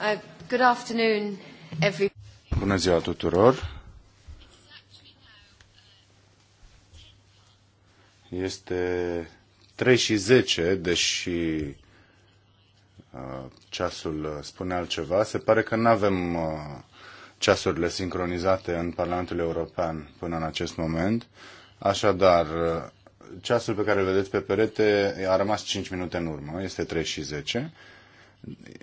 Uh, good afternoon, every... Bună ziua tuturor! Este 3 și 10, deși uh, ceasul uh, spune altceva. Se pare că nu avem ceasurile sincronizate în Parlamentul European până în acest moment. Așadar, ceasul pe care îl vedeți pe perete a rămas 5 minute în urmă, este 3 și 10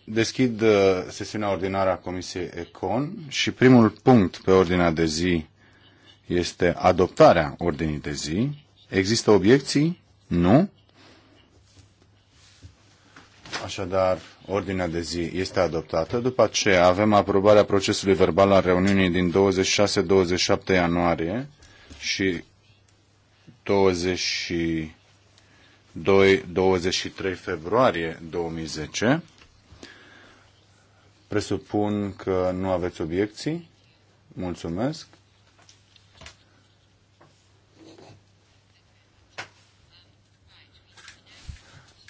Deschid uh, sesiunea ordinară a Comisiei Econ și primul punct pe ordinea de zi este adoptarea ordinii de zi. Există obiecții? Nu. Așadar, ordinea de zi este adoptată. După aceea avem aprobarea procesului verbal al reuniunii din 26-27 ianuarie și 22-23 februarie 2010. Presupun că nu aveți obiecții. Mulțumesc.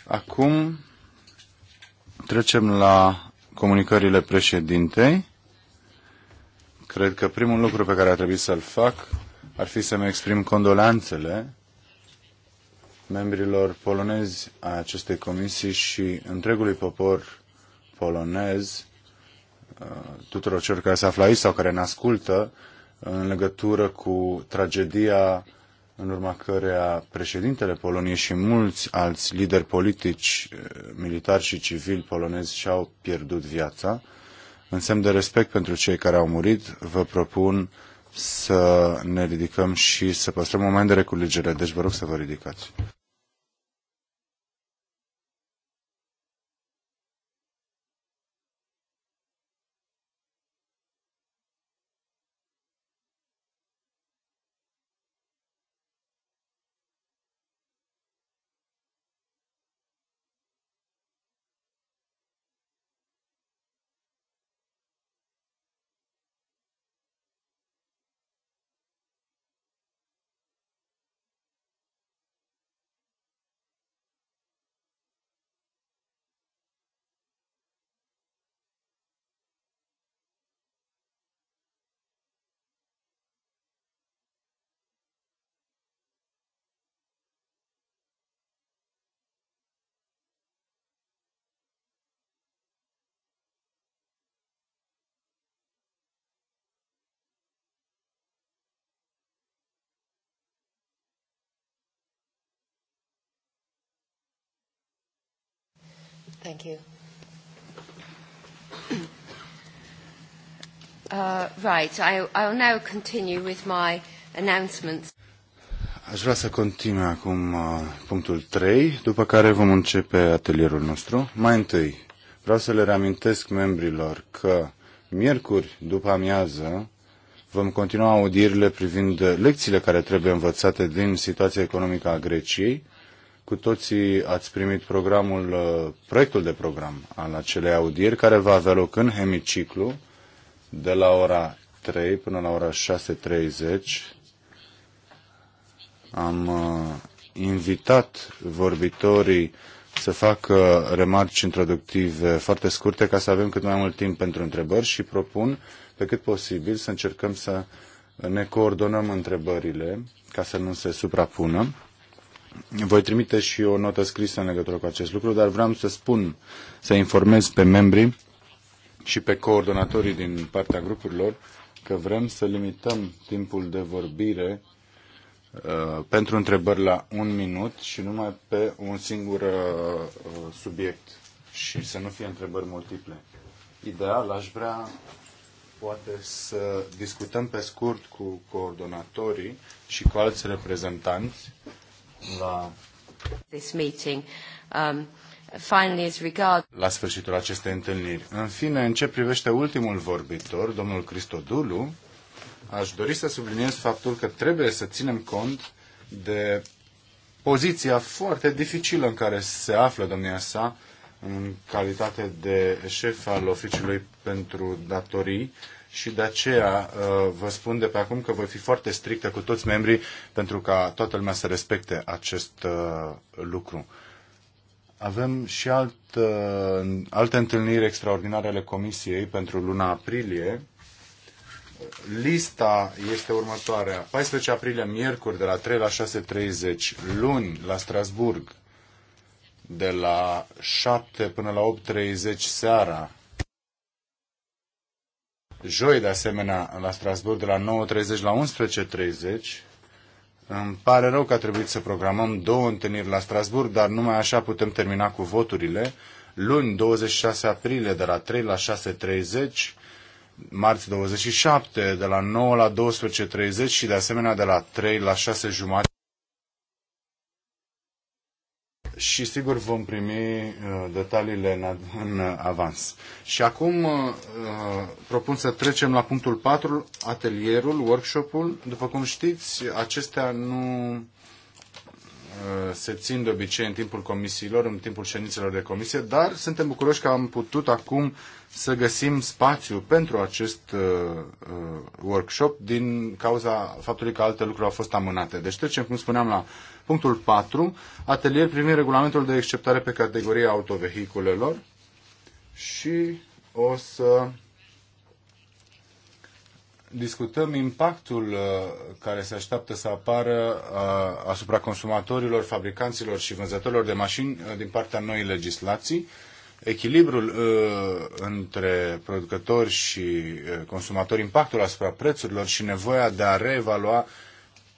Acum trecem la comunicările președintei. Cred că primul lucru pe care ar trebui să-l fac ar fi să-mi exprim condolanțele membrilor polonezi a acestei comisii și întregului popor polonez Uh, tuturor celor care se află aici sau care ne ascultă uh, în legătură cu tragedia în urma căreia președintele Poloniei și mulți alți lideri politici, uh, militari și civili polonezi și-au pierdut viața. În semn de respect pentru cei care au murit, vă propun să ne ridicăm și să păstrăm moment de reculegere. Deci vă rog să vă ridicați. Thank you. Uh, right, I, will now continue with my announcements. Aș vrea să continui acum uh, punctul 3, după care vom începe atelierul nostru. Mai întâi, vreau să le reamintesc membrilor că miercuri după amiază vom continua audierile privind lecțiile care trebuie învățate din situația economică a Greciei cu toții ați primit programul, uh, proiectul de program al acelei audieri, care va avea loc în hemiciclu de la ora 3 până la ora 6.30. Am uh, invitat vorbitorii să facă remarci introductive foarte scurte ca să avem cât mai mult timp pentru întrebări și propun pe cât posibil să încercăm să ne coordonăm întrebările ca să nu se suprapună. Voi trimite și o notă scrisă în legătură cu acest lucru, dar vreau să spun, să informez pe membrii și pe coordonatorii din partea grupurilor că vrem să limităm timpul de vorbire uh, pentru întrebări la un minut și numai pe un singur uh, uh, subiect și să nu fie întrebări multiple. Ideal, aș vrea poate să discutăm pe scurt cu coordonatorii și cu alți reprezentanți la this meeting. Um, finally regard... la sfârșitul acestei întâlniri. În fine, în ce privește ultimul vorbitor, domnul Cristodulu, aș dori să subliniez faptul că trebuie să ținem cont de poziția foarte dificilă în care se află domnia sa în calitate de șef al Oficiului pentru Datorii, și de aceea uh, vă spun de pe acum că voi fi foarte strictă cu toți membrii pentru ca toată lumea să respecte acest uh, lucru. Avem și alt, uh, alte întâlniri extraordinare ale Comisiei pentru luna aprilie. Lista este următoarea. 14 aprilie, miercuri, de la 3 la 6.30, luni, la Strasburg, de la 7 până la 8.30 seara, joi, de asemenea, la Strasburg, de la 9.30 la 11.30. Îmi pare rău că a trebuit să programăm două întâlniri la Strasburg, dar numai așa putem termina cu voturile. Luni, 26 aprilie, de la 3 la 6.30, marți 27, de la 9 la 12.30 și de asemenea de la 3 la 6 jumate și sigur vom primi uh, detaliile în, în avans. Și acum uh, propun să trecem la punctul 4, atelierul, workshopul. După cum știți, acestea nu Uh, se țin de obicei în timpul comisiilor, în timpul ședințelor de comisie, dar suntem bucuroși că am putut acum să găsim spațiu pentru acest uh, uh, workshop din cauza faptului că alte lucruri au fost amânate. Deci trecem, cum spuneam, la punctul 4, atelier privind regulamentul de acceptare pe categoria autovehiculelor și o să discutăm impactul uh, care se așteaptă să apară uh, asupra consumatorilor, fabricanților și vânzătorilor de mașini uh, din partea noii legislații. Echilibrul între producători și consumatori, impactul asupra prețurilor și nevoia de a reevalua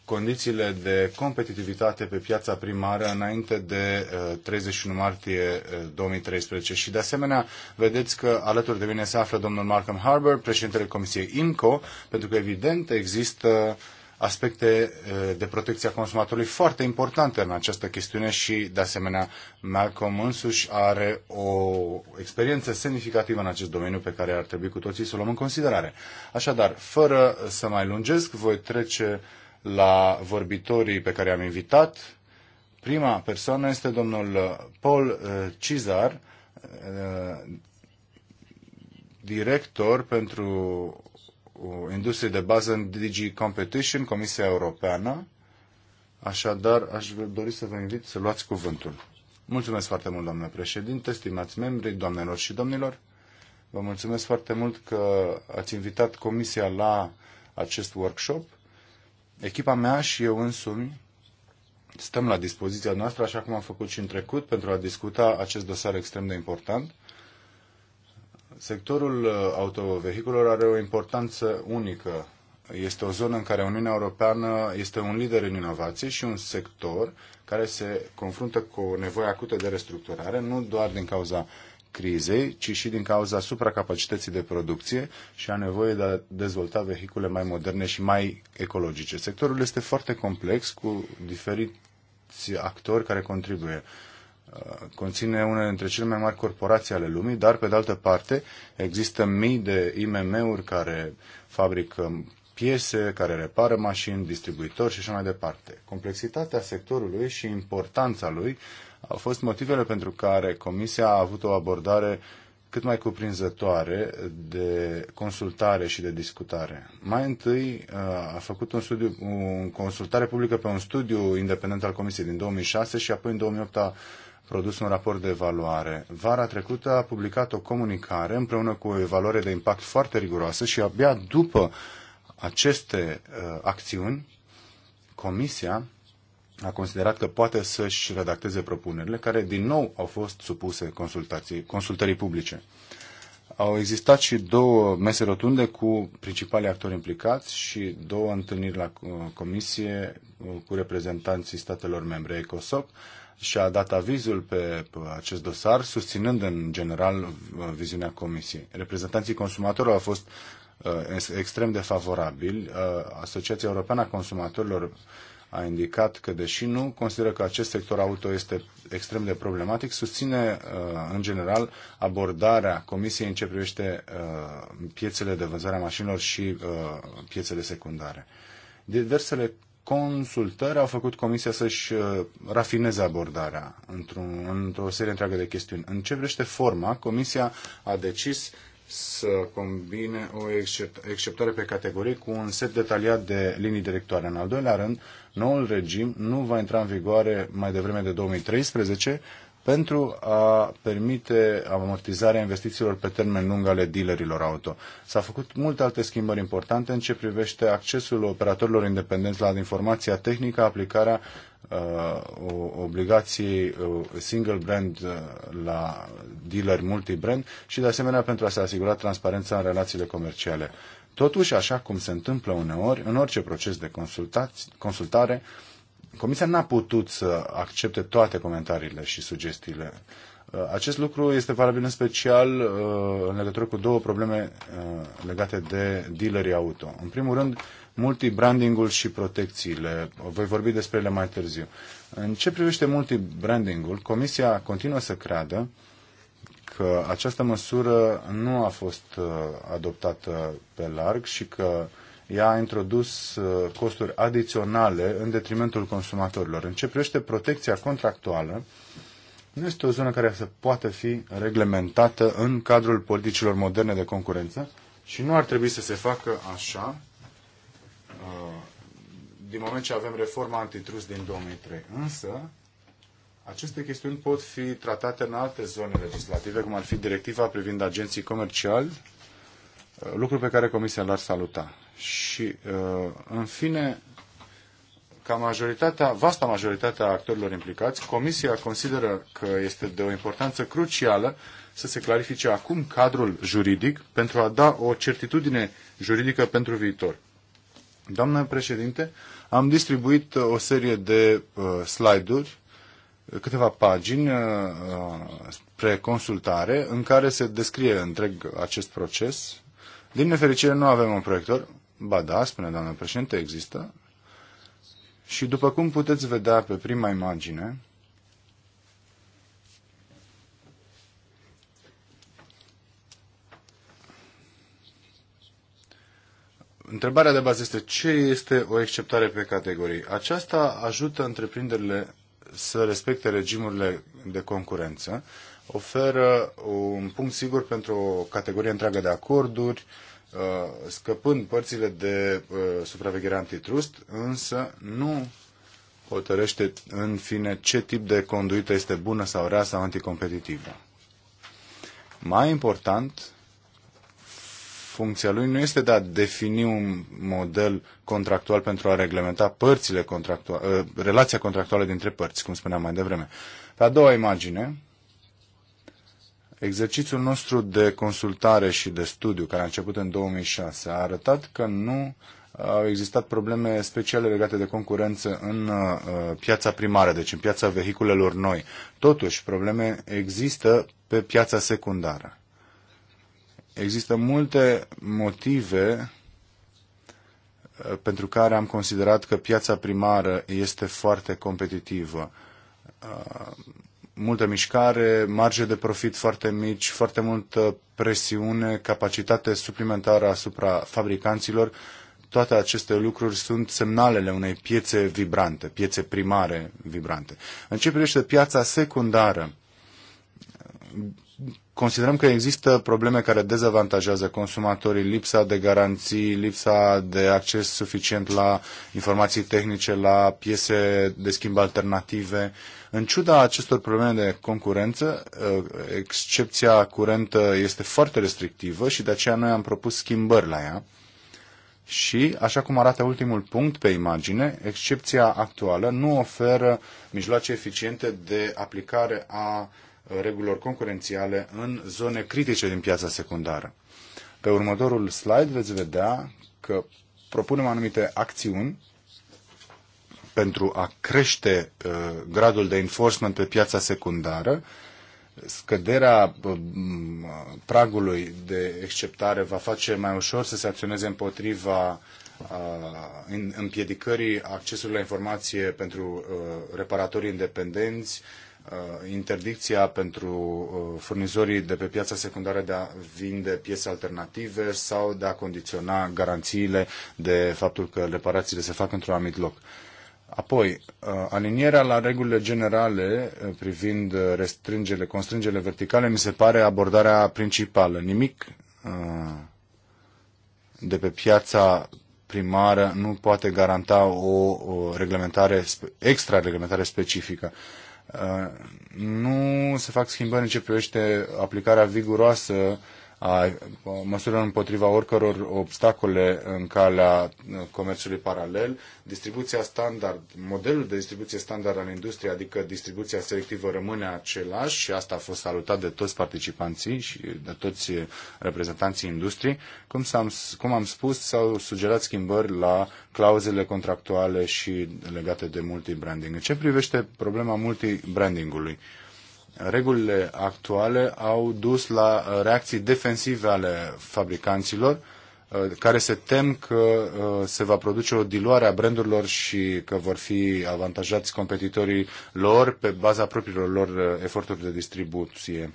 condițiile de competitivitate pe piața primară înainte de 31 uh, martie 2013. Uh, și de asemenea, vedeți că alături de mine se află domnul Markham Harbour, președintele Comisiei IMCO, pentru că evident există aspecte uh, de protecție a consumatorului foarte importante în această chestiune și, de asemenea, Malcolm însuși are o experiență semnificativă în acest domeniu pe care ar trebui cu toții să o luăm în considerare. Așadar, fără să mai lungesc, voi trece uh, la vorbitorii pe care am invitat. Prima persoană este domnul Paul uh, Cizar, uh, director pentru industrie de bază în Digi Competition, Comisia Europeană. Așadar, aș dori să vă invit să luați cuvântul. Mulțumesc foarte mult, domnule președinte, stimați membri, doamnelor și domnilor. Vă mulțumesc foarte mult că ați invitat Comisia la acest workshop Echipa mea și eu însumi stăm la dispoziția noastră, așa cum am făcut și în trecut, pentru a discuta acest dosar extrem de important. Sectorul uh, autovehiculor are o importanță unică. Este o zonă în care Uniunea Europeană este un lider în inovație și un sector care se confruntă cu o nevoie acută de restructurare, nu doar din cauza crizei, ci și din cauza supracapacității de producție și a nevoie de a dezvolta vehicule mai moderne și mai ecologice. Sectorul este foarte complex cu diferiți actori care contribuie. Uh, conține unele dintre cele mai mari corporații ale lumii, dar pe de altă parte există mii de IMM-uri care fabrică piese, care repară mașini, distribuitori și așa mai departe. Complexitatea sectorului și importanța lui au fost motivele pentru care Comisia a avut o abordare cât mai cuprinzătoare de consultare și de discutare. Mai întâi uh, a făcut un studiu, o consultare publică pe un studiu independent al Comisiei din 2006 și apoi în 2008 a produs un raport de evaluare. Vara trecută a publicat o comunicare împreună cu o evaluare de impact foarte riguroasă și abia după aceste uh, acțiuni, Comisia a considerat că poate să-și redacteze propunerile, care din nou au fost supuse consultații, consultării publice. Au existat și două mese rotunde cu principalii actori implicați și două întâlniri la uh, comisie uh, cu reprezentanții statelor membre ECOSOC și a dat avizul pe acest dosar, susținând în general uh, viziunea comisiei. Reprezentanții consumatorilor au fost extrem de favorabili. Asociația Europeană a Consumatorilor a indicat că, deși nu consideră că acest sector auto este extrem de problematic, susține uh, în general abordarea Comisiei în ce privește uh, piețele de vânzare a mașinilor și uh, piețele secundare. Diversele consultări au făcut Comisia să-și rafineze abordarea într-o într serie întreagă de chestiuni. În ce privește forma, Comisia a decis să combine o exceptare pe categorii cu un set detaliat de linii directoare. În al doilea rând, noul regim nu va intra în vigoare mai devreme de 2013, pentru a permite amortizarea investițiilor pe termen lung ale dealerilor auto. s a făcut multe alte schimbări importante în ce privește accesul operatorilor independenți la informația tehnică, aplicarea uh, obligației uh, single brand uh, la dealeri multibrand și de asemenea pentru a se asigura transparența în relațiile comerciale. Totuși, așa cum se întâmplă uneori, în orice proces de consultare, Comisia n-a putut să accepte toate comentariile și sugestiile. Uh, acest lucru este valabil în special uh, în legătură cu două probleme uh, legate de dealerii auto. În primul rând, multibrandingul și protecțiile. Voi vorbi despre ele mai târziu. În ce privește multibrandingul, Comisia continuă să creadă că această măsură nu a fost adoptată pe larg și că uh, ea a introdus uh, costuri adiționale în detrimentul consumatorilor. În ce privește protecția contractuală, nu este o zonă care să poată fi reglementată în cadrul politicilor moderne de concurență și nu ar trebui să se facă așa uh, din moment ce avem reforma antitrust din 2003. Însă, aceste chestiuni pot fi tratate în alte zone legislative, cum ar fi directiva privind agenții comerciali lucru pe care Comisia l-ar saluta. Și, uh, în fine, ca majoritatea, vasta majoritatea actorilor implicați, Comisia consideră că este de o importanță crucială să se clarifice acum cadrul juridic pentru a da o certitudine juridică pentru viitor. Doamna președinte, am distribuit o serie de uh, slide-uri, câteva pagini uh, spre consultare, în care se descrie întreg acest proces, din nefericire nu avem un proiector. Ba da, spune doamna președinte, există. Și după cum puteți vedea pe prima imagine, Întrebarea de bază este ce este o exceptare pe categorii. Aceasta ajută întreprinderile să respecte regimurile de concurență, oferă un punct sigur pentru o categorie întreagă de acorduri, uh, scăpând părțile de uh, supraveghere antitrust, însă nu hotărăște în fine ce tip de conduită este bună sau rea sau anticompetitivă. Mai important, funcția lui nu este de a defini un model contractual pentru a reglementa părțile contractuale, uh, relația contractuală dintre părți, cum spuneam mai devreme. Pe a doua imagine, Exercițiul nostru de consultare și de studiu, care a început în 2006, a arătat că nu au existat probleme speciale legate de concurență în uh, piața primară, deci în piața vehiculelor noi. Totuși, probleme există pe piața secundară. Există multe motive uh, pentru care am considerat că piața primară este foarte competitivă uh, multă mișcare, marge de profit foarte mici, foarte multă presiune, capacitate suplimentară asupra fabricanților. Toate aceste lucruri sunt semnalele unei piețe vibrante, piețe primare vibrante. În ce privește piața secundară, Considerăm că există probleme care dezavantajează consumatorii, lipsa de garanții, lipsa de acces suficient la informații tehnice, la piese de schimb alternative. În ciuda acestor probleme de concurență, uh, excepția curentă este foarte restrictivă și de aceea noi am propus schimbări la ea. Și, așa cum arată ultimul punct pe imagine, excepția actuală nu oferă mijloace eficiente de aplicare a uh, regulilor concurențiale în zone critice din piața secundară. Pe următorul slide veți vedea că propunem anumite acțiuni pentru a crește uh, gradul de enforcement pe piața secundară. Scăderea uh, pragului de exceptare va face mai ușor să se acționeze împotriva uh, împiedicării accesului la informație pentru reparatorii independenți, Uh, interdicția pentru uh, furnizorii de pe piața secundară de a vinde piese alternative sau de a condiționa garanțiile de faptul că reparațiile se fac într-un anumit loc. Apoi, uh, alinierea la regulile generale privind restrângele, constrângele verticale mi se pare abordarea principală. Nimic de pe piața primară nu poate garanta o, reglementare, extra-reglementare specifică. Uh, nu se fac schimbări în ce privește aplicarea viguroasă a măsurilor împotriva oricăror obstacole în calea comerțului paralel, distribuția standard, modelul de distribuție standard al industriei, adică distribuția selectivă rămâne același și asta a fost salutat de toți participanții și de toți reprezentanții industriei. Cum, am cum am spus, s-au sugerat schimbări la clauzele contractuale și legate de multibranding. În ce privește problema multibrandingului? regulile actuale au dus la uh, reacții defensive ale fabricanților uh, care se tem că uh, se va produce o diluare a brandurilor și că vor fi avantajați competitorii lor pe baza propriilor lor eforturi de distribuție.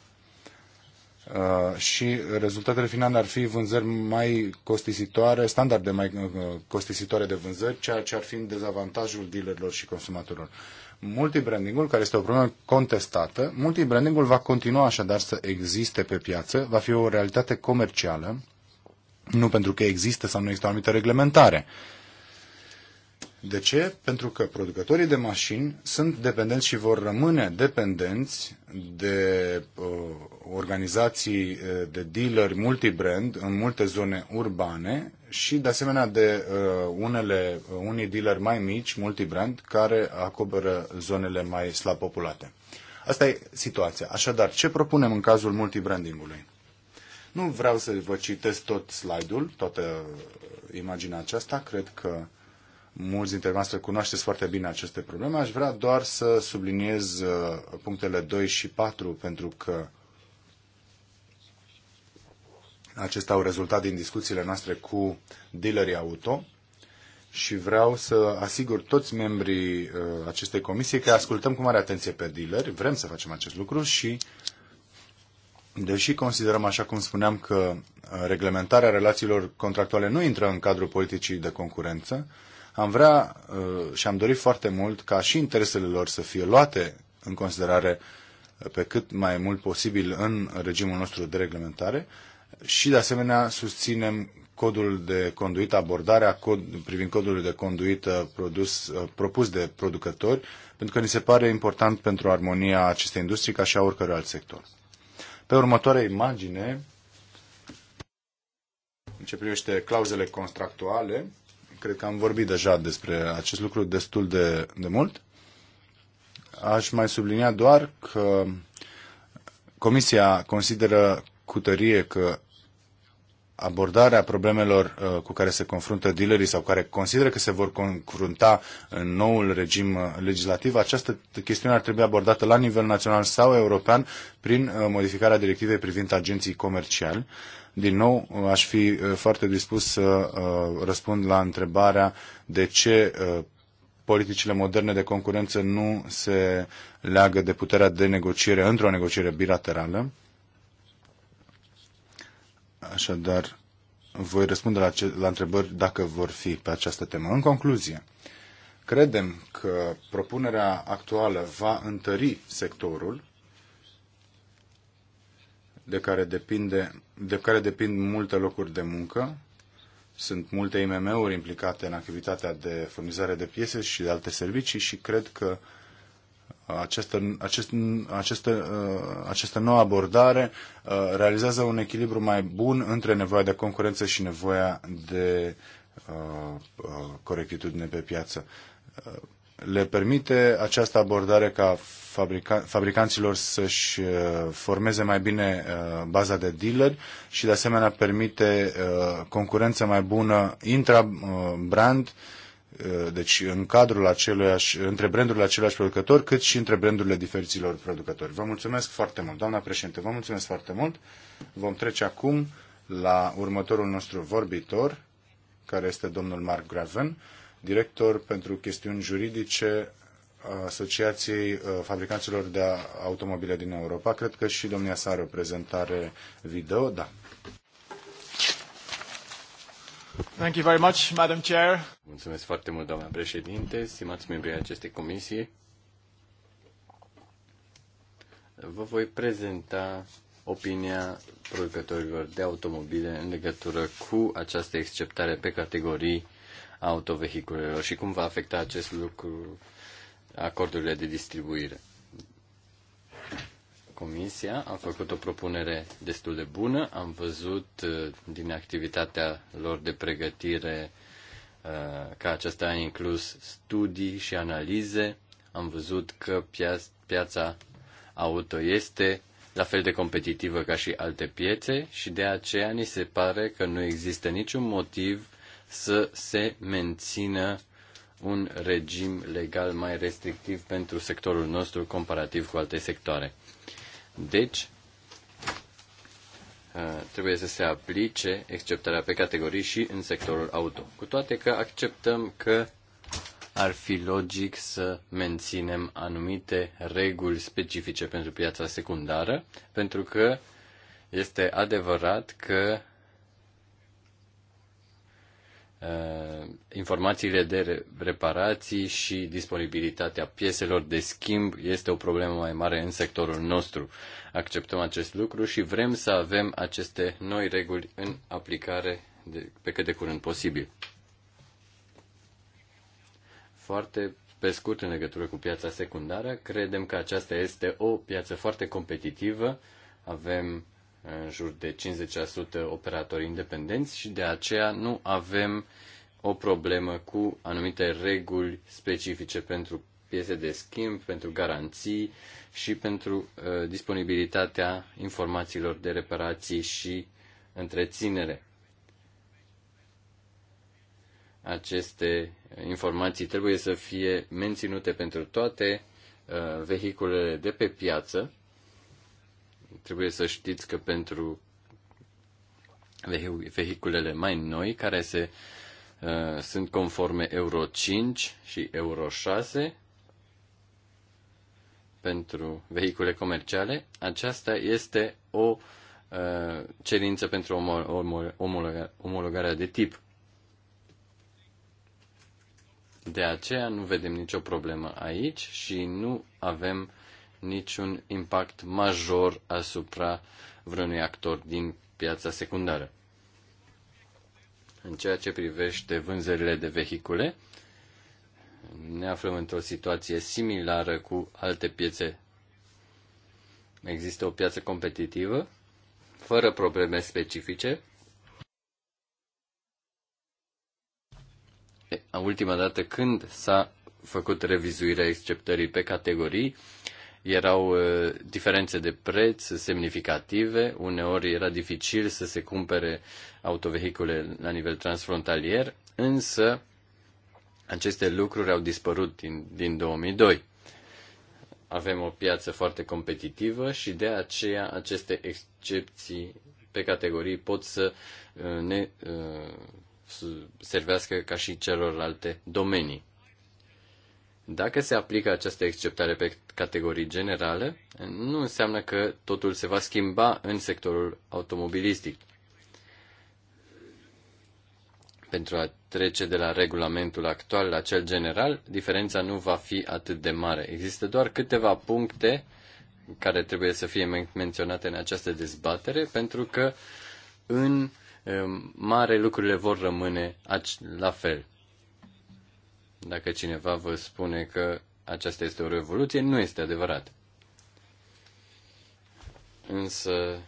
Și rezultatele finale ar fi vânzări mai costisitoare, standarde mai costisitoare de vânzări, ceea ce ar fi în dezavantajul dealerilor și consumatorilor. Multibrandingul, care este o problemă contestată, multibrandingul va continua așadar să existe pe piață, va fi o realitate comercială, nu pentru că există sau nu există o anumită reglementare. De ce? Pentru că producătorii de mașini sunt dependenți și vor rămâne dependenți de uh, organizații uh, de dealeri multibrand în multe zone urbane și de asemenea de uh, unele, uh, unii dealeri mai mici, multibrand, care acoperă zonele mai slab populate. Asta e situația. Așadar, ce propunem în cazul multibrandingului? Nu vreau să vă citesc tot slide-ul, toată uh, imaginea aceasta, cred că mulți dintre noastre cunoașteți foarte bine aceste probleme. Aș vrea doar să subliniez uh, punctele 2 și 4 pentru că acestea au rezultat din discuțiile noastre cu dealerii auto și vreau să asigur toți membrii uh, acestei comisii că ascultăm cu mare atenție pe dealeri, vrem să facem acest lucru și deși considerăm, așa cum spuneam, că uh, reglementarea relațiilor contractuale nu intră în cadrul politicii de concurență, am vrea uh, și am dorit foarte mult ca și interesele lor să fie luate în considerare uh, pe cât mai mult posibil în regimul nostru de reglementare și, de asemenea, susținem codul de conduită, abordarea cod, privind codul de conduită produs, uh, propus de producători, pentru că ni se pare important pentru armonia acestei industrii ca și a oricărui alt sector. Pe următoarea imagine, în ce privește clauzele contractuale, Cred că am vorbit deja despre acest lucru destul de, de mult. Aș mai sublinia doar că Comisia consideră cu tărie că abordarea problemelor uh, cu care se confruntă dealerii sau care consideră că se vor confrunta în noul regim uh, legislativ, această chestiune ar trebui abordată la nivel național sau european prin uh, modificarea directivei privind agenții comerciali. Din nou, aș fi uh, foarte dispus să uh, răspund la întrebarea de ce uh, politicile moderne de concurență nu se leagă de puterea de negociere într-o negociere bilaterală. Așadar, voi răspunde la, ce, la întrebări dacă vor fi pe această temă. În concluzie, credem că propunerea actuală va întări sectorul de care, depinde, de care depind multe locuri de muncă. Sunt multe IMM-uri implicate în activitatea de furnizare de piese și de alte servicii și cred că această, acest, această, uh, această nouă abordare uh, realizează un echilibru mai bun între nevoia de concurență și nevoia de uh, corectitudine pe piață. Le permite această abordare ca fabrica, fabricanților să-și uh, formeze mai bine uh, baza de dealeri și de asemenea permite uh, concurență mai bună intra-brand, deci în cadrul aceluiași, între brandurile aceleași producători, cât și între brandurile diferiților producători. Vă mulțumesc foarte mult, doamna președinte, vă mulțumesc foarte mult. Vom trece acum la următorul nostru vorbitor, care este domnul Mark Graven, director pentru chestiuni juridice Asociației uh, Fabricanților de Automobile din Europa. Cred că și domnia sa are o prezentare video. Da. Thank you very much, Madam Chair. Mulțumesc foarte mult, doamna președinte, stimați membri ai acestei comisii. Vă voi prezenta opinia producătorilor de automobile în legătură cu această exceptare pe categorii autovehiculelor și cum va afecta acest lucru acordurile de distribuire. Comisia a făcut o propunere destul de bună. Am văzut uh, din activitatea lor de pregătire uh, că aceasta a inclus studii și analize. Am văzut că piața auto este la fel de competitivă ca și alte piețe și de aceea ni se pare că nu există niciun motiv să se mențină un regim legal mai restrictiv pentru sectorul nostru comparativ cu alte sectoare. Deci, uh, trebuie să se aplice exceptarea pe categorii și în sectorul auto. Cu toate că acceptăm că ar fi logic să menținem anumite reguli specifice pentru piața secundară, pentru că este adevărat că Uh, informațiile de reparații și disponibilitatea pieselor de schimb este o problemă mai mare în sectorul nostru. Acceptăm acest lucru și vrem să avem aceste noi reguli în aplicare de, pe cât de curând posibil. Foarte pe scurt în legătură cu piața secundară, credem că aceasta este o piață foarte competitivă. Avem în jur de 50% operatori independenți și de aceea nu avem o problemă cu anumite reguli specifice pentru piese de schimb, pentru garanții și pentru uh, disponibilitatea informațiilor de reparații și întreținere. Aceste informații trebuie să fie menținute pentru toate uh, vehiculele de pe piață trebuie să știți că pentru vehiculele mai noi, care se, uh, sunt conforme Euro 5 și Euro 6, pentru vehicule comerciale, aceasta este o uh, cerință pentru omolo- omolo- omologarea de tip. De aceea nu vedem nicio problemă aici și nu avem niciun impact major asupra vreunui actor din piața secundară. În ceea ce privește vânzările de vehicule, ne aflăm într-o situație similară cu alte piețe. Există o piață competitivă, fără probleme specifice. Ultima dată când s-a făcut revizuirea exceptării pe categorii, erau uh, diferențe de preț semnificative, uneori era dificil să se cumpere autovehicule la nivel transfrontalier, însă aceste lucruri au dispărut din, din 2002. Avem o piață foarte competitivă și de aceea aceste excepții pe categorii pot să uh, ne uh, servească ca și celorlalte domenii. Dacă se aplică această exceptare pe categorii generale, nu înseamnă că totul se va schimba în sectorul automobilistic. Pentru a trece de la regulamentul actual la cel general, diferența nu va fi atât de mare. Există doar câteva puncte care trebuie să fie men- menționate în această dezbatere, pentru că în um, mare lucrurile vor rămâne la fel. Dacă cineva vă spune că aceasta este o revoluție, nu este adevărat. Însă,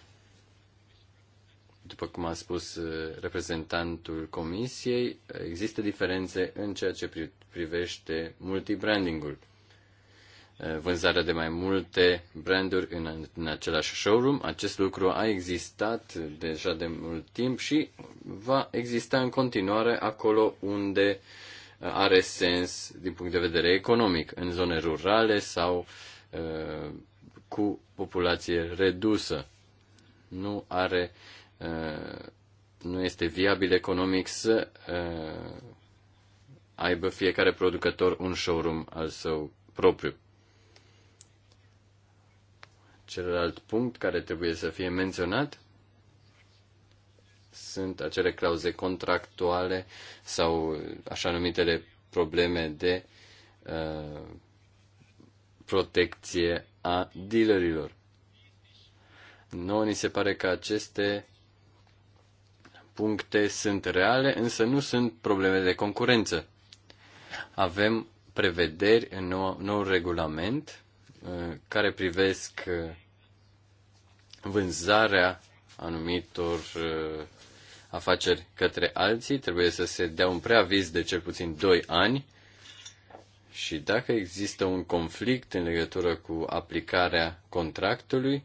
după cum a spus eh, reprezentantul comisiei, există diferențe în ceea ce privește multibrandingul. Eh, vânzarea de mai multe branduri în, în același showroom, acest lucru a existat deja de mult timp și va exista în continuare acolo unde uh, are sens din punct de vedere economic în zone rurale sau uh, cu populație redusă. Nu are uh, nu este viabil economic să uh, aibă fiecare producător un showroom al său propriu. Celălalt punct care trebuie să fie menționat sunt acele clauze contractuale sau așa numitele probleme de uh, protecție a dealerilor. Noi ni se pare că aceste puncte sunt reale, însă nu sunt probleme de concurență. Avem prevederi în nou, nou regulament uh, care privesc uh, vânzarea anumitor uh, afaceri către alții, trebuie să se dea un preaviz de cel puțin 2 ani și dacă există un conflict în legătură cu aplicarea contractului,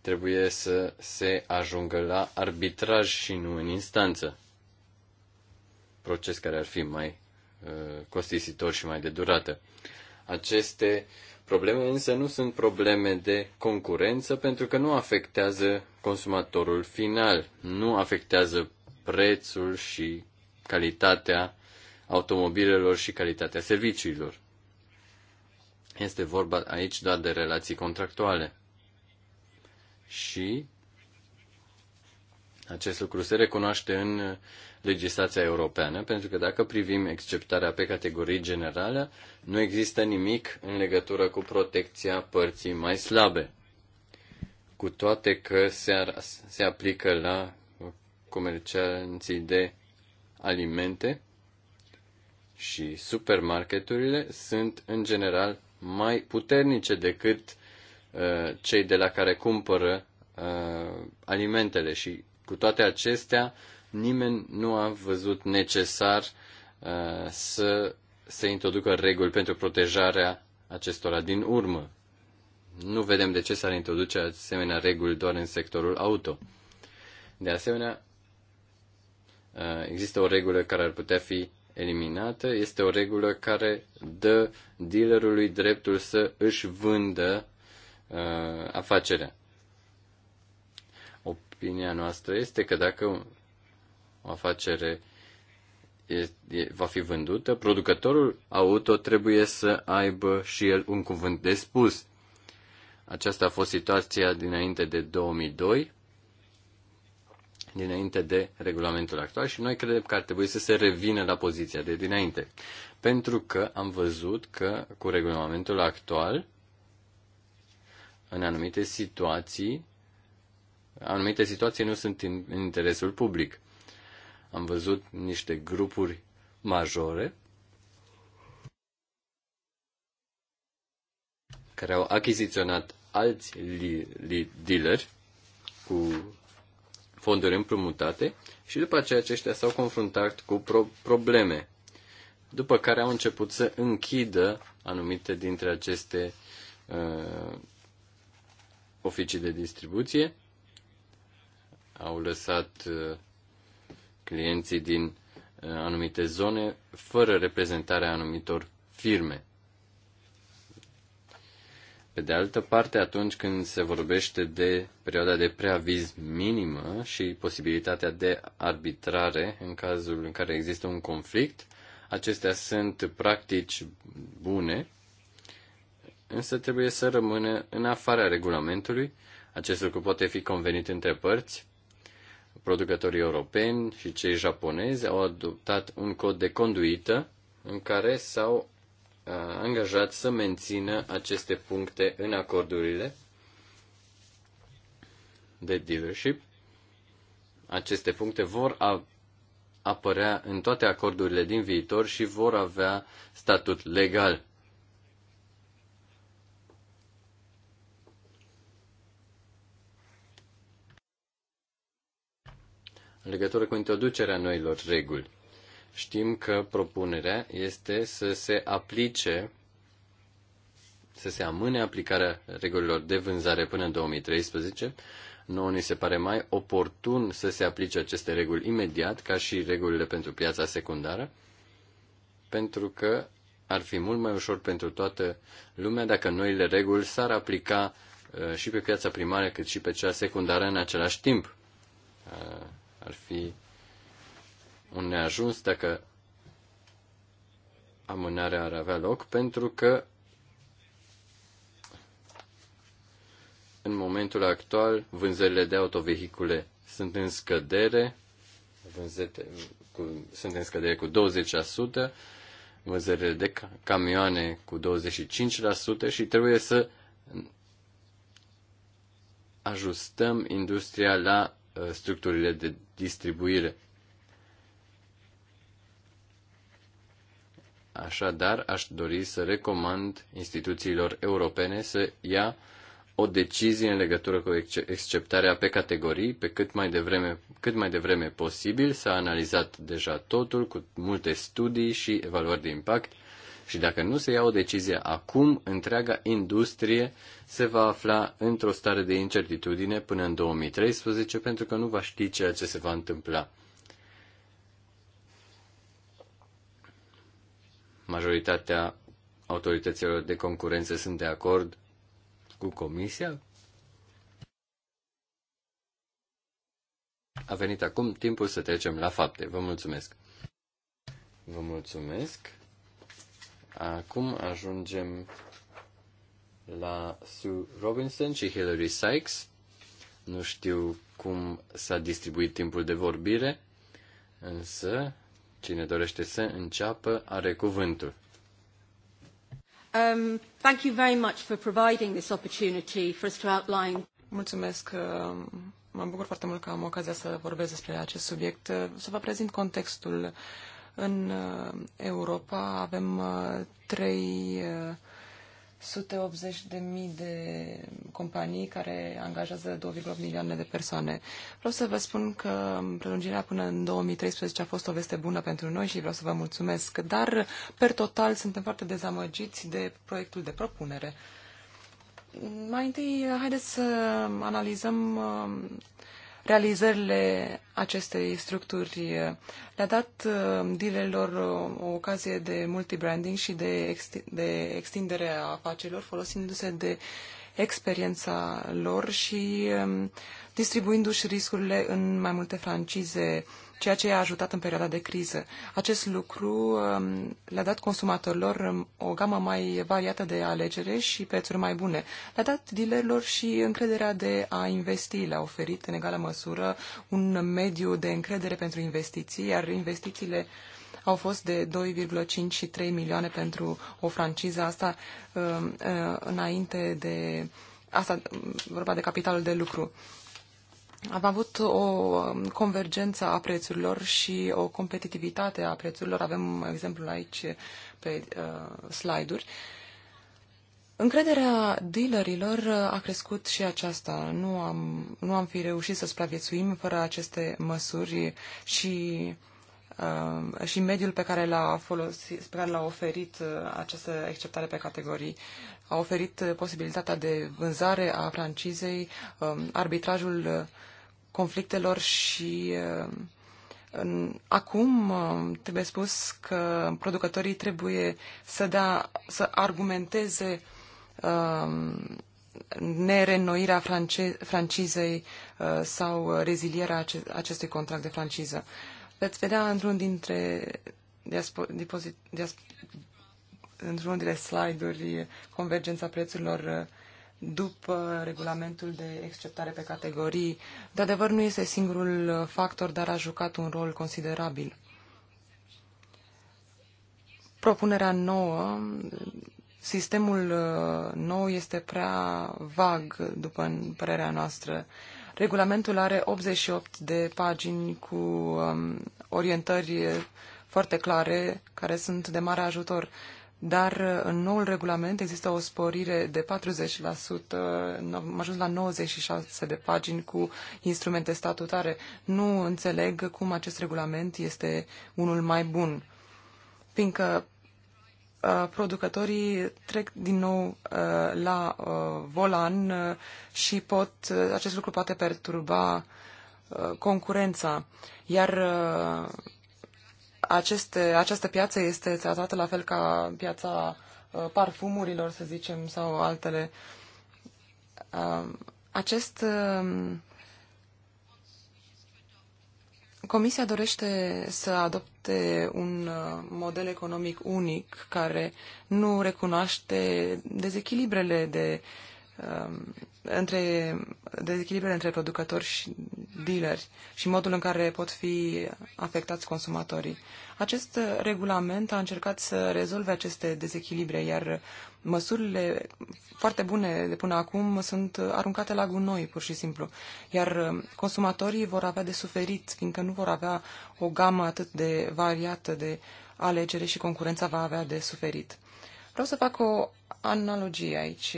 trebuie să se ajungă la arbitraj și nu în instanță. Proces care ar fi mai uh, costisitor și mai de durată. Aceste uh, Probleme însă nu sunt probleme de concurență pentru că nu afectează consumatorul final, nu afectează prețul și calitatea automobilelor și calitatea serviciilor. Este vorba aici doar de relații contractuale. Și acest lucru se recunoaște în legislația europeană, pentru că dacă privim exceptarea pe categorii generale, nu există nimic în legătură cu protecția părții mai slabe. Cu toate că se, ar, se aplică la comercianții de alimente și supermarketurile sunt în general mai puternice decât uh, cei de la care cumpără uh, alimentele și cu toate acestea nimeni nu a văzut necesar uh, să se introducă reguli pentru protejarea acestora din urmă. Nu vedem de ce s-ar introduce asemenea reguli doar în sectorul auto. De asemenea, uh, există o regulă care ar putea fi eliminată, este o regulă care dă dealerului dreptul să își vândă uh, afacerea. Opinia noastră este că dacă o afacere e, e, va fi vândută, producătorul auto trebuie să aibă și el un cuvânt de spus. Aceasta a fost situația dinainte de 2002, dinainte de regulamentul actual și noi credem că ar trebui să se revină la poziția de dinainte. Pentru că am văzut că cu regulamentul actual, în anumite situații, anumite situații nu sunt în interesul public. Am văzut niște grupuri majore care au achiziționat alți li, li, dealeri cu fonduri împrumutate și după aceea aceștia s-au confruntat cu pro- probleme, după care au început să închidă anumite dintre aceste uh, oficii de distribuție, au lăsat uh, clienții din uh, anumite zone fără reprezentarea anumitor firme. Pe de altă parte, atunci când se vorbește de perioada de preaviz minimă și posibilitatea de arbitrare în cazul în care există un conflict, acestea sunt practici bune, însă trebuie să rămână în afara regulamentului. Acest lucru poate fi convenit între părți producătorii europeni și cei japonezi au adoptat un cod de conduită în care s-au angajat să mențină aceste puncte în acordurile de dealership. Aceste puncte vor apărea în toate acordurile din viitor și vor avea statut legal. în legătură cu introducerea noilor reguli. Știm că propunerea este să se aplice, să se amâne aplicarea regulilor de vânzare până în 2013. Nu ni se pare mai oportun să se aplice aceste reguli imediat, ca și regulile pentru piața secundară, pentru că ar fi mult mai ușor pentru toată lumea dacă noile reguli s-ar aplica uh, și pe piața primară cât și pe cea secundară în același timp uh, ar fi un neajuns dacă amânarea ar avea loc, pentru că în momentul actual vânzările de autovehicule sunt în scădere, vânzete, cu, sunt în scădere cu 20%, vânzările de camioane cu 25% și trebuie să ajustăm industria la Uh, structurile de distribuire. Așadar, aș dori să recomand instituțiilor europene să ia o decizie în legătură cu exceptarea pe categorii pe cât mai devreme, cât mai devreme posibil. S-a analizat deja totul cu multe studii și evaluări de impact și dacă nu se ia o decizie acum, întreaga industrie se va afla într-o stare de incertitudine până în 2013 pentru că nu va ști ceea ce se va întâmpla. Majoritatea autorităților de concurență sunt de acord cu Comisia A venit acum timpul să trecem la fapte. Vă mulțumesc. Vă mulțumesc. Acum ajungem la Sue Robinson și Hillary Sykes. Nu știu cum s-a distribuit timpul de vorbire, însă cine dorește să înceapă are cuvântul. Um, thank you very much for providing this opportunity for us to outline. Mulțumesc. Mă um, bucur foarte mult că am ocazia să vorbesc despre acest subiect. Uh, să vă prezint contextul în uh, Europa avem 380 uh, uh, de mii de companii care angajează 2,8 milioane de persoane. Vreau să vă spun că prelungirea până în 2013 a fost o veste bună pentru noi și vreau să vă mulțumesc, dar per total suntem foarte dezamăgiți de proiectul de propunere. Mai întâi, haideți să analizăm realizările acestei structuri. Le-a dat uh, dealerilor uh, o ocazie de multibranding și de, ext- de extindere a afacerilor, folosindu-se de experiența lor și um, distribuindu-și riscurile în mai multe francize ceea ce i-a ajutat în perioada de criză. Acest lucru um, le-a dat consumatorilor um, o gamă mai variată de alegere și prețuri mai bune. Le-a dat dealerilor și încrederea de a investi. Le-a oferit în egală măsură un mediu de încredere pentru investiții, iar investițiile au fost de 2,5 și 3 milioane pentru o franciză. Asta um, uh, înainte de... Asta vorba de capitalul de lucru. Am avut o um, convergență a prețurilor și o competitivitate a prețurilor. Avem exemplul aici pe uh, slide-uri. Încrederea dealerilor a crescut și aceasta. Nu am, nu am fi reușit să supraviețuim fără aceste măsuri și, uh, și mediul pe care l-a, folosit, pe care l-a oferit uh, această acceptare pe categorii. A oferit posibilitatea de vânzare a francizei, uh, arbitrajul uh, conflictelor și uh, acum uh, trebuie spus că producătorii trebuie să, dea, să argumenteze uh, nerenoirea france- francizei sau rezilierea acestui contract de franciză. Veți vedea într-un dintre într-unul dintre slide-uri convergența prețurilor după regulamentul de exceptare pe categorii. De adevăr, nu este singurul factor, dar a jucat un rol considerabil. Propunerea nouă, sistemul uh, nou este prea vag, după părerea noastră. Regulamentul are 88 de pagini cu um, orientări foarte clare, care sunt de mare ajutor dar uh, în noul regulament există o sporire de 40%, uh, am ajuns la 96 de pagini cu instrumente statutare. Nu înțeleg cum acest regulament este unul mai bun, fiindcă uh, producătorii trec din nou la volan și pot, acest lucru poate perturba concurența, iar aceste, această piață este tratată la fel ca piața uh, parfumurilor, să zicem, sau altele. Um, acest um, Comisia dorește să adopte un uh, model economic unic care nu recunoaște dezechilibrele de Um, între dezechilibrele între producători și dealeri și modul în care pot fi afectați consumatorii. Acest regulament a încercat să rezolve aceste dezechilibre, iar măsurile foarte bune de până acum sunt aruncate la gunoi, pur și simplu. Iar consumatorii vor avea de suferit, fiindcă nu vor avea o gamă atât de variată de alegere și concurența va avea de suferit. Vreau să fac o analogie aici.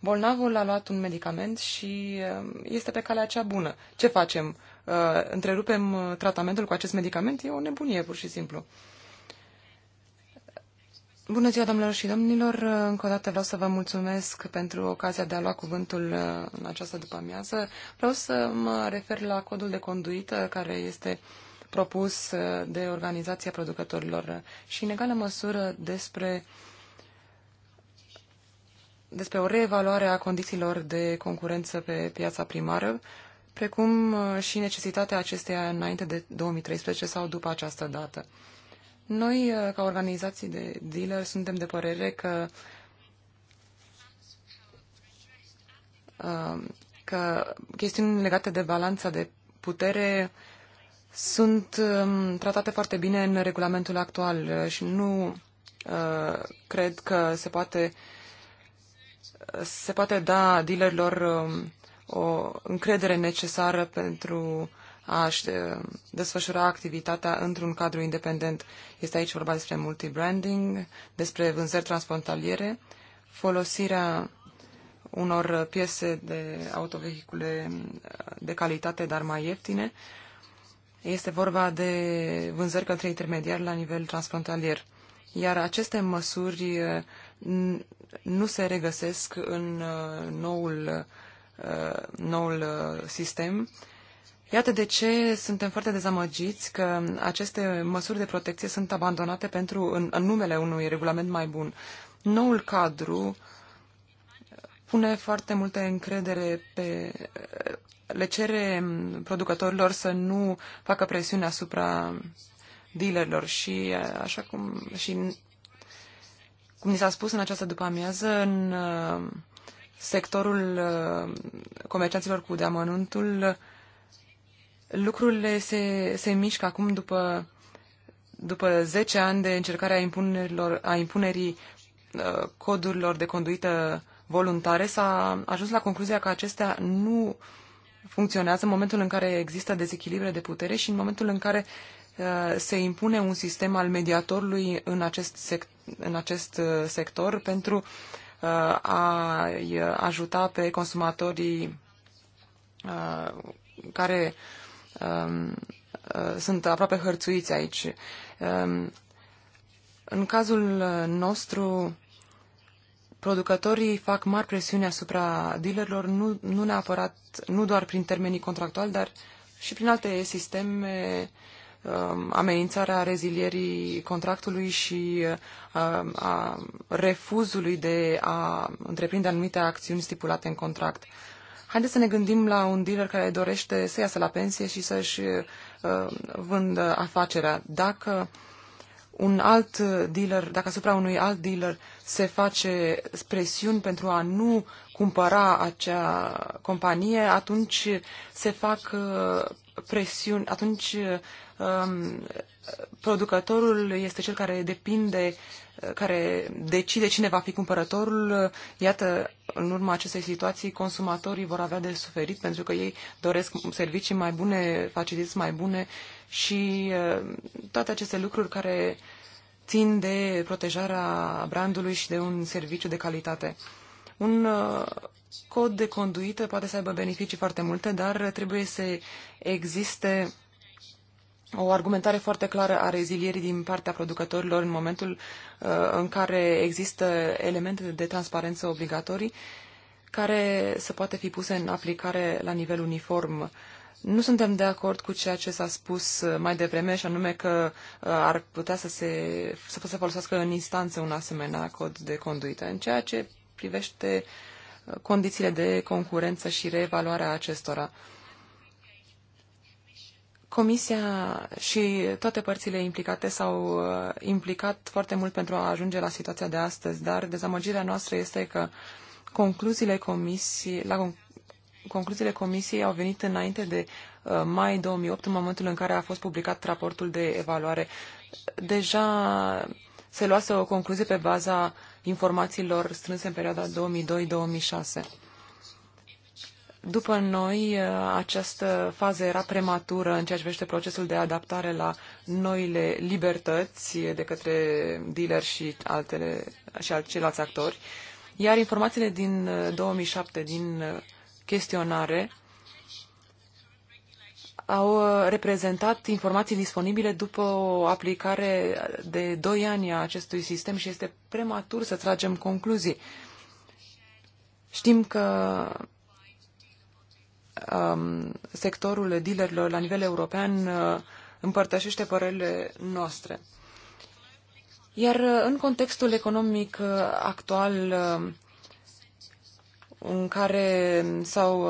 Bolnavul a luat un medicament și uh, este pe calea cea bună. Ce facem? Uh, întrerupem uh, tratamentul cu acest medicament? E o nebunie, pur și simplu. Bună ziua, domnilor și domnilor! Încă o dată vreau să vă mulțumesc pentru ocazia de a lua cuvântul în această după-amiază. Vreau să mă refer la codul de conduită care este propus de Organizația Producătorilor și, în egală măsură, despre uh, despre o reevaluare a condițiilor de concurență pe piața primară, precum uh, și necesitatea acesteia înainte de 2013 sau după această dată. Noi, uh, ca organizații de dealer, suntem de părere că uh, că chestiuni legate de balanța de putere sunt um, tratate foarte bine în regulamentul actual și nu cred că se poate uh, se poate da dealerilor um, o încredere necesară pentru a um, desfășura activitatea într-un cadru independent. Este aici vorba despre multibranding, despre vânzări transfrontaliere, folosirea unor piese de autovehicule uh, de calitate, dar mai ieftine. Este vorba de vânzări către intermediari la nivel transfrontalier. Iar aceste măsuri uh, nu se regăsesc în uh, noul, uh, noul uh, sistem. Iată de ce suntem foarte dezamăgiți că aceste măsuri de protecție sunt abandonate pentru, în, în numele unui regulament mai bun. Noul cadru pune foarte multă încredere pe. le cere producătorilor să nu facă presiune asupra dealerilor și așa cum și cum ni s-a spus în această după-amiază, în uh, sectorul uh, comercianților cu deamănuntul, lucrurile se, se mișcă acum după, după 10 ani de a, impunerilor, a impunerii uh, codurilor de conduită voluntare, s-a ajuns la concluzia că acestea nu funcționează în momentul în care există dezechilibre de putere și în momentul în care Uh, se impune un sistem al mediatorului în acest, sec- în acest uh, sector pentru uh, a ajuta pe consumatorii care um, sunt aproape hărțuiți aici. Um, în cazul nostru, producătorii fac mari presiuni asupra dealerilor, nu, nu neapărat, nu doar prin termenii contractuali, dar și prin alte sisteme uh, Um, amenințarea rezilierii contractului și um, a refuzului de a întreprinde anumite acțiuni stipulate în contract. Haideți să ne gândim la un dealer care dorește să iasă la pensie și să-și uh, vândă afacerea. Dacă un alt dealer, dacă asupra unui alt dealer se face presiuni pentru a nu cumpăra acea companie, atunci se fac uh, presiuni, atunci Um, producătorul este cel care depinde, care decide cine va fi cumpărătorul. Iată, în urma acestei situații, consumatorii vor avea de suferit pentru că ei doresc servicii mai bune, facilități mai bune și uh, toate aceste lucruri care țin de protejarea brandului și de un serviciu de calitate. Un uh, cod de conduită poate să aibă beneficii foarte multe, dar trebuie să existe o argumentare foarte clară a rezilierii din partea producătorilor în momentul uh, în care există elemente de transparență obligatorii care să poate fi puse în aplicare la nivel uniform. Nu suntem de acord cu ceea ce s-a spus uh, mai devreme, și anume că uh, ar putea să se, să se folosească în instanță un asemenea cod de conduită. În ceea ce privește uh, condițiile de concurență și reevaluarea acestora. Uh, Comisia și toate părțile implicate s-au uh, implicat foarte mult pentru a ajunge la situația de astăzi, dar dezamăgirea noastră este că concluziile comisiei, la concluziile comisiei au venit înainte de uh, mai 2008, în momentul în care a fost publicat raportul de evaluare. Deja se luase o concluzie pe baza informațiilor strânse în perioada 2002-2006. După noi, uh, această fază era prematură în ceea ce privește procesul de adaptare la noile libertăți de către dealer și, altele, și alt, ceilalți actori, iar informațiile din 2007 uh, din uh, chestionare au reprezentat informații disponibile după o aplicare de 2 ani a acestui sistem și este prematur să tragem concluzii. Știm că um, sectorul dealerilor la nivel european uh, împărtășește părerile noastre. Iar uh, în contextul economic uh, actual, uh, în care s-au,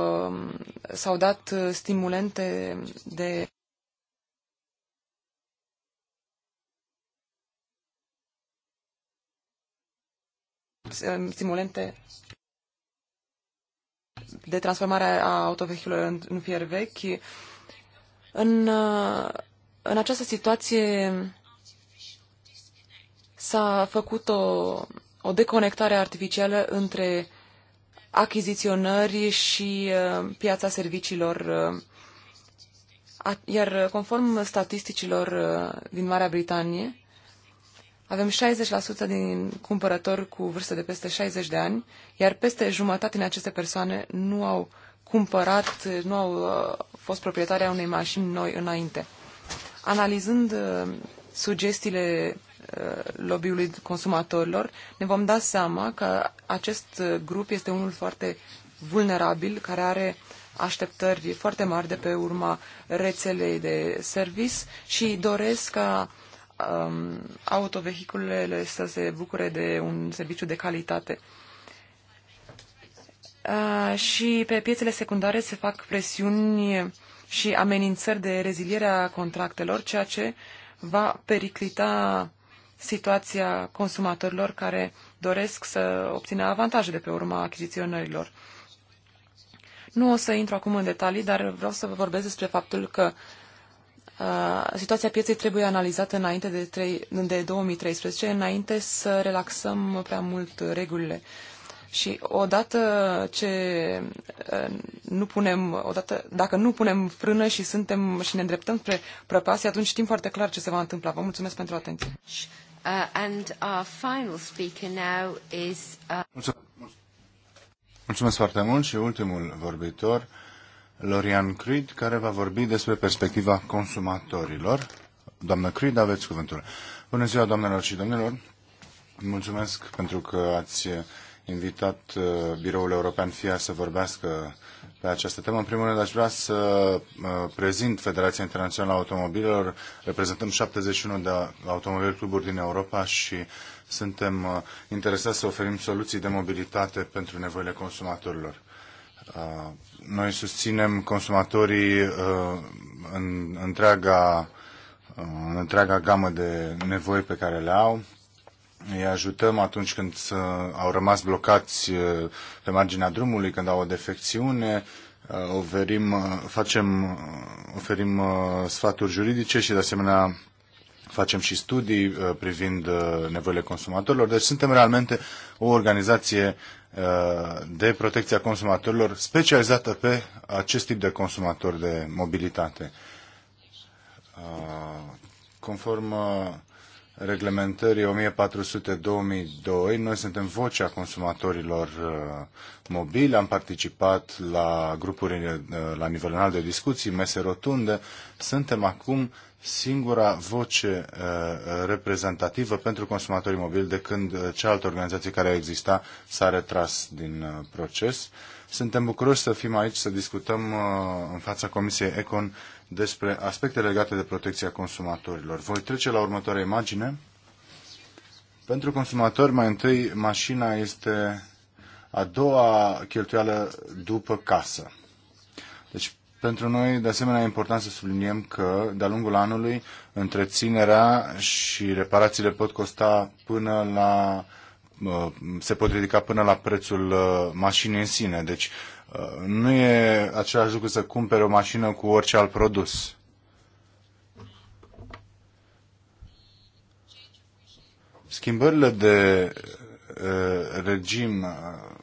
s-au dat stimulente de stimulente de transformare a autovehiculelor în, în fier vechi. În, în această situație s-a făcut o, o deconectare artificială între achiziționări și uh, piața serviciilor. Uh, iar conform statisticilor uh, din Marea Britanie, avem 60% din cumpărători cu vârste de peste 60 de ani, iar peste jumătate din aceste persoane nu au cumpărat, nu au uh, fost proprietari a unei mașini noi înainte. Analizând uh, sugestiile uh, lobby-ului consumatorilor, ne vom da seama că acest grup este unul foarte vulnerabil, care are așteptări foarte mari de pe urma rețelei de service și doresc ca um, autovehiculele să se bucure de un serviciu de calitate. Uh, și pe piețele secundare se fac presiuni și amenințări de reziliere a contractelor, ceea ce va periclita situația consumatorilor care doresc să obțină avantaje de pe urma achiziționărilor. Nu o să intru acum în detalii, dar vreau să vă vorbesc despre faptul că Uh, situația pieței trebuie analizată înainte de, 3, de 2013, înainte să relaxăm prea mult regulile. Și odată ce uh, nu punem, odată, dacă nu punem frână și suntem și ne îndreptăm spre prăpastie, atunci știm foarte clar ce se va întâmpla. Vă mulțumesc pentru atenție. Uh, and our final speaker now is, uh... Mulțumesc. mulțumesc foarte mult și ultimul vorbitor Lorian Creed, care va vorbi despre perspectiva consumatorilor. Doamnă Creed, aveți cuvântul. Bună ziua, doamnelor și domnilor. Mulțumesc pentru că ați invitat uh, Biroul European FIA să vorbească pe această temă. În primul rând, aș vrea să uh, prezint Federația Internațională a Automobilelor. Reprezentăm 71 de automobil cluburi din Europa și suntem uh, interesați să oferim soluții de mobilitate pentru nevoile consumatorilor. Noi susținem consumatorii uh, în întreaga, uh, în întreaga gamă de nevoi pe care le au. Îi ajutăm atunci când au rămas blocați uh, pe marginea drumului, când au o defecțiune, oferim, facem, oferim sfaturi juridice și de asemenea facem și studii privind nevoile consumatorilor. Deci suntem realmente o organizație de protecție a consumatorilor specializată pe acest tip de consumatori de mobilitate. Uh, conform uh, reglementării 1400-2002. Noi suntem vocea consumatorilor uh, mobili, am participat la grupuri uh, la nivel înalt de discuții, mese rotunde. Suntem acum singura voce uh, reprezentativă pentru consumatorii mobili de când cealaltă organizație care exista s-a retras din proces. Suntem bucuroși să fim aici, să discutăm în fața Comisiei Econ despre aspecte legate de protecția consumatorilor. Voi trece la următoarea imagine. Pentru consumatori, mai întâi, mașina este a doua cheltuială după casă. Deci, pentru noi, de asemenea, e important să subliniem că, de-a lungul anului, întreținerea și reparațiile pot costa până la se pot ridica până la prețul uh, mașinii în sine. Deci Uh, nu e același lucru să cumpere o mașină cu orice alt produs. Schimbările de uh, regim uh,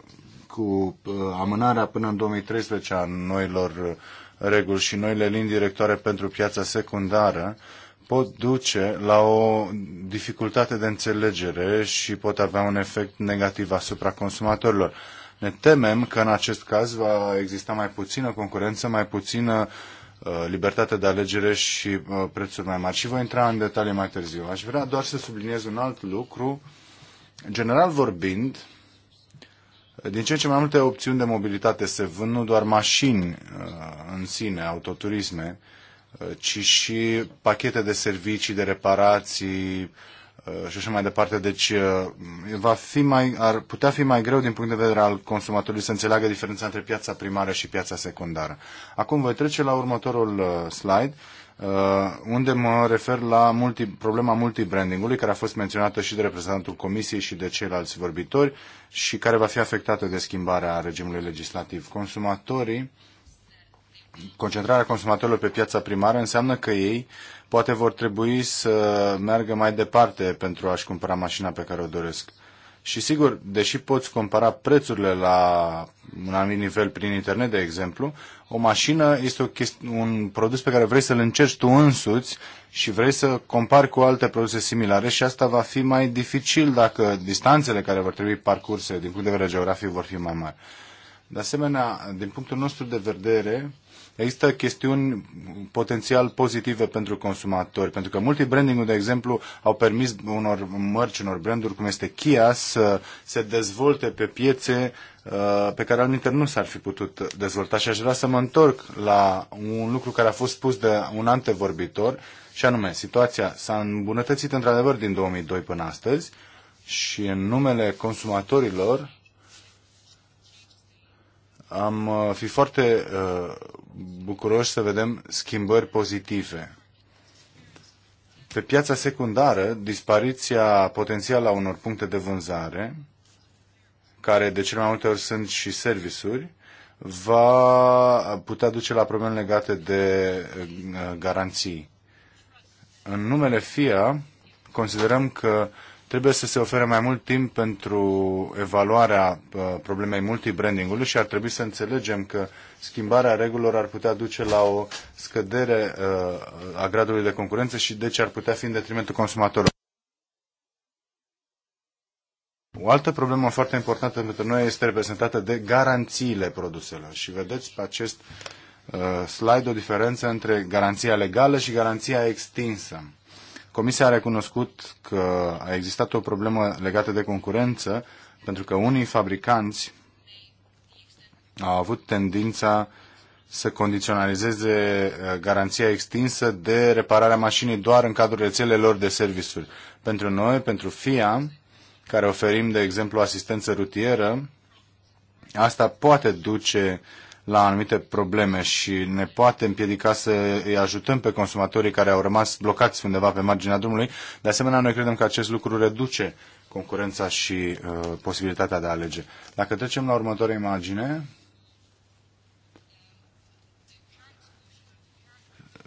cu uh, amânarea până în 2013 a noilor reguli și noile linii directoare pentru piața secundară pot duce la o dificultate de înțelegere și pot avea un efect negativ asupra consumatorilor. Ne temem că în acest caz va exista mai puțină concurență, mai puțină uh, libertate de alegere și uh, prețuri mai mari. Și voi intra în detalii mai târziu. Aș vrea doar să subliniez un alt lucru. General vorbind, din ce în ce mai multe opțiuni de mobilitate se vând nu doar mașini uh, în sine, autoturisme, ci și pachete de servicii, de reparații, Uh, și așa mai departe. Deci uh, va fi mai, ar putea fi mai greu din punct de vedere al consumatorului să înțeleagă diferența între piața primară și piața secundară. Acum voi trece la următorul uh, slide unde mă refer la multi, problema multibrandingului care a fost menționată și de reprezentantul Comisiei și de ceilalți vorbitori și care va fi afectată de schimbarea regimului legislativ. Consumatorii Concentrarea consumatorilor pe piața primară înseamnă că ei poate vor trebui să meargă mai departe pentru a-și cumpăra mașina pe care o doresc. Și sigur, deși poți compara prețurile la un anumit nivel prin internet, de exemplu, o mașină este o chesti- un produs pe care vrei să-l încerci tu însuți și vrei să compari cu alte produse similare și asta va fi mai dificil dacă distanțele care vor trebui parcurse din punct de vedere geografic vor fi mai mari. De asemenea, din punctul nostru de vedere, există chestiuni potențial pozitive pentru consumatori, pentru că multibranding-ul, de exemplu, au permis unor mărci, unor branduri, cum este Kia, să se dezvolte pe piețe uh, pe care anumite nu s-ar fi putut dezvolta. Și aș vrea să mă întorc la un lucru care a fost spus de un antevorbitor, și anume, situația s-a îmbunătățit într-adevăr din 2002 până astăzi și în numele consumatorilor am uh, fi foarte uh, bucuroși să vedem schimbări pozitive. Pe piața secundară, dispariția potențială a unor puncte de vânzare, care de cele mai multe ori sunt și servisuri, va putea duce la probleme legate de uh, garanții. În numele FIA, considerăm că uh, Trebuie să se ofere mai mult timp pentru evaluarea uh, problemei multibrandingului și ar trebui să înțelegem că schimbarea regulilor ar putea duce la o scădere uh, a gradului de concurență și deci ar putea fi în detrimentul consumatorilor. O altă problemă foarte importantă pentru noi este reprezentată de garanțiile produselor. Și vedeți pe acest uh, slide o diferență între garanția legală și garanția extinsă. Comisia a recunoscut că a existat o problemă legată de concurență, pentru că unii fabricanți au avut tendința să condiționalizeze uh, garanția extinsă de repararea mașinii doar în cadrul rețelelor de servisuri. Pentru noi, pentru FIA, care oferim, de exemplu, asistență rutieră, asta poate duce uh, la anumite probleme și ne poate împiedica să îi ajutăm pe consumatorii care au rămas blocați undeva pe marginea drumului. De asemenea, noi credem că acest lucru reduce concurența și uh, posibilitatea de a alege. Dacă trecem la următoarea imagine,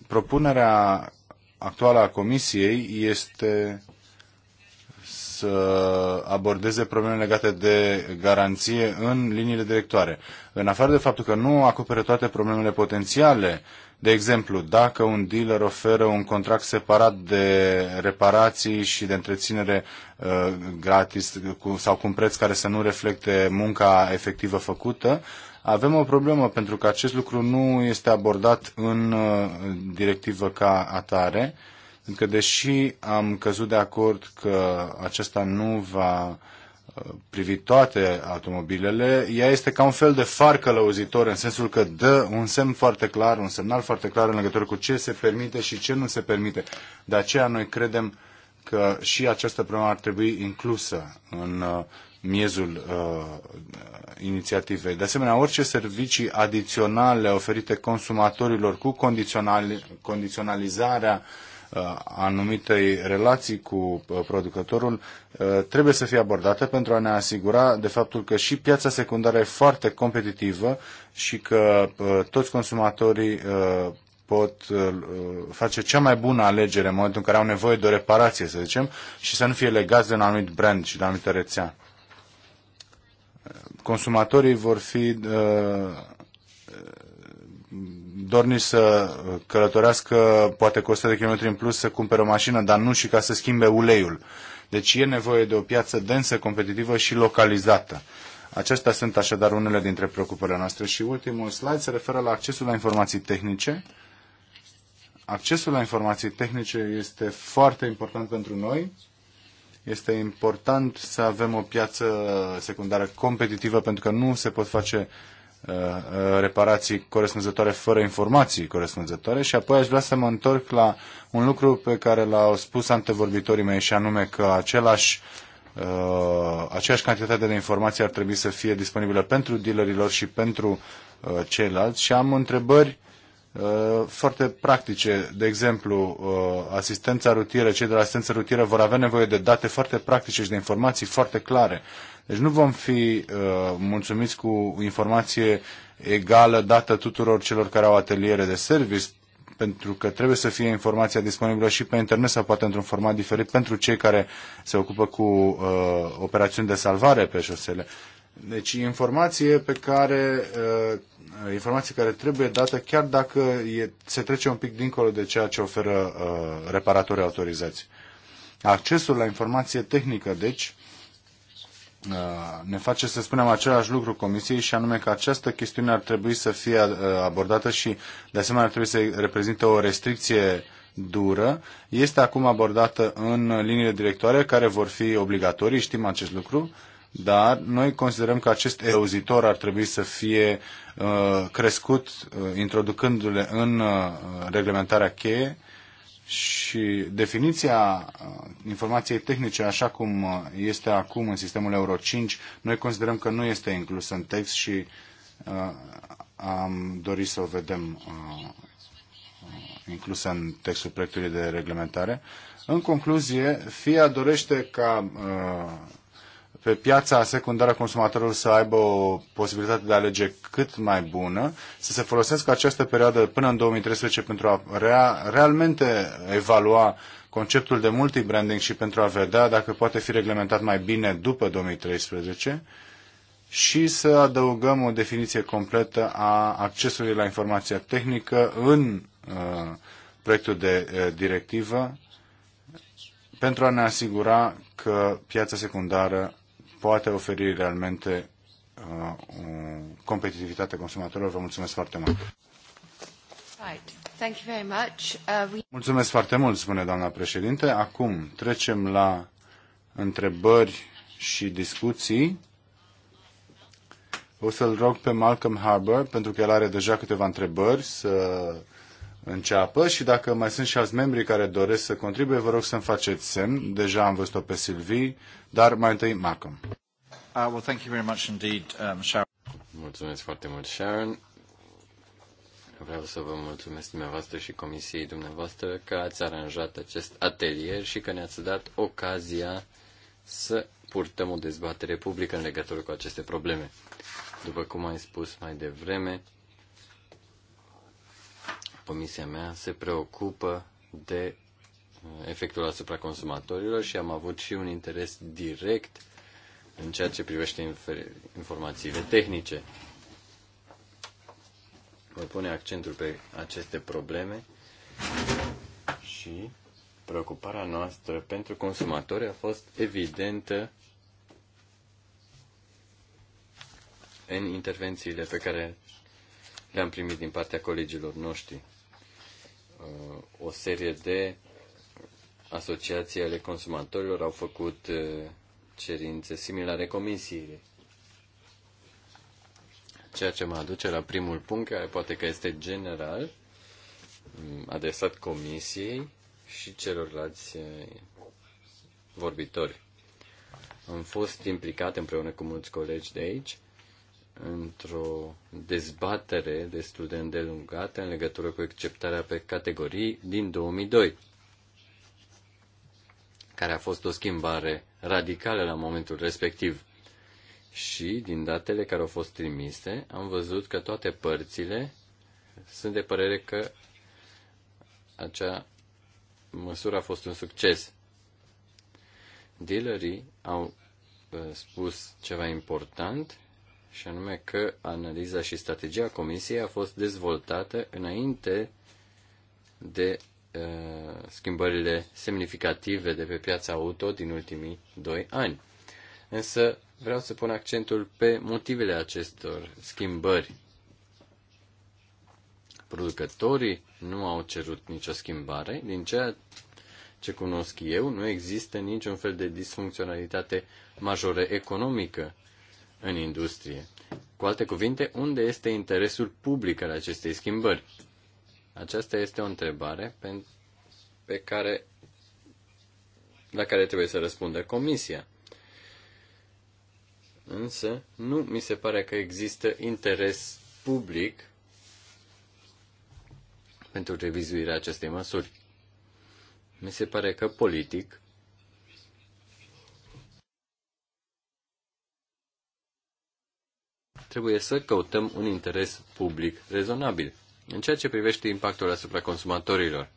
propunerea actuală a Comisiei este să abordeze probleme legate de garanție în liniile directoare. În afară de faptul că nu acoperă toate problemele potențiale, de exemplu, dacă un dealer oferă un contract separat de reparații și de întreținere uh, gratis cu, sau cu un preț care să nu reflecte munca efectivă făcută, avem o problemă pentru că acest lucru nu este abordat în uh, directivă ca atare. Uh, pentru că deși am căzut de acord că acesta nu va uh, privi toate automobilele, ea este ca un fel de far călăuzitor, în sensul că dă un semn foarte clar, un semnal foarte clar în legătură cu ce se permite și ce nu se permite. De aceea noi credem că și această problemă ar trebui inclusă în uh, miezul uh, inițiativei. De asemenea, orice servicii adiționale oferite consumatorilor cu condiționali- condiționalizarea uh, Uh, anumitei relații cu uh, producătorul uh, trebuie să fie abordată pentru a ne asigura de faptul că și piața secundară e foarte competitivă și că toți consumatorii pot face cea mai bună alegere în momentul în care au nevoie de o reparație, să zicem, și să nu fie legați de un anumit brand și de anumită rețea. Consumatorii vor fi dorni să călătorească poate cu 100 de km în plus să cumpere o mașină, dar nu și ca să schimbe uleiul. Deci e nevoie de o piață densă, competitivă și localizată. Acestea sunt așadar unele dintre preocupările noastre. Și ultimul slide se referă la accesul la informații tehnice. Accesul la informații tehnice este foarte important pentru noi. Este important să avem o piață secundară competitivă pentru că nu se pot face uh, Uh, uh, reparații corespunzătoare fără informații corespunzătoare și apoi aș vrea să mă întorc la un lucru pe care l-au spus antevorbitorii mei și anume că același uh, aceeași cantitate de informații ar trebui să fie disponibilă pentru dealerilor și pentru ceilalți și am întrebări foarte practice. De exemplu, asistența rutieră, cei de la asistență rutieră vor avea nevoie de date foarte practice și de informații foarte clare. Deci nu vom fi uh, mulțumiți cu informație egală dată tuturor celor care au ateliere de service, pentru că trebuie să fie informația disponibilă și pe internet sau poate într-un format diferit pentru cei care se ocupă cu uh, operațiuni de salvare pe șosele. Deci informație pe care, uh, informație care trebuie dată chiar dacă e, se trece un pic dincolo de ceea ce oferă uh, reparatorii autorizați. Accesul la informație tehnică, deci, Uh, ne face să spunem același lucru Comisiei și anume că această chestiune ar trebui să fie uh, abordată și de asemenea ar trebui să reprezinte o restricție dură. Este acum abordată în liniile directoare care vor fi obligatorii, știm acest lucru, dar noi considerăm că acest euzitor ar trebui să fie uh, crescut introducându-le în reglementarea cheie și definiția uh, informației tehnice, așa cum uh, este acum în sistemul Euro 5, noi considerăm că nu este inclusă în text și uh, am dorit să o vedem uh, uh inclusă în textul proiectului de reglementare. În concluzie, FIA dorește ca uh, pe piața secundară consumatorul să aibă o posibilitate de a alege cât mai bună, să se folosească această perioadă până în 2013 pentru a rea, realmente evalua conceptul de multibranding și pentru a vedea dacă poate fi reglementat mai bine după 2013 și să adăugăm o definiție completă a accesului la informația tehnică în uh, proiectul de uh, directivă pentru a ne asigura că piața secundară poate oferi realmente uh, o competitivitate consumatorilor. Vă mulțumesc foarte mult! Right. Thank you very much. Uh, we... Mulțumesc foarte mult, spune doamna președinte. Acum trecem la întrebări și discuții. O să-l rog pe Malcolm Harbour, pentru că el are deja câteva întrebări, să înceapă și dacă mai sunt și alți membri care doresc să contribuie, vă rog să-mi faceți semn. Deja am văzut-o pe Silvi. Dar mai întâi, Malcolm. Uh, well, thank you very much indeed, um, Sharon. Mulțumesc foarte mult, Sharon. Vreau să vă mulțumesc dumneavoastră și comisiei dumneavoastră că ați aranjat acest atelier și că ne-ați dat ocazia să purtăm o dezbatere publică în legătură cu aceste probleme. După cum ai spus mai devreme, comisia mea se preocupă de efectul asupra consumatorilor și am avut și un interes direct în ceea ce privește informațiile tehnice. Voi pune accentul pe aceste probleme și preocuparea noastră pentru consumatori a fost evidentă în intervențiile pe care le-am primit din partea colegilor noștri. Uh, o serie de asociații ale consumatorilor au făcut uh, cerințe similare comisiei. Ceea ce mă aduce la primul punct, care poate că este general, mm, adresat comisiei și celorlalți uh, vorbitori. Am fost implicat împreună cu mulți colegi de aici într-o dezbatere destul de îndelungată în legătură cu acceptarea pe categorii din 2002 care a fost o schimbare radicală la momentul respectiv. Și din datele care au fost trimise, am văzut că toate părțile sunt de părere că acea măsură a fost un succes. Dealerii au uh, spus ceva important și anume că analiza și strategia comisiei a fost dezvoltată înainte de Uh, schimbările semnificative de pe piața auto din ultimii doi ani. Însă vreau să pun accentul pe motivele acestor schimbări. Producătorii nu au cerut nicio schimbare, din ceea ce cunosc eu, nu există niciun fel de disfuncționalitate majoră economică în industrie. Cu alte cuvinte, unde este interesul public al acestei schimbări? Aceasta este o întrebare pe, pe care, la care trebuie să răspundă Comisia. Însă, nu mi se pare că există interes public pentru revizuirea acestei măsuri. Mi se pare că politic trebuie să căutăm un interes public rezonabil. În ceea ce privește impactul asupra consumatorilor,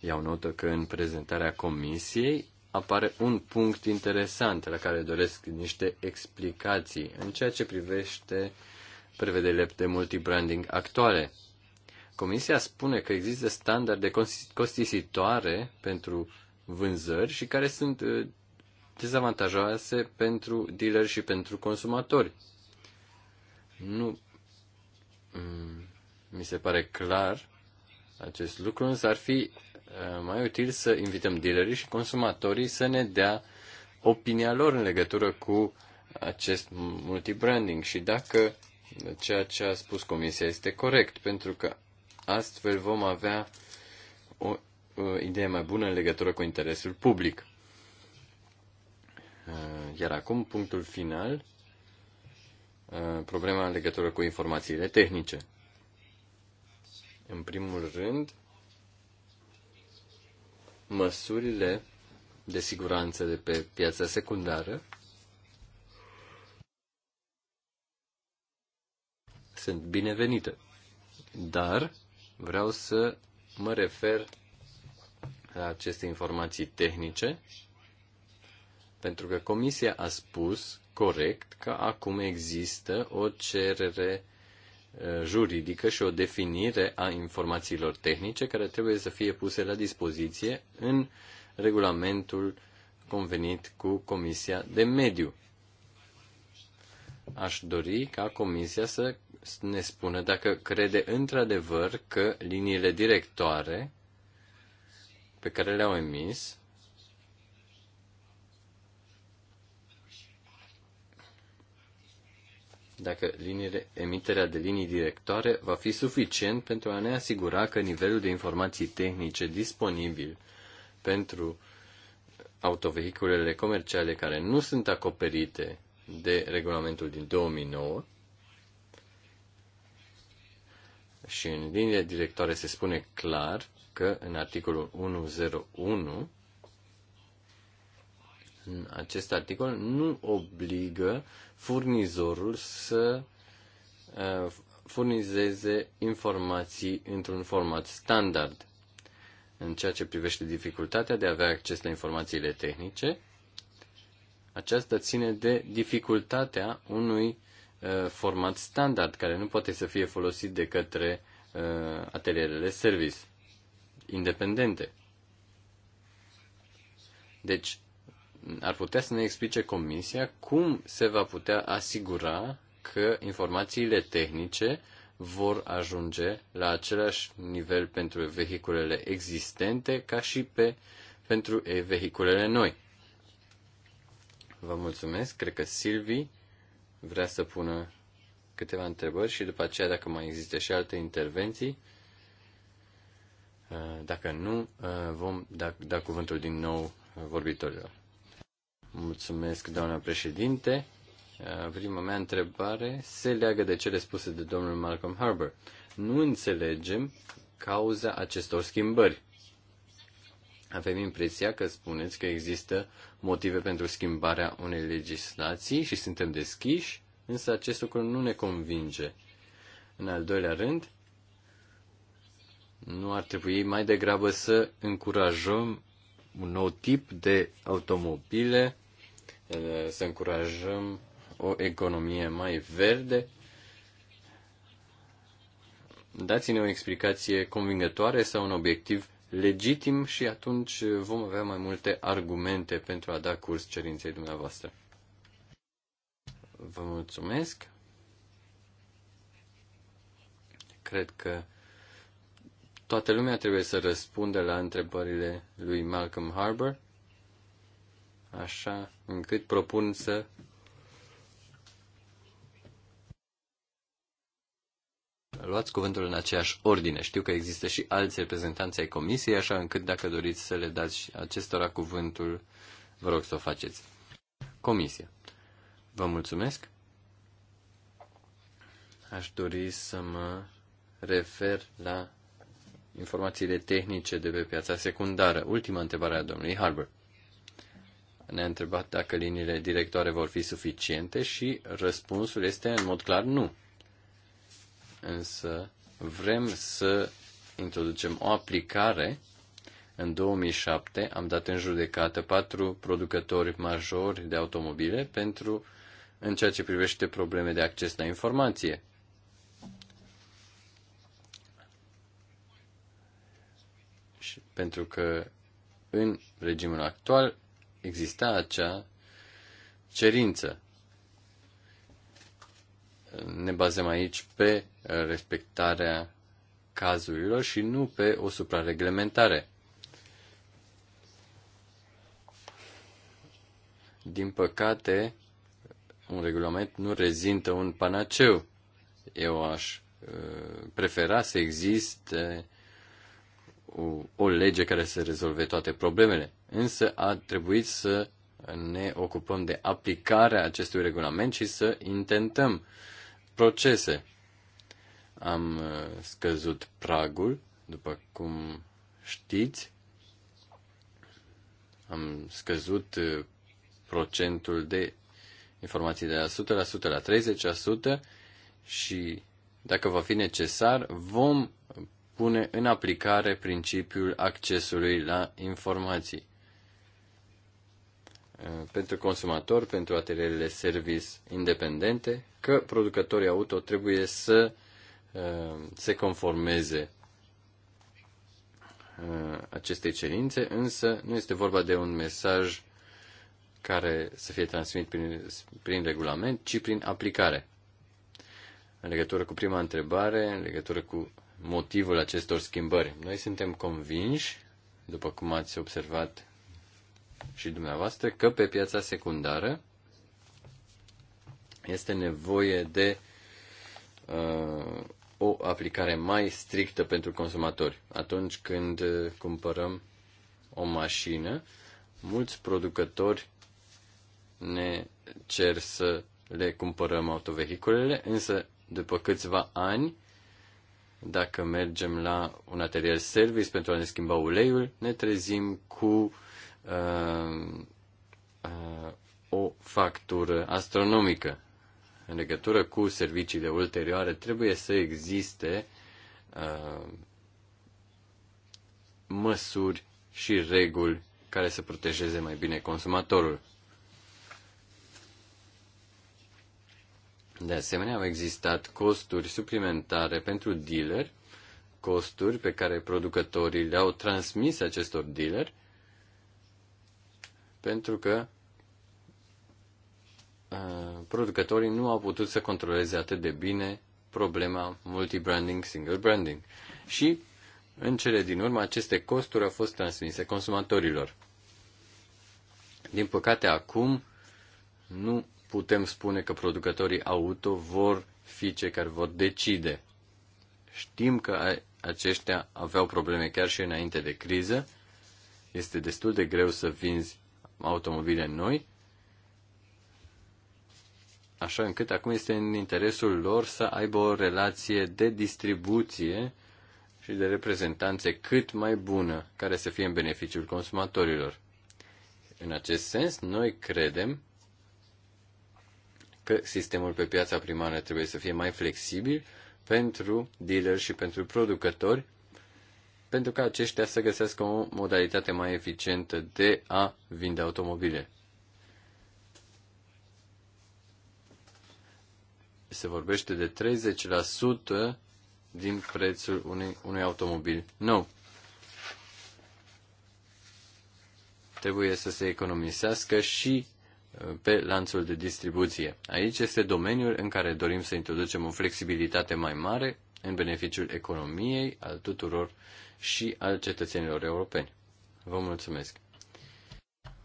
iau notă că în prezentarea comisiei apare un punct interesant la care doresc niște explicații în ceea ce privește prevederile de multibranding actuale. Comisia spune că există standarde costisitoare pentru vânzări și care sunt uh, dezavantajoase pentru dealeri și pentru consumatori. Nu. Mm, mi se pare clar acest lucru, însă ar fi uh, mai util să invităm dealerii și consumatorii să ne dea opinia lor în legătură cu acest multibranding și dacă ceea ce a spus comisia este corect, pentru că astfel vom avea o, o idee mai bună în legătură cu interesul public. Uh, iar acum, punctul final, uh, problema în legătură cu informațiile tehnice. În primul rând, măsurile de siguranță de pe piața secundară sunt binevenite. Dar vreau să mă refer la aceste informații tehnice, pentru că Comisia a spus corect că acum există o cerere Eh, juridică și o definire a informațiilor tehnice care trebuie să fie puse la dispoziție în regulamentul convenit cu Comisia de Mediu. Aș dori ca Comisia să ne spună dacă crede într-adevăr că liniile directoare pe care le-au emis dacă liniile, emiterea de linii directoare va fi suficient pentru a ne asigura că nivelul de informații tehnice disponibil pentru autovehiculele comerciale care nu sunt acoperite de regulamentul din 2009 și în linie directoare se spune clar că în articolul 101 acest articol nu obligă furnizorul să uh, furnizeze informații într-un format standard. În ceea ce privește dificultatea de a avea acces la informațiile tehnice, aceasta ține de dificultatea unui uh, format standard care nu poate să fie folosit de către uh, atelierele service independente. Deci, ar putea să ne explice Comisia cum se va putea asigura că informațiile tehnice vor ajunge la același nivel pentru vehiculele existente ca și pe, pentru vehiculele noi. Vă mulțumesc. Cred că Silvi vrea să pună câteva întrebări și după aceea dacă mai există și alte intervenții. Uh, dacă nu, uh, vom da, da cuvântul din nou uh, vorbitorilor. Mulțumesc, doamna președinte. Uh, prima mea întrebare se leagă de cele spuse de domnul Malcolm Harbour. Nu înțelegem cauza acestor schimbări. Avem impresia că spuneți că există motive pentru schimbarea unei legislații și suntem deschiși, însă acest lucru nu ne convinge. În al doilea rând, nu ar trebui mai degrabă să încurajăm un nou tip de automobile, eh, să încurajăm o economie mai verde. Dați-ne o explicație convingătoare sau un obiectiv legitim și atunci vom avea mai multe argumente pentru a da curs cerinței dumneavoastră. Vă mulțumesc. Cred că Toată lumea trebuie să răspundă la întrebările lui Malcolm Harbour, așa încât propun să luați cuvântul în aceeași ordine. Știu că există și alți reprezentanți ai comisiei, așa încât dacă doriți să le dați și acestora cuvântul, vă rog să o faceți. Comisia. Vă mulțumesc. Aș dori să mă refer la informațiile tehnice de pe piața secundară. Ultima întrebare a domnului Harbour. Ne-a întrebat dacă liniile directoare vor fi suficiente și răspunsul este în mod clar nu. Însă vrem să introducem o aplicare. În 2007 am dat în judecată patru producători majori de automobile pentru în ceea ce privește probleme de acces la informație. aici, pentru că în regimul actual exista acea cerință. Ne bazăm aici pe respectarea cazurilor și nu pe o suprareglementare. Din păcate, un regulament nu rezintă un panaceu. Eu aș uh, prefera să existe o, o lege care să rezolve toate problemele, însă a trebuit să ne ocupăm de aplicarea acestui regulament și să intentăm procese. Am uh, scăzut pragul, după cum știți, am scăzut uh, procentul de informații de la 100% la 30% și dacă va fi necesar, vom pune în aplicare principiul accesului la informații. Eh, pentru consumator, pentru atelierele service independente, că producătorii auto trebuie să eh, se conformeze eh, acestei cerințe, însă nu este vorba de un mesaj care să fie transmit prin, prin regulament, ci prin aplicare. În legătură cu prima întrebare, în legătură cu motivul acestor schimbări. Noi suntem convinși, după cum ați observat și dumneavoastră, că pe piața secundară este nevoie de uh, o aplicare mai strictă pentru consumatori. Atunci când uh, cumpărăm o mașină, mulți producători ne cer să le cumpărăm autovehiculele, însă după câțiva ani dacă mergem la un atelier service pentru a ne schimba uleiul, ne trezim cu uh, uh, o factură astronomică. În legătură cu serviciile ulterioare, trebuie să existe uh, măsuri și reguli care să protejeze mai bine consumatorul. De asemenea, au existat costuri suplimentare pentru dealer, costuri pe care producătorii le-au transmis acestor dealer, pentru că uh, producătorii nu au putut să controleze atât de bine problema multibranding, single branding. Și, în cele din urmă, aceste costuri au fost transmise consumatorilor. Din păcate, acum nu putem spune că producătorii auto vor fi cei care vor decide. Știm că aceștia aveau probleme chiar și înainte de criză. Este destul de greu să vinzi automobile noi, așa încât acum este în interesul lor să aibă o relație de distribuție și de reprezentanțe cât mai bună, care să fie în beneficiul consumatorilor. În acest sens, noi credem că sistemul pe piața primară trebuie să fie mai flexibil pentru dealer și pentru producători, pentru ca aceștia să găsească o modalitate mai eficientă de a vinde automobile. Se vorbește de 30% din prețul unui, unui automobil nou. Trebuie să se economisească și pe lanțul de distribuție. Aici este domeniul în care dorim să introducem o flexibilitate mai mare în beneficiul economiei, al tuturor și al cetățenilor europeni. Vă mulțumesc!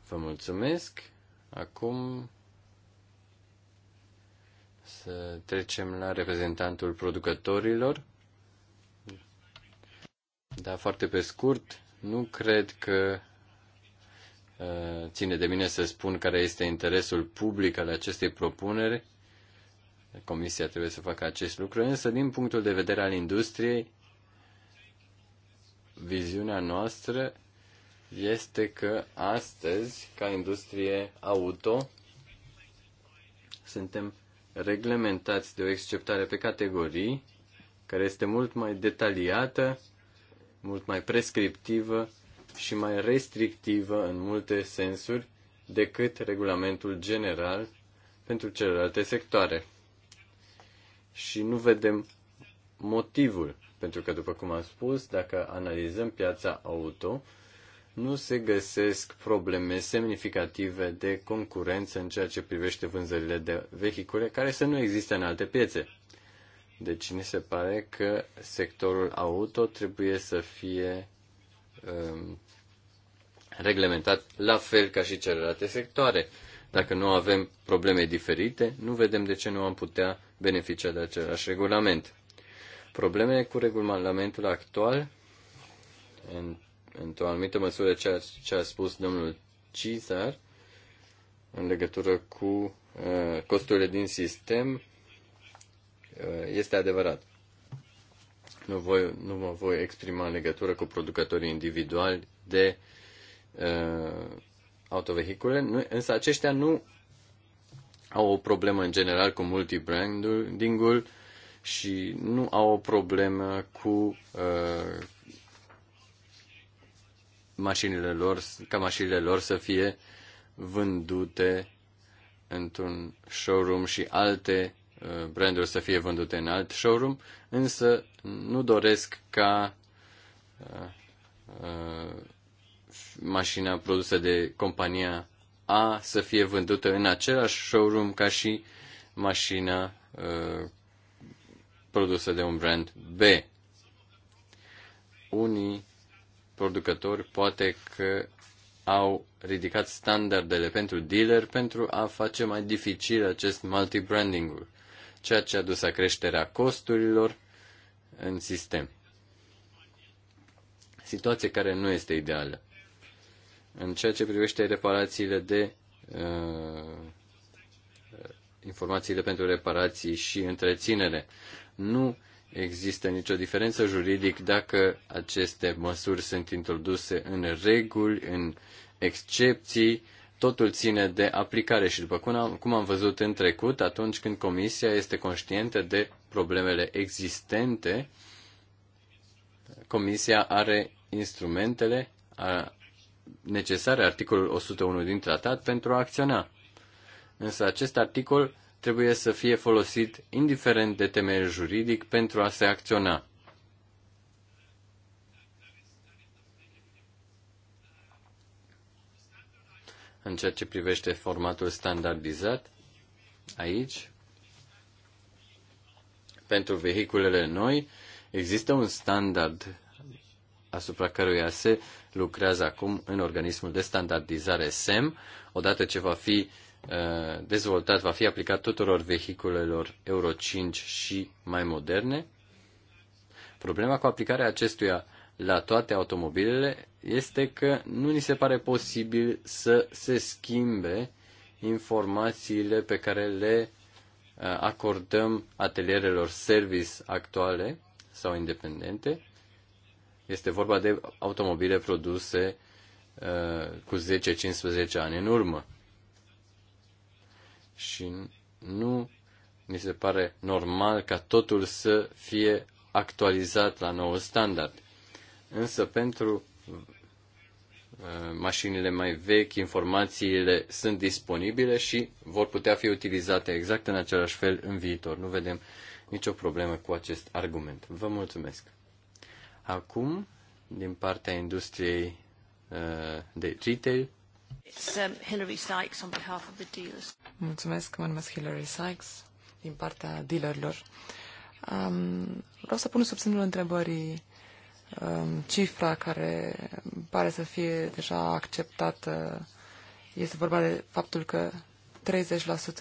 Vă mulțumesc! Acum să trecem la reprezentantul producătorilor. Da, foarte pe scurt, nu cred că Eh, ține de mine să spun care este interesul public al acestei propuneri. Comisia trebuie să facă acest lucru, însă din punctul de vedere al industriei, viziunea noastră este că astăzi, ca industrie auto, suntem reglementați de o exceptare pe categorii, care este mult mai detaliată, mult mai prescriptivă și mai restrictivă în multe sensuri decât regulamentul general pentru celelalte sectoare. Și nu vedem motivul, pentru că, după cum am spus, dacă analizăm piața auto, nu se găsesc probleme semnificative de concurență în ceea ce privește vânzările de vehicule care să nu existe în alte piețe. Deci ne se pare că sectorul auto trebuie să fie Um, reglementat la fel ca și celelalte sectoare. Dacă nu avem probleme diferite, nu vedem de ce nu am putea beneficia de același regulament. Problemele cu regulamentul actual, în, într-o anumită măsură ce a, ce a spus domnul Cizar, în legătură cu uh, costurile din sistem, uh, este adevărat nu, voi, nu mă voi exprima în legătură cu producătorii individuali de uh, autovehicule, nu, însă aceștia nu au o problemă în general cu multibranding-ul și nu au o problemă cu uh, mașinile lor, ca mașinile lor să fie vândute într-un showroom și alte Uh, branduri să fie vândute în alt showroom, însă nu doresc ca uh, uh, mașina produsă de compania A să fie vândută în același showroom ca și mașina produsă de un brand B. Unii producători poate că au ridicat standardele pentru dealer pentru a face mai dificil acest multi-branding-ul ceea ce a dus la creșterea costurilor în sistem. Situație care nu este ideală. În ceea ce privește reparațiile de uh, informațiile pentru reparații și întreținere, nu există nicio diferență juridic dacă aceste măsuri sunt introduse în reguli, în excepții totul ține de aplicare și după cum am, cum am văzut în trecut, atunci când Comisia este conștientă de problemele existente, Comisia are instrumentele necesare, articolul 101 din tratat, pentru a acționa. Însă acest articol trebuie să fie folosit indiferent de temeiul juridic pentru a se acționa. În ceea ce privește formatul standardizat, aici, pentru vehiculele noi, există un standard asupra căruia se lucrează acum în organismul de standardizare SEM, odată ce va fi uh, dezvoltat, va fi aplicat tuturor vehiculelor Euro 5 și mai moderne. Problema cu aplicarea acestuia la toate automobilele este că nu ni se pare posibil să se schimbe informațiile pe care le uh, acordăm atelierelor service actuale sau independente. Este vorba de automobile produse uh, cu 10-15 ani în urmă. Și nu mi se pare normal ca totul să fie actualizat la nou standard. Însă pentru uh, mașinile mai vechi, informațiile sunt disponibile și vor putea fi utilizate exact în același fel în viitor. Nu vedem nicio problemă cu acest argument. Vă mulțumesc. Acum, din partea industriei uh, de retail. Um, Hillary Sykes on behalf of the dealers. Mulțumesc, mă numesc Hillary Sykes din partea dealerilor. Um, vreau să pun sub semnul întrebării Um, cifra care pare să fie deja acceptată este vorba de faptul că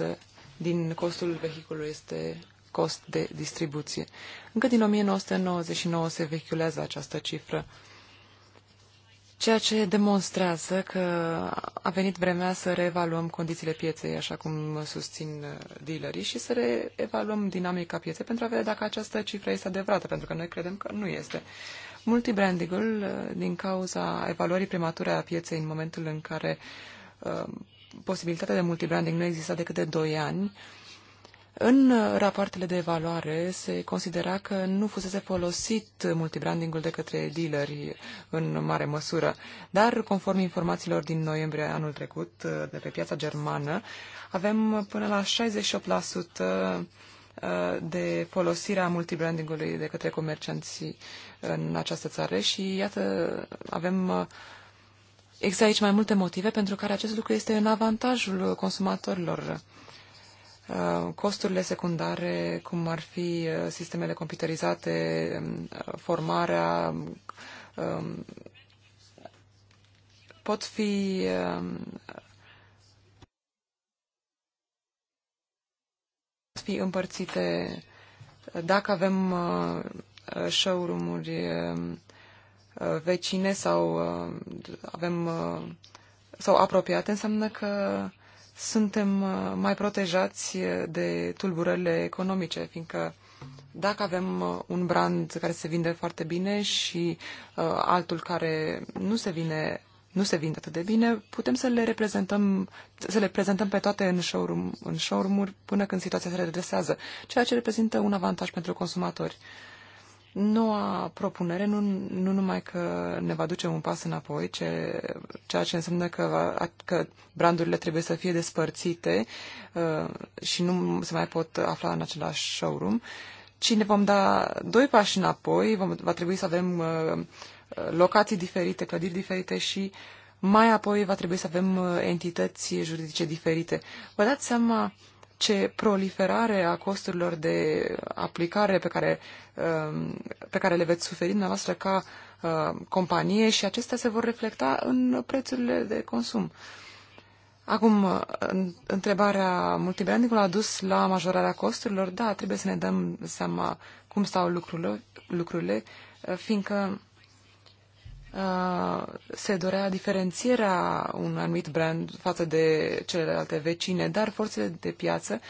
30% din costul vehiculului este cost de distribuție. Încă din 1999 se vehiculează această cifră, ceea ce demonstrează că a venit vremea să reevaluăm condițiile pieței, așa cum susțin uh, dealerii, și să reevaluăm dinamica pieței pentru a vedea dacă această cifră este adevărată, pentru că noi credem că nu este. Multibrandingul, uh, din cauza evaluării premature a pieței în momentul în care uh, posibilitatea de multibranding nu exista decât de 2 ani, în uh, rapoartele de evaluare se considera că nu fusese folosit multibrandingul de către dealeri în mare măsură, dar conform informațiilor din noiembrie anul trecut de pe piața germană, avem până la 68% Uh, de folosirea multibrandingului de către comercianții în această țară și iată, avem uh, există aici mai multe motive pentru care acest lucru este în avantajul consumatorilor. Uh, costurile secundare, cum ar fi sistemele computerizate, um, formarea, um, pot fi um, fi împărțite dacă avem uh, showroom-uri uh, vecine sau uh, avem sau apropiate, înseamnă că suntem mai protejați de tulburările economice, fiindcă dacă avem un brand care se vinde foarte bine și uh, altul care nu se vine nu se vinde atât de bine, putem să le reprezentăm, să le prezentăm pe toate în, showroom, în showroom-uri până când situația se redresează, ceea ce reprezintă un avantaj pentru consumatori. Noua propunere nu, nu numai că ne va duce un pas înapoi, ce, ceea ce înseamnă că, va, că brandurile trebuie să fie despărțite uh, și nu se mai pot afla în același showroom, ci ne vom da doi pași înapoi, vom, va trebui să avem uh, locații diferite, clădiri diferite și mai apoi va trebui să avem uh, entități juridice diferite. Vă dați seama ce proliferare a costurilor de aplicare pe care, um, pe care le veți suferi dumneavoastră ca uh, companie și acestea se vor reflecta în prețurile de consum. Acum, uh, întrebarea multibrandingul a dus la majorarea costurilor. Da, trebuie să ne dăm seama cum stau lucrurile, lucrurile fiindcă Uh, se dorea diferențierea un anumit brand față de celelalte vecine, dar forțele de piață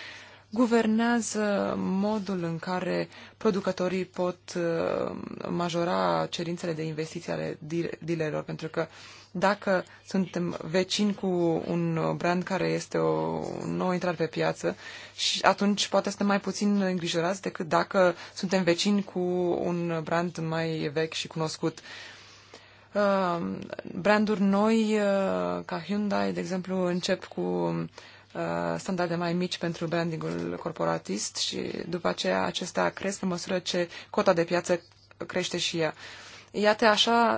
guvernează modul în care producătorii pot uh, majora cerințele de investiții ale dealerilor, pentru că dacă suntem vecini cu un brand care este o nouă intrare pe piață, și atunci poate suntem mai puțin îngrijorați decât dacă suntem vecini cu un brand mai vechi și cunoscut. Uh, branduri noi uh, ca Hyundai, de exemplu, încep cu uh, standarde mai mici pentru brandingul corporatist și după aceea acestea cresc în măsură ce cota de piață crește și ea. Uh, Iată, așa,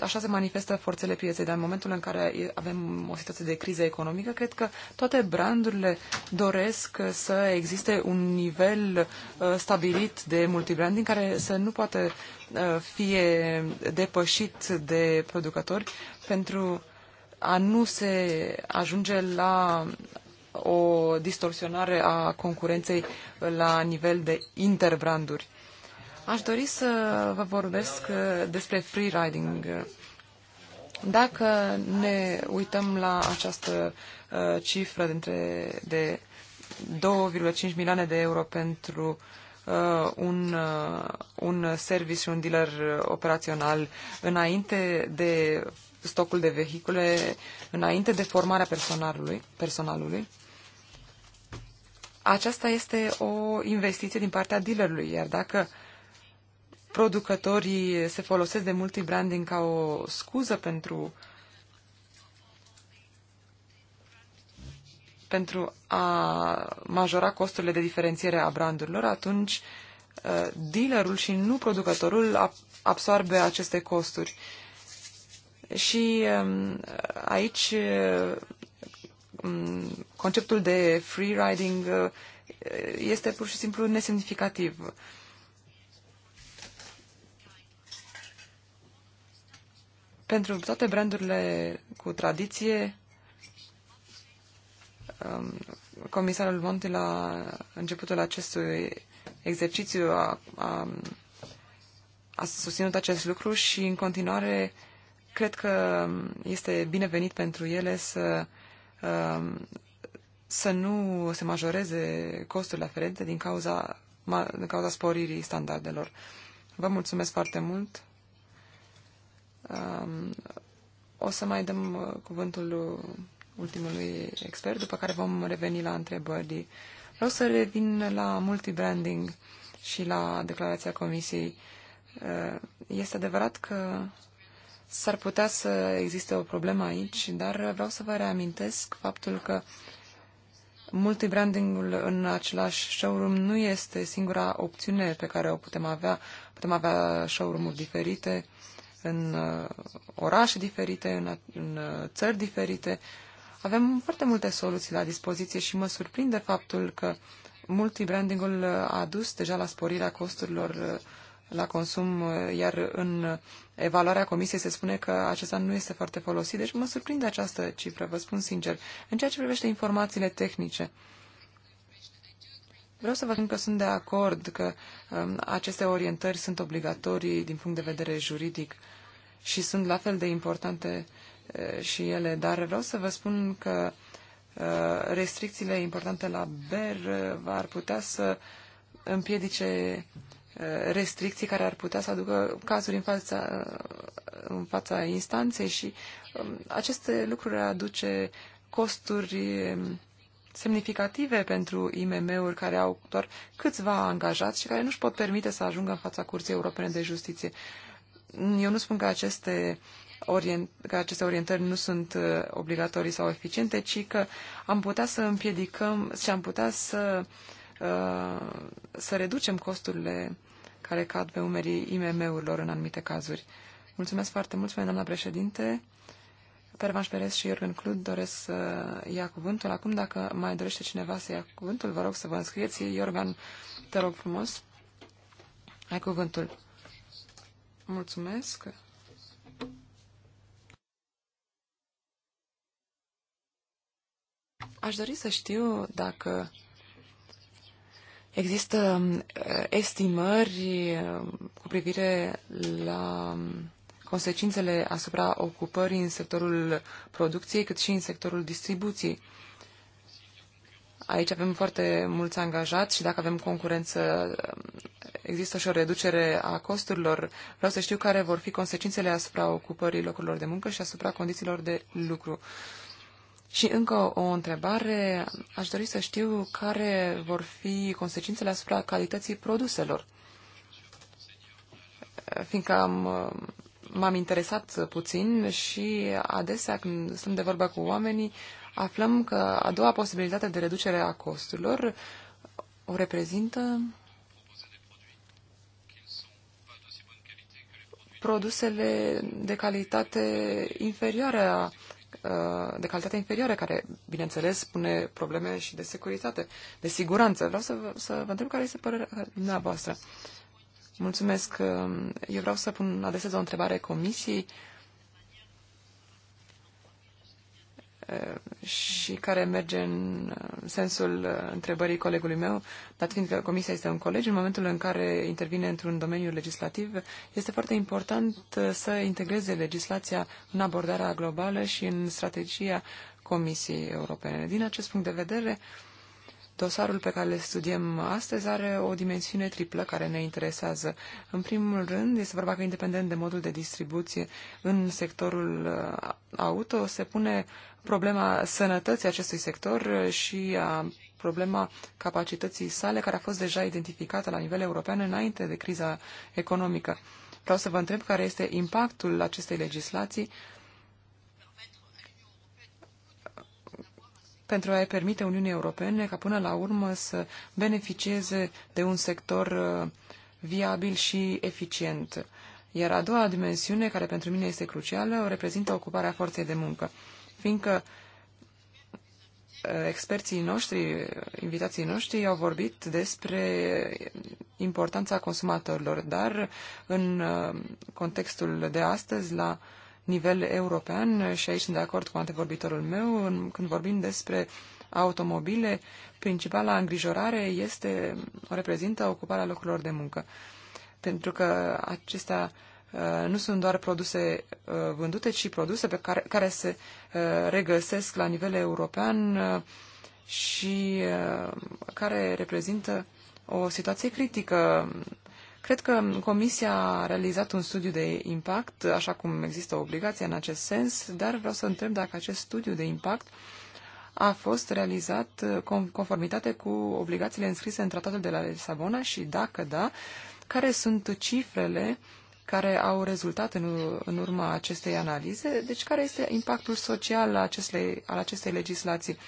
așa se manifestă forțele pieței, dar în momentul în care avem o situație de criză economică, cred că toate brandurile doresc să existe un nivel uh, stabilit de multibranding care să nu poate uh, fi depășit de producători pentru a nu se ajunge la o distorsionare a concurenței la nivel de interbranduri. Aș dori să vă vorbesc uh, despre freeriding. Dacă ne uităm la această uh, cifră dintre, de 2,5 milioane de euro pentru uh, un, uh, un service și un dealer operațional înainte de stocul de vehicule, înainte de formarea personalului, personalului aceasta este o investiție din partea dealerului, iar dacă uh, producătorii se folosesc de multibranding ca o scuză pentru pentru a majora costurile de diferențiere a brandurilor, atunci uh, dealerul și nu producătorul absorbe aceste costuri. Și um, aici uh, um, conceptul de free riding uh, este pur și simplu nesemnificativ. Pentru toate brandurile cu tradiție, um, comisarul Monti la începutul acestui exercițiu a, a, a susținut acest lucru și în continuare cred că este binevenit pentru ele să, um, să nu se majoreze costurile aferente din cauza, din cauza sporirii standardelor. Vă mulțumesc foarte mult! Um, o să mai dăm uh, cuvântul uh, ultimului expert, după care vom reveni la întrebări. Vreau să revin la multibranding și la declarația comisiei. Uh, este adevărat că s-ar putea să existe o problemă aici, dar vreau să vă reamintesc faptul că multibrandingul în același showroom nu este singura opțiune pe care o putem avea. Putem avea showroom-uri diferite, în uh, orașe diferite, în, în uh, țări diferite. Avem foarte multe soluții la dispoziție și mă surprinde faptul că multibrandingul uh, a dus deja la sporirea costurilor la consum, iar în evaluarea comisiei se spune că acesta nu este foarte folosit, deci mă surprinde această cifră, vă spun sincer. În ceea ce privește informațiile tehnice, vreau să vă spun că sunt de acord că um, aceste orientări sunt obligatorii din punct de vedere juridic și sunt la fel de importante și ele, dar vreau să vă spun că restricțiile importante la BER ar putea să împiedice restricții care ar putea să aducă cazuri în fața, în fața instanței și aceste lucruri aduce costuri semnificative pentru IMM-uri care au doar câțiva angajați și care nu-și pot permite să ajungă în fața Curții Europene de Justiție. Eu nu spun că aceste, orient, că aceste orientări nu sunt uh, obligatorii sau eficiente, ci că am putea să împiedicăm și am putea să, uh, să reducem costurile care cad pe umerii IMM-urilor în anumite cazuri. Mulțumesc foarte mult, spune doamna președinte. Pervanș Perez și Iorgen Clud doresc să ia cuvântul. Acum, dacă mai dorește cineva să ia cuvântul, vă rog să vă înscrieți. Iorgen, te rog frumos, ai cuvântul. Mulțumesc. Aș dori să știu dacă există eh, estimări eh, cu privire la mm, consecințele asupra ocupării în sectorul producției, cât și în sectorul distribuției. Aici avem foarte mulți angajați și dacă avem concurență, există și o reducere a costurilor. Vreau să știu care vor fi consecințele asupra ocupării locurilor de muncă și asupra condițiilor de lucru. Și încă o întrebare, aș dori să știu care vor fi consecințele asupra calității produselor. Fiindcă am, m-am interesat puțin și adesea când sunt de vorba cu oamenii, aflăm că a doua posibilitate de reducere a costurilor o reprezintă produsele de calitate inferioară uh, de calitate inferioară, care, bineînțeles, pune probleme și de securitate, de siguranță. Vreau să, să vă întreb care este părerea dumneavoastră. Mulțumesc. Uh, eu vreau să pun, adesez o întrebare comisiei Eh, și care merge în sensul eh, întrebării colegului meu, dat fiindcă comisia este un colegi, în momentul în care intervine într-un domeniu legislativ, este foarte important eh, să integreze legislația în abordarea globală și în strategia Comisiei Europene. Din acest punct de vedere, uh, Dosarul pe care le studiem astăzi are o dimensiune triplă care ne interesează. În primul rând, este vorba că independent de modul de distribuție în sectorul uh, auto, se pune problema sănătății acestui sector și a problema capacității sale, care a fost deja identificată la nivel european înainte de criza economică. Vreau să vă întreb care este impactul acestei legislații pentru a-i permite Uniunii Europene ca până la urmă să beneficieze de un sector uh, viabil și eficient. Iar a doua dimensiune, care pentru mine este crucială, o reprezintă ocuparea forței de muncă, fiindcă uh, experții noștri, invitații noștri, au vorbit despre importanța consumatorilor, dar în uh, contextul de astăzi, la uh, nivel european și aici sunt de acord cu antevorbitorul meu când vorbim despre automobile, principala îngrijorare este, o reprezintă ocuparea locurilor de muncă. Pentru că acestea uh, nu sunt doar produse uh, vândute, ci produse pe care, care se uh, regăsesc la nivel european și care reprezintă o situație critică Cred că Comisia a realizat un studiu de impact, așa cum există obligația în acest sens, dar vreau să întreb dacă acest studiu de impact a fost realizat conformitate cu obligațiile înscrise în tratatul de la Lisabona și dacă da, care sunt cifrele care au rezultat în, în urma acestei analize, deci care este impactul social al acestei, al acestei legislații.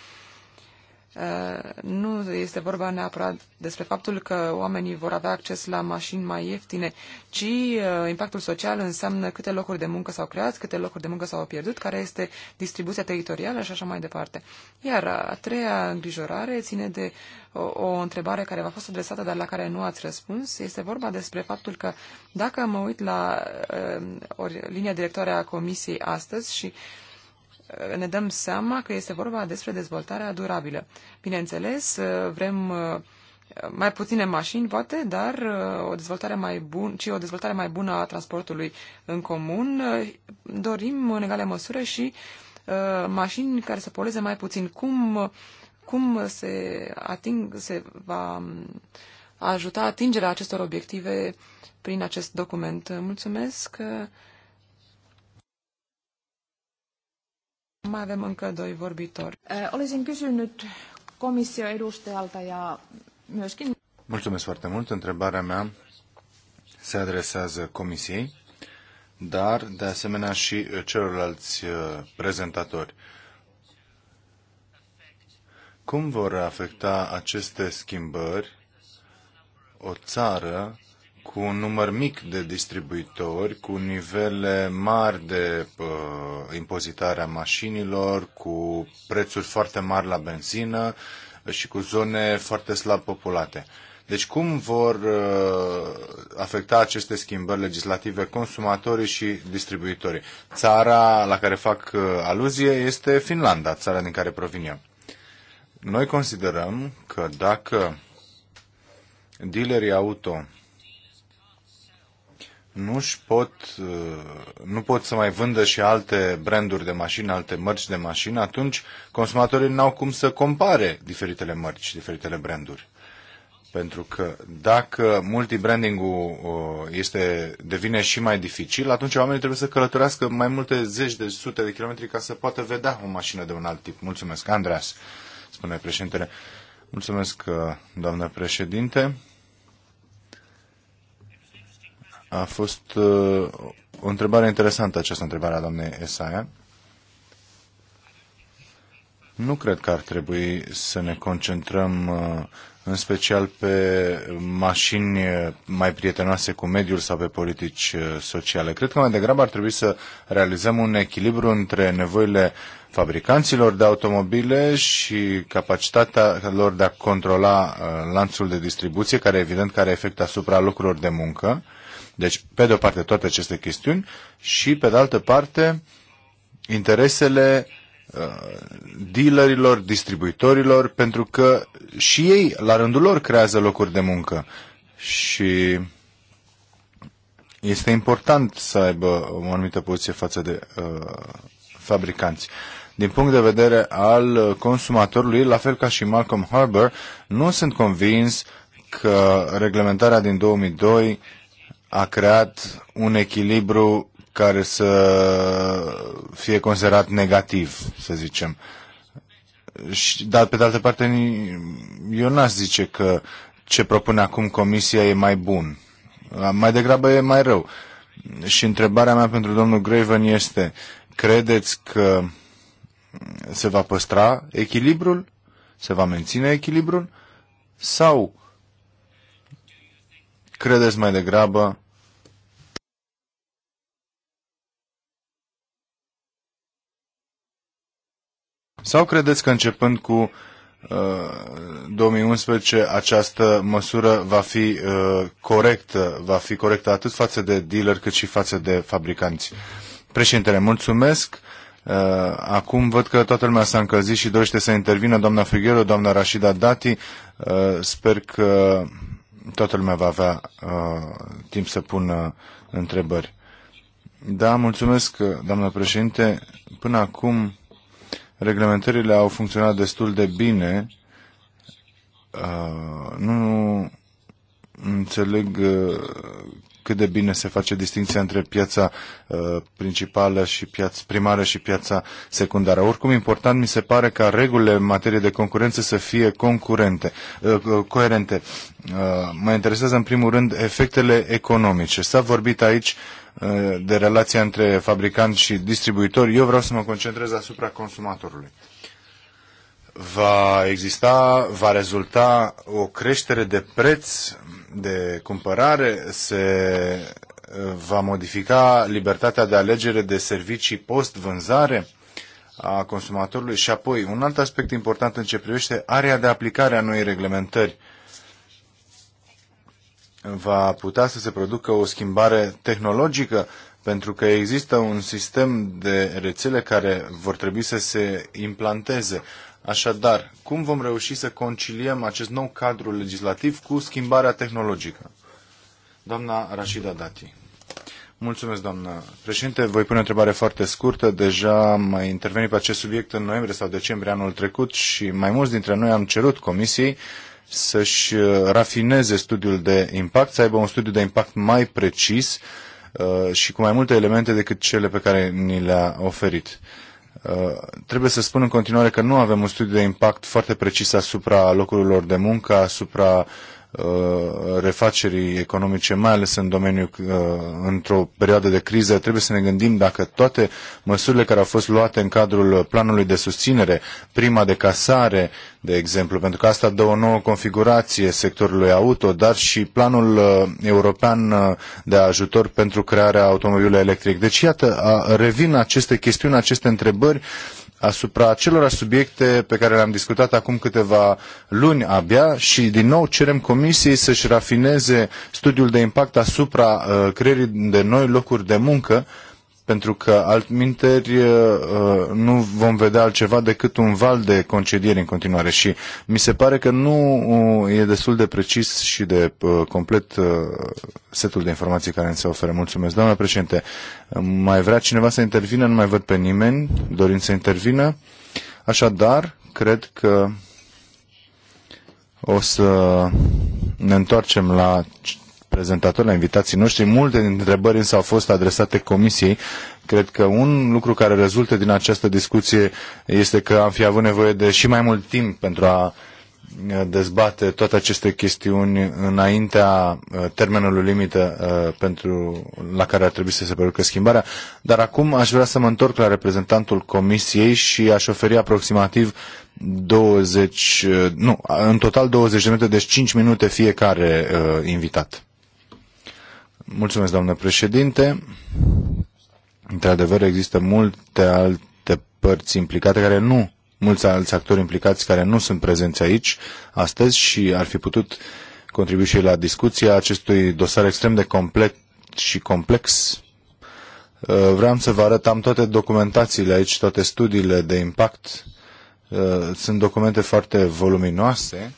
Uh, nu este vorba neapărat despre faptul că oamenii vor avea acces la mașini mai ieftine, ci uh, impactul social înseamnă câte locuri de muncă s-au creat, câte locuri de muncă s-au pierdut, care este distribuția teritorială și așa mai departe. Iar a treia îngrijorare ține de o, o întrebare care v-a fost adresată, dar la care nu ați răspuns. Este vorba despre faptul că dacă mă uit la uh, linia directoare a Comisiei astăzi și uh, ne dăm seama că este vorba despre dezvoltarea durabilă. Bineînțeles, uh, vrem uh, mai puține mașini, poate, dar uh, o dezvoltare mai bună, ci o dezvoltare mai bună a transportului în comun. Dorim, în egală măsură, și mașini care să poleze mai puțin. Cum, cum se, ating, se va um, ajuta atingerea acestor obiective prin acest document? Mulțumesc! Mai avem încă doi vorbitori. Eh, olisin kysynyt komission edustajalta ja myöskin... Mulțumesc foarte mult. Întrebarea mea se adresează comisiei, dar de asemenea și celorlalți eh, prezentatori. Cum vor afecta aceste schimbări o țară cu un număr mic de distribuitori, cu nivele mari de uh, impozitare a mașinilor, cu prețuri foarte mari la benzină și cu zone foarte slab populate. Deci cum vor uh, afecta aceste schimbări legislative consumatorii și distribuitorii? Țara la care fac uh, aluzie este Finlanda, țara din care provin eu. Noi considerăm că dacă dealerii auto nu își pot, uh, nu pot să mai vândă și alte branduri de mașini, alte mărci de mașini, atunci consumatorii n-au cum să compare diferitele mărci, diferitele branduri. Pentru că dacă multibrandingul uh, este, devine și mai dificil, atunci oamenii trebuie să călătorească mai multe zeci de sute de kilometri ca să poată vedea o mașină de un alt tip. Mulțumesc, Andreas, spune președintele. Mulțumesc, uh, doamnă președinte. A fost uh, o întrebare interesantă această întrebare a doamnei Esaia. Nu cred că ar trebui să ne concentrăm uh, în special pe mașini uh, mai prietenoase cu mediul sau pe politici uh, sociale. Cred că mai degrabă ar trebui să realizăm un echilibru între nevoile fabricanților de automobile și capacitatea lor de a controla uh, lanțul de distribuție, care evident are efect asupra lucrurilor de muncă, deci, pe de o parte, toate aceste chestiuni și, pe de altă parte, interesele uh, dealerilor, distribuitorilor, pentru că și ei, la rândul lor, creează locuri de muncă. Și este important să aibă o anumită poziție față de uh, fabricanți. Din punct de vedere al consumatorului, la fel ca și Malcolm Harbour, nu sunt convins că reglementarea din 2002 a creat un echilibru care să fie considerat negativ, să zicem. Și, dar, pe de altă parte, eu n-aș zice că ce propune acum Comisia e mai bun. Mai degrabă e mai rău. Și întrebarea mea pentru domnul Graven este, credeți că se va păstra echilibrul? Se va menține echilibrul? Sau credeți mai degrabă Sau credeți că începând cu uh, 2011 această măsură va fi uh, corectă, va fi corectă atât față de dealer cât și față de fabricanți? Președintele, mulțumesc. Uh, acum văd că toată lumea s-a încălzit și dorește să intervină doamna Figuero, doamna Rashida Dati. Uh, sper că toată lumea va avea uh, timp să pună întrebări. Da, mulțumesc, doamnă președinte. Până acum reglementările au funcționat destul de bine. Uh, nu înțeleg uh, cât de bine se face distinția între piața uh, principală și piața primară și piața secundară. Oricum, important mi se pare ca regulile în materie de concurență să fie concurente, coerente. mă interesează, în primul rând, efectele economice. S-a vorbit aici Eh, de relația între fabricant și distribuitor, eu vreau să mă concentrez asupra consumatorului. Va exista, va rezulta o creștere de preț de cumpărare, se eh, va modifica libertatea de alegere de servicii post-vânzare a consumatorului și apoi un alt aspect important în ce privește area de aplicare a noii reglementări va putea să se producă o schimbare tehnologică, pentru că există un sistem de rețele care vor trebui să se implanteze. Așadar, cum vom reuși să conciliem acest nou cadru legislativ cu schimbarea tehnologică? Doamna Rashida Dati. Mulțumesc, doamnă președinte. Voi pune o întrebare foarte scurtă. Deja am mai intervenit pe acest subiect în noiembrie sau decembrie anul trecut și mai mulți dintre noi am cerut comisiei uh, să-și uh, rafineze studiul de impact, să aibă un studiu de impact mai precis uh, și cu mai multe elemente decât cele pe care ni le-a oferit. Uh, trebuie să spun în continuare că nu avem un studiu de impact foarte precis asupra locurilor de muncă, asupra uh, Uh, refacerii economice, mai ales în domeniul uh, într-o perioadă de criză, trebuie să ne gândim dacă toate măsurile care au fost luate în cadrul planului de susținere, prima de casare, de exemplu, pentru că asta dă o nouă configurație sectorului auto, dar și planul uh, european de ajutor pentru crearea automobilului electric. Deci, iată, revin aceste chestiuni, aceste întrebări asupra acelora subiecte pe care le-am discutat acum câteva luni abia și din nou cerem Comisiei să-și rafineze studiul de impact asupra uh, creierii de noi locuri de muncă pentru că altminteri uh, uh, nu vom vedea altceva decât un val de concedieri în continuare și mi se pare că nu uh, e destul de precis și de complet setul de informații care ne se oferă. Mulțumesc, doamna președinte. Mai vrea cineva să intervină? Nu mai văd pe nimeni dorind să intervină. Așadar, cred că o să ne întoarcem la prezentatori, la invitații noștri. Multe dintre întrebări însă au fost adresate Comisiei. Cred că un lucru care rezultă din această discuție este că am fi avut nevoie de și mai mult timp pentru a uh, dezbate toate aceste chestiuni înaintea uh, termenului limită uh, pentru, la care ar trebui să se producă schimbarea. Dar acum aș vrea să mă întorc la reprezentantul Comisiei și aș oferi aproximativ 20, nu, în total 20 de minute, deci 5 minute fiecare invitat. Mulțumesc, doamnă președinte. Într-adevăr, există multe alte părți implicate care nu, mulți alți actori implicați care nu sunt prezenți aici astăzi și ar fi putut contribui și la discuția acestui dosar extrem de complet și complex. Uh, vreau să vă arăt, am toate documentațiile aici, toate studiile de impact. Uh, sunt documente foarte voluminoase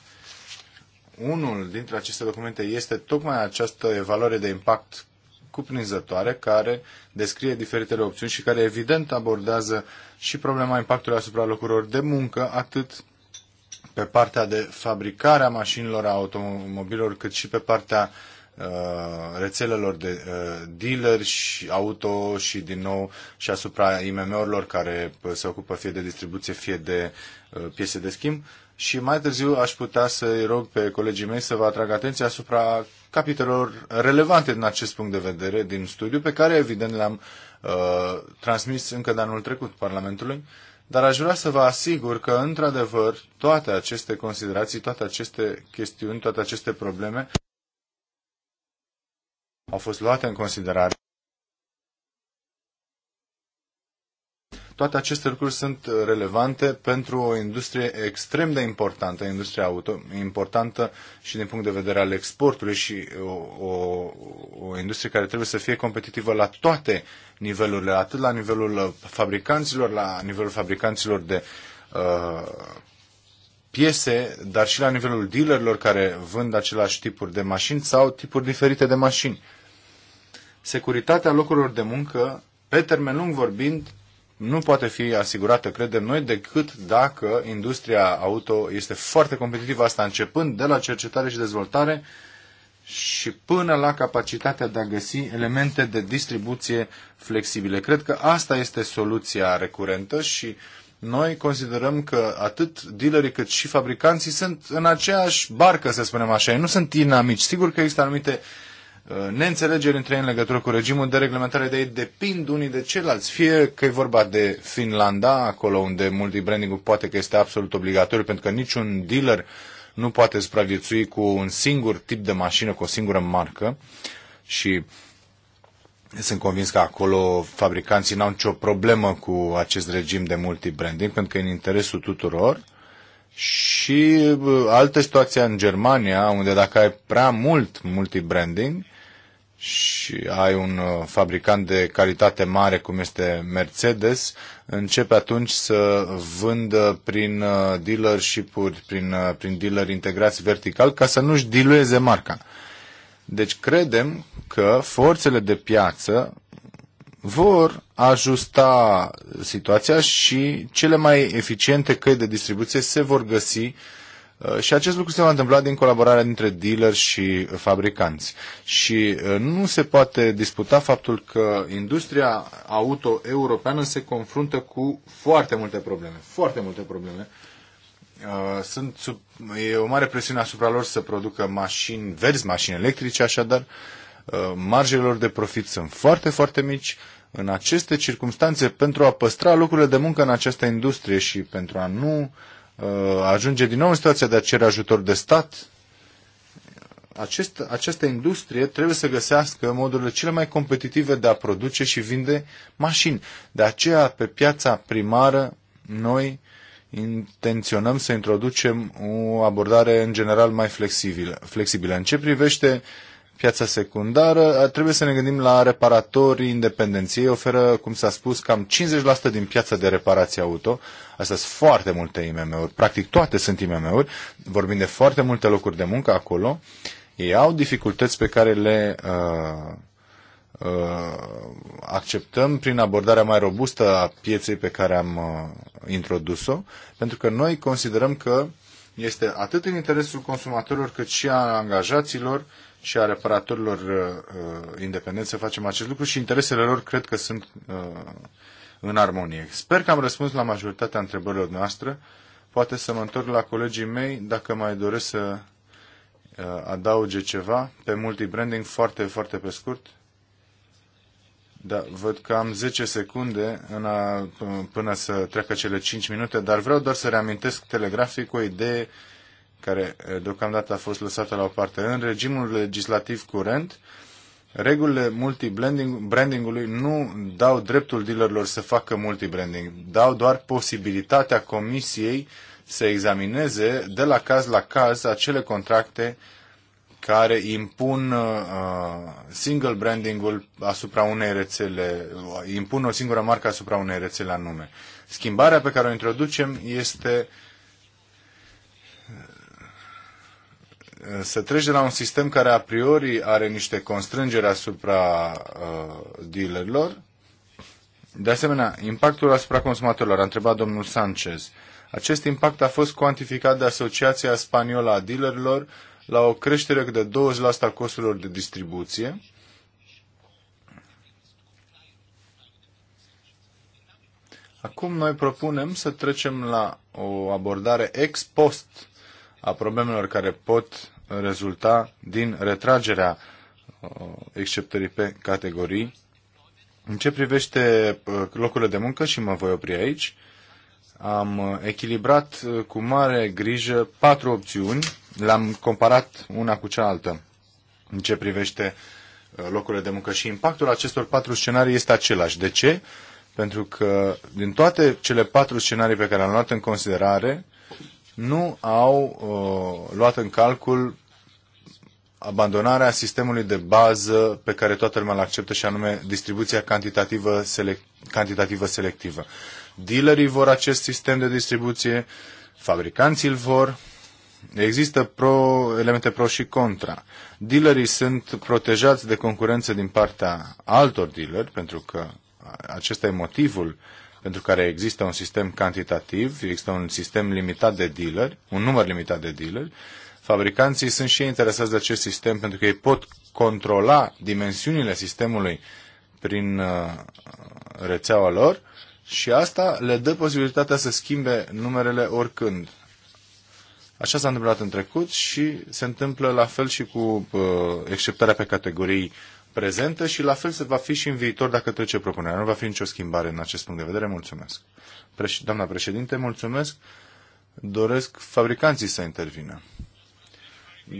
unul dintre aceste documente este tocmai această evaluare de impact cuprinzătoare care descrie diferitele opțiuni și care evident abordează și problema impactului asupra locurilor de muncă, atât pe partea de fabricare a mașinilor, a automobilor, cât și pe partea uh, rețelelor de uh, dealer și auto și din nou și asupra IMM-urilor care se ocupă fie de distribuție, fie de uh, piese de schimb și mai târziu aș putea să-i rog pe colegii mei să vă atrag atenția asupra capitolelor relevante din acest punct de vedere din studiu, pe care evident le-am uh, transmis încă de anul trecut Parlamentului, dar aș vrea să vă asigur că, într-adevăr, toate aceste considerații, toate aceste chestiuni, toate aceste probleme au fost luate în considerare Toate aceste lucruri sunt uh, relevante pentru o industrie extrem de importantă, industria auto, importantă și din punct de vedere al exportului și o, o, o industrie care trebuie să fie competitivă la toate nivelurile, atât la nivelul uh, fabricanților, la nivelul fabricanților de uh, piese, dar și la nivelul dealerilor care vând același tipuri de mașini sau tipuri diferite de mașini. Securitatea locurilor de muncă, pe termen lung vorbind, nu poate fi asigurată, credem noi, decât dacă industria auto este foarte competitivă, asta începând de la cercetare și dezvoltare și până la capacitatea de a găsi elemente de distribuție flexibile. Cred că asta este soluția recurentă și noi considerăm că atât dealerii cât și fabricanții sunt în aceeași barcă, să spunem așa. Ei nu sunt inamici. Sigur că există anumite uh, Uh, neînțelegeri între ei în legătură cu regimul de reglementare, de ei depind unii de ceilalți. Fie că e vorba de Finlanda, acolo unde multibranding-ul poate că este absolut obligatoriu, pentru că niciun dealer nu poate supraviețui cu un singur tip de mașină, cu o singură marcă și sunt convins că acolo fabricanții n-au nicio problemă cu acest regim de multibranding, pentru că e în interesul tuturor. Și uh, altă situație în Germania, unde dacă ai prea mult multibranding, și ai un uh, fabricant de calitate mare cum este Mercedes, începe atunci să vândă prin uh, dealership-uri, prin, uh, prin dealeri integrați vertical ca să nu-și dilueze marca. Deci credem că forțele de piață vor ajusta situația și cele mai eficiente căi de distribuție se vor găsi uh, Uh, și acest lucru se va întâmpla din colaborarea dintre dealer și fabricanți. Și uh, nu se poate disputa faptul că industria auto europeană se confruntă cu foarte multe probleme. Foarte multe probleme. Uh, sunt sub, e o mare presiune asupra lor să producă mașini verzi, mașini electrice, așadar marjele lor de profit sunt foarte, foarte mici. În aceste circunstanțe, pentru a păstra locurile de muncă în această industrie și pentru a nu uh, Uh, ajunge din nou în situația de a cere ajutor de stat. Acest, această industrie trebuie să găsească modurile cele mai competitive de a produce și vinde mașini. De aceea, pe piața primară, noi intenționăm să introducem o abordare în general mai flexibilă. flexibilă. În ce privește piața secundară, trebuie să ne gândim la reparatorii independenți. Ei oferă, cum s-a spus, cam 50% din piața de reparație auto. Astea sunt foarte multe IMM-uri, practic toate sunt IMM-uri, vorbim de foarte multe locuri de muncă acolo. Ei au dificultăți pe care le uh, uh, acceptăm prin abordarea mai robustă a pieței pe care am uh, introdus-o, pentru că noi considerăm că este atât în interesul consumatorilor cât și a angajaților uh, și a reparatorilor uh, uh, independenți să facem acest lucru și interesele lor cred că sunt uh, în armonie. Sper că am răspuns la majoritatea întrebărilor noastre. Poate să mă întorc la colegii mei dacă mai doresc să uh, adauge ceva pe multibranding foarte, foarte pe scurt. Da, văd că am 10 secunde în a, până să treacă cele 5 minute, dar vreau doar să reamintesc telegrafic o idee uh, care eh, deocamdată a fost lăsată la o parte. În regimul legislativ curent, regulile multi-brandingului nu dau dreptul dealerilor să facă multi-branding, dau doar posibilitatea comisiei să examineze de la caz la caz acele contracte care impun uh, single branding-ul asupra unei rețele, impun o singură marcă asupra unei rețele anume. Schimbarea pe care o introducem este să trece de la un sistem care a priori are niște constrângeri asupra uh, dealerilor. De asemenea, impactul asupra consumatorilor, a întrebat domnul Sanchez. Acest impact a fost cuantificat de Asociația Spaniolă a Dealerilor la o creștere de 20% a costurilor de distribuție. Acum noi propunem să trecem la o abordare ex post a problemelor care pot rezulta din retragerea uh, exceptării pe categorii. În ce privește uh, locurile de muncă, și mă voi opri aici, am uh, echilibrat cu mare grijă patru opțiuni, le-am comparat una cu cealaltă în ce privește locurile de muncă și impactul acestor patru scenarii este același. De ce? Pentru că din toate cele patru scenarii pe care le-am luat în considerare, nu au uh, luat în calcul abandonarea sistemului de bază pe care toată lumea îl acceptă și anume distribuția cantitativă, selec- cantitativă selectivă. Dealerii vor acest sistem de distribuție, fabricanții îl vor, există pro, elemente pro și contra. Dealerii sunt protejați de concurență din partea altor dealeri, pentru că acesta e motivul uh, pentru care există un sistem cantitativ, există un sistem limitat de dealeri, un număr limitat de dealeri, fabricanții sunt și ei interesați de acest sistem pentru că ei pot controla dimensiunile sistemului prin uh, rețeaua lor și asta le dă posibilitatea să schimbe numerele oricând. Așa s-a întâmplat în trecut și se întâmplă la fel și cu uh, exceptarea pe categorii prezentă și la fel se va fi și în viitor dacă trece propunerea. Nu va fi nicio schimbare în acest punct de vedere. Mulțumesc. Preș- doamna președinte, mulțumesc. Doresc fabricanții să intervină.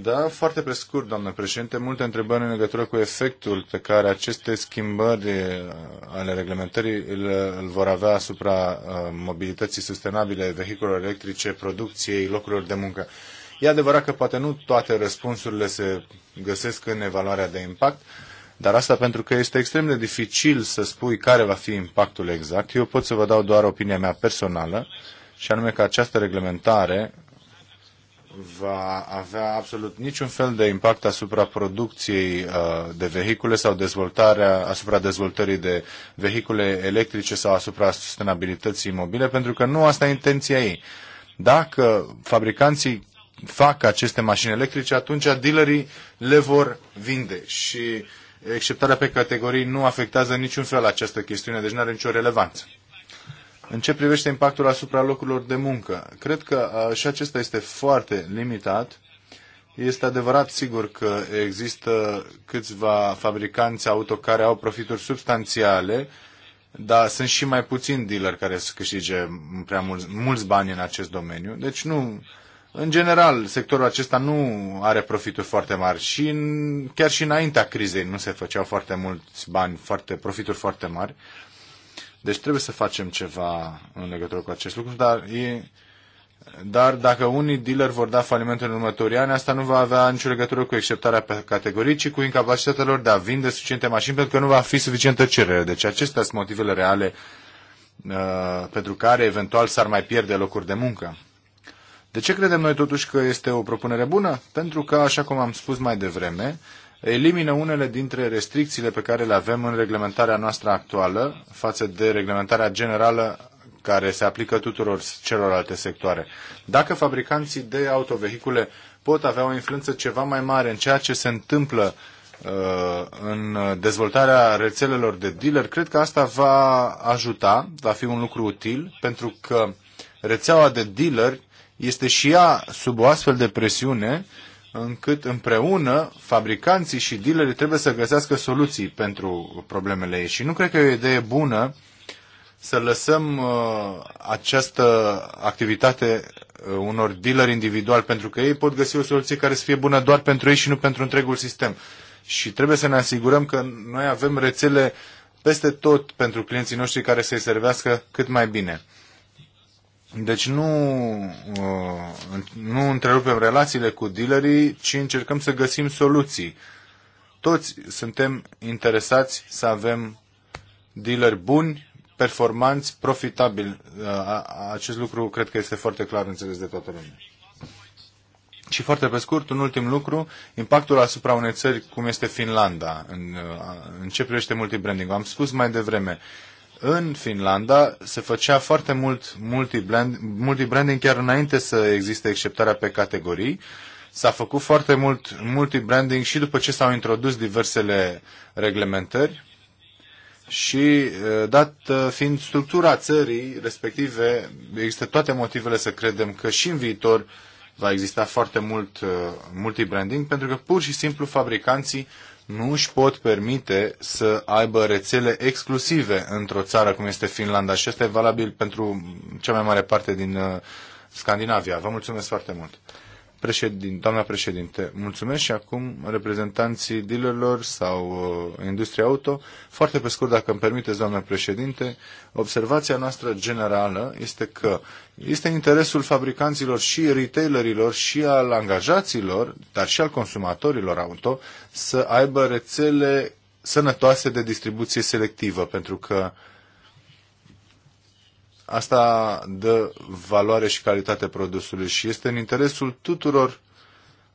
Da, foarte pe scurt, doamnă președinte, multe întrebări în legătură cu efectul pe care aceste schimbări uh, ale reglementării îl, îl vor avea asupra uh, mobilității sustenabile, vehiculelor electrice, producției, locurilor de muncă. E adevărat că poate nu toate răspunsurile se găsesc în evaluarea de impact, dar asta pentru că este extrem de dificil să spui care va fi impactul exact. Eu pot să vă dau doar opinia mea personală și anume că această reglementare va avea absolut niciun fel de impact asupra producției uh, de vehicule sau dezvoltarea, asupra dezvoltării de vehicule electrice sau asupra sustenabilității mobile, pentru că nu asta e intenția ei. Dacă fabricanții fac aceste mașini electrice, atunci dealerii le vor vinde și uh, exceptarea pe categorii nu afectează în niciun fel această chestiune, deci nu are nicio relevanță. În ce privește impactul asupra locurilor de muncă, cred că și acesta este foarte limitat. Este adevărat, sigur, că există câțiva fabricanți auto care au profituri substanțiale, dar sunt și mai puțini dealeri care să câștige prea mulți, mulți bani în acest domeniu. Deci nu în general, sectorul acesta nu are profituri foarte mari și în, chiar și înaintea crizei nu se făceau foarte mulți bani, foarte, profituri foarte mari. Deci trebuie să facem ceva în legătură cu acest lucru, dar e, dar dacă unii dealeri vor da faliment în următorii ani, asta nu va avea nicio legătură cu acceptarea pe categorii, ci cu incapacitatea lor de a vinde suficiente mașini, pentru că nu va fi suficientă cerere. Deci acestea sunt motivele reale uh, pentru care eventual s-ar mai pierde locuri de muncă. De ce credem noi totuși că este o propunere bună? Pentru că, așa cum am spus mai devreme, elimină unele dintre restricțiile pe care le avem în reglementarea noastră actuală față de reglementarea generală care se aplică tuturor celorlalte sectoare. Dacă fabricanții de autovehicule pot avea o influență ceva mai mare în ceea ce se întâmplă uh, în dezvoltarea rețelelor de dealer, cred că asta va ajuta, va fi un lucru util, pentru că rețeaua de dealeri este și ea sub o astfel de presiune încât împreună fabricanții și dealerii trebuie să găsească soluții pentru problemele ei. Și nu cred că e o idee bună să lăsăm uh, această activitate uh, unor dealeri individuali, pentru că ei pot găsi o soluție care să fie bună doar pentru ei și nu pentru întregul sistem. Și trebuie să ne asigurăm că noi avem rețele peste tot pentru clienții noștri care să-i servească cât mai bine. Deci nu, uh, nu întrerupem relațiile cu dealerii, ci încercăm să găsim soluții. Toți suntem interesați să avem dealeri buni, performanți, profitabili. Uh, acest lucru cred că este foarte clar înțeles de toată lumea. Și foarte pe scurt, un ultim lucru, impactul asupra unei țări cum este Finlanda în, uh, în ce privește multibranding. Am spus mai devreme, uh, în Finlanda se făcea foarte mult multi branding chiar înainte să existe exceptarea pe categorii. S-a făcut foarte mult multibranding și după ce s-au introdus diversele reglementări și eh, dat eh, fiind structura țării respective, există toate motivele să credem că și în viitor va exista foarte mult eh, multibranding pentru că pur și simplu fabricanții nu își pot permite să aibă rețele exclusive într-o țară cum este Finlanda și este valabil pentru cea mai mare parte din uh, Scandinavia. Vă mulțumesc foarte mult! Președin, doamna președinte, mulțumesc și acum reprezentanții dealerilor sau uh, industria auto. Foarte pe scurt, dacă îmi permiteți, doamna președinte, observația noastră generală este că este interesul fabricanților și retailerilor și al angajaților, dar și al consumatorilor auto, să aibă rețele sănătoase de distribuție selectivă, pentru că uh, Asta dă valoare și calitate produsului și este în interesul tuturor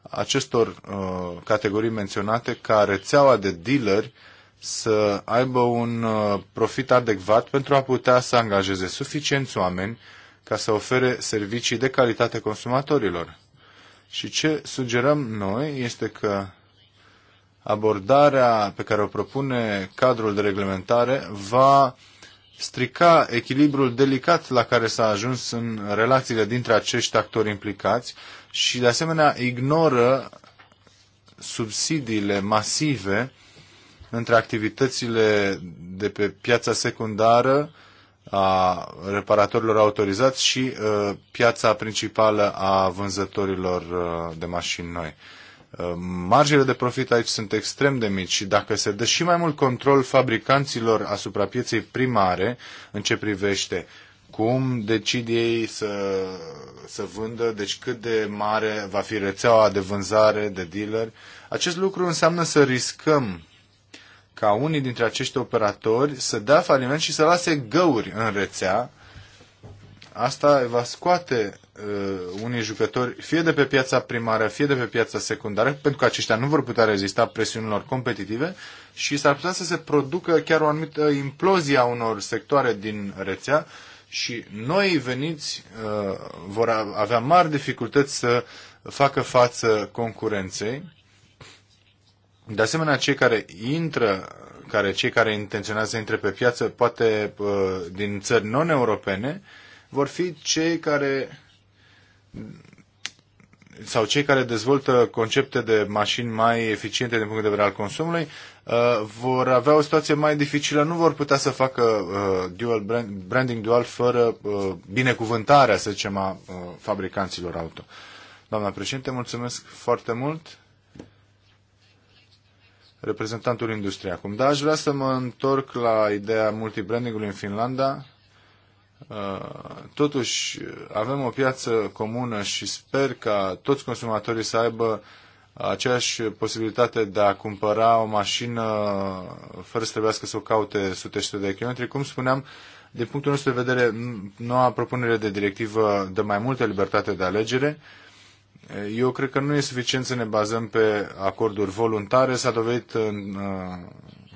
acestor uh, categorii menționate ca rețeaua de dealeri să aibă un uh, profit adecvat pentru a putea să angajeze suficienți oameni ca să ofere servicii de calitate consumatorilor. Și ce sugerăm noi este că abordarea pe care o propune cadrul de reglementare va strica echilibrul delicat la care s-a ajuns în relațiile dintre acești actori implicați și, de asemenea, ignoră subsidiile masive între activitățile de pe piața secundară a reparatorilor autorizați și uh, piața principală a vânzătorilor uh, de mașini noi marjele de profit aici sunt extrem de mici și dacă se dă și mai mult control fabricanților asupra pieței primare în ce privește cum decid ei să, să vândă, deci cât de mare va fi rețeaua de vânzare, de dealer. Acest lucru înseamnă să riscăm ca unii dintre acești operatori să dea faliment și să lase găuri în rețea. Asta va scoate Uh, unii jucători, fie de pe piața primară, fie de pe piața secundară, pentru că aceștia nu vor putea rezista presiunilor competitive și s-ar putea să se producă chiar o anumită implozie a unor sectoare din rețea și noi veniți uh, vor avea mari dificultăți să facă față concurenței. De asemenea, cei care intră, care cei care intenționează să intre pe piață, poate uh, din țări non-europene, vor fi cei care sau cei care dezvoltă concepte de mașini mai eficiente din punct de vedere al consumului uh, vor avea o situație mai dificilă, nu vor putea să facă uh, dual brand, branding dual fără uh, binecuvântarea, să zicem, a fabricanților auto. Doamna președinte, mulțumesc foarte mult reprezentantul industriei acum. Da, aș vrea să mă întorc la ideea multibrandingului în Finlanda Totuși, avem o piață comună și sper ca toți consumatorii să aibă aceeași posibilitate de a cumpăra o mașină fără să trebuiască să o caute sute și sute de kilometri. Cum spuneam, din punctul nostru de vedere, noua propunere de directivă dă mai multă libertate de alegere. Eu cred că nu e suficient să ne bazăm pe acorduri voluntare, s-a dovedit în, uh,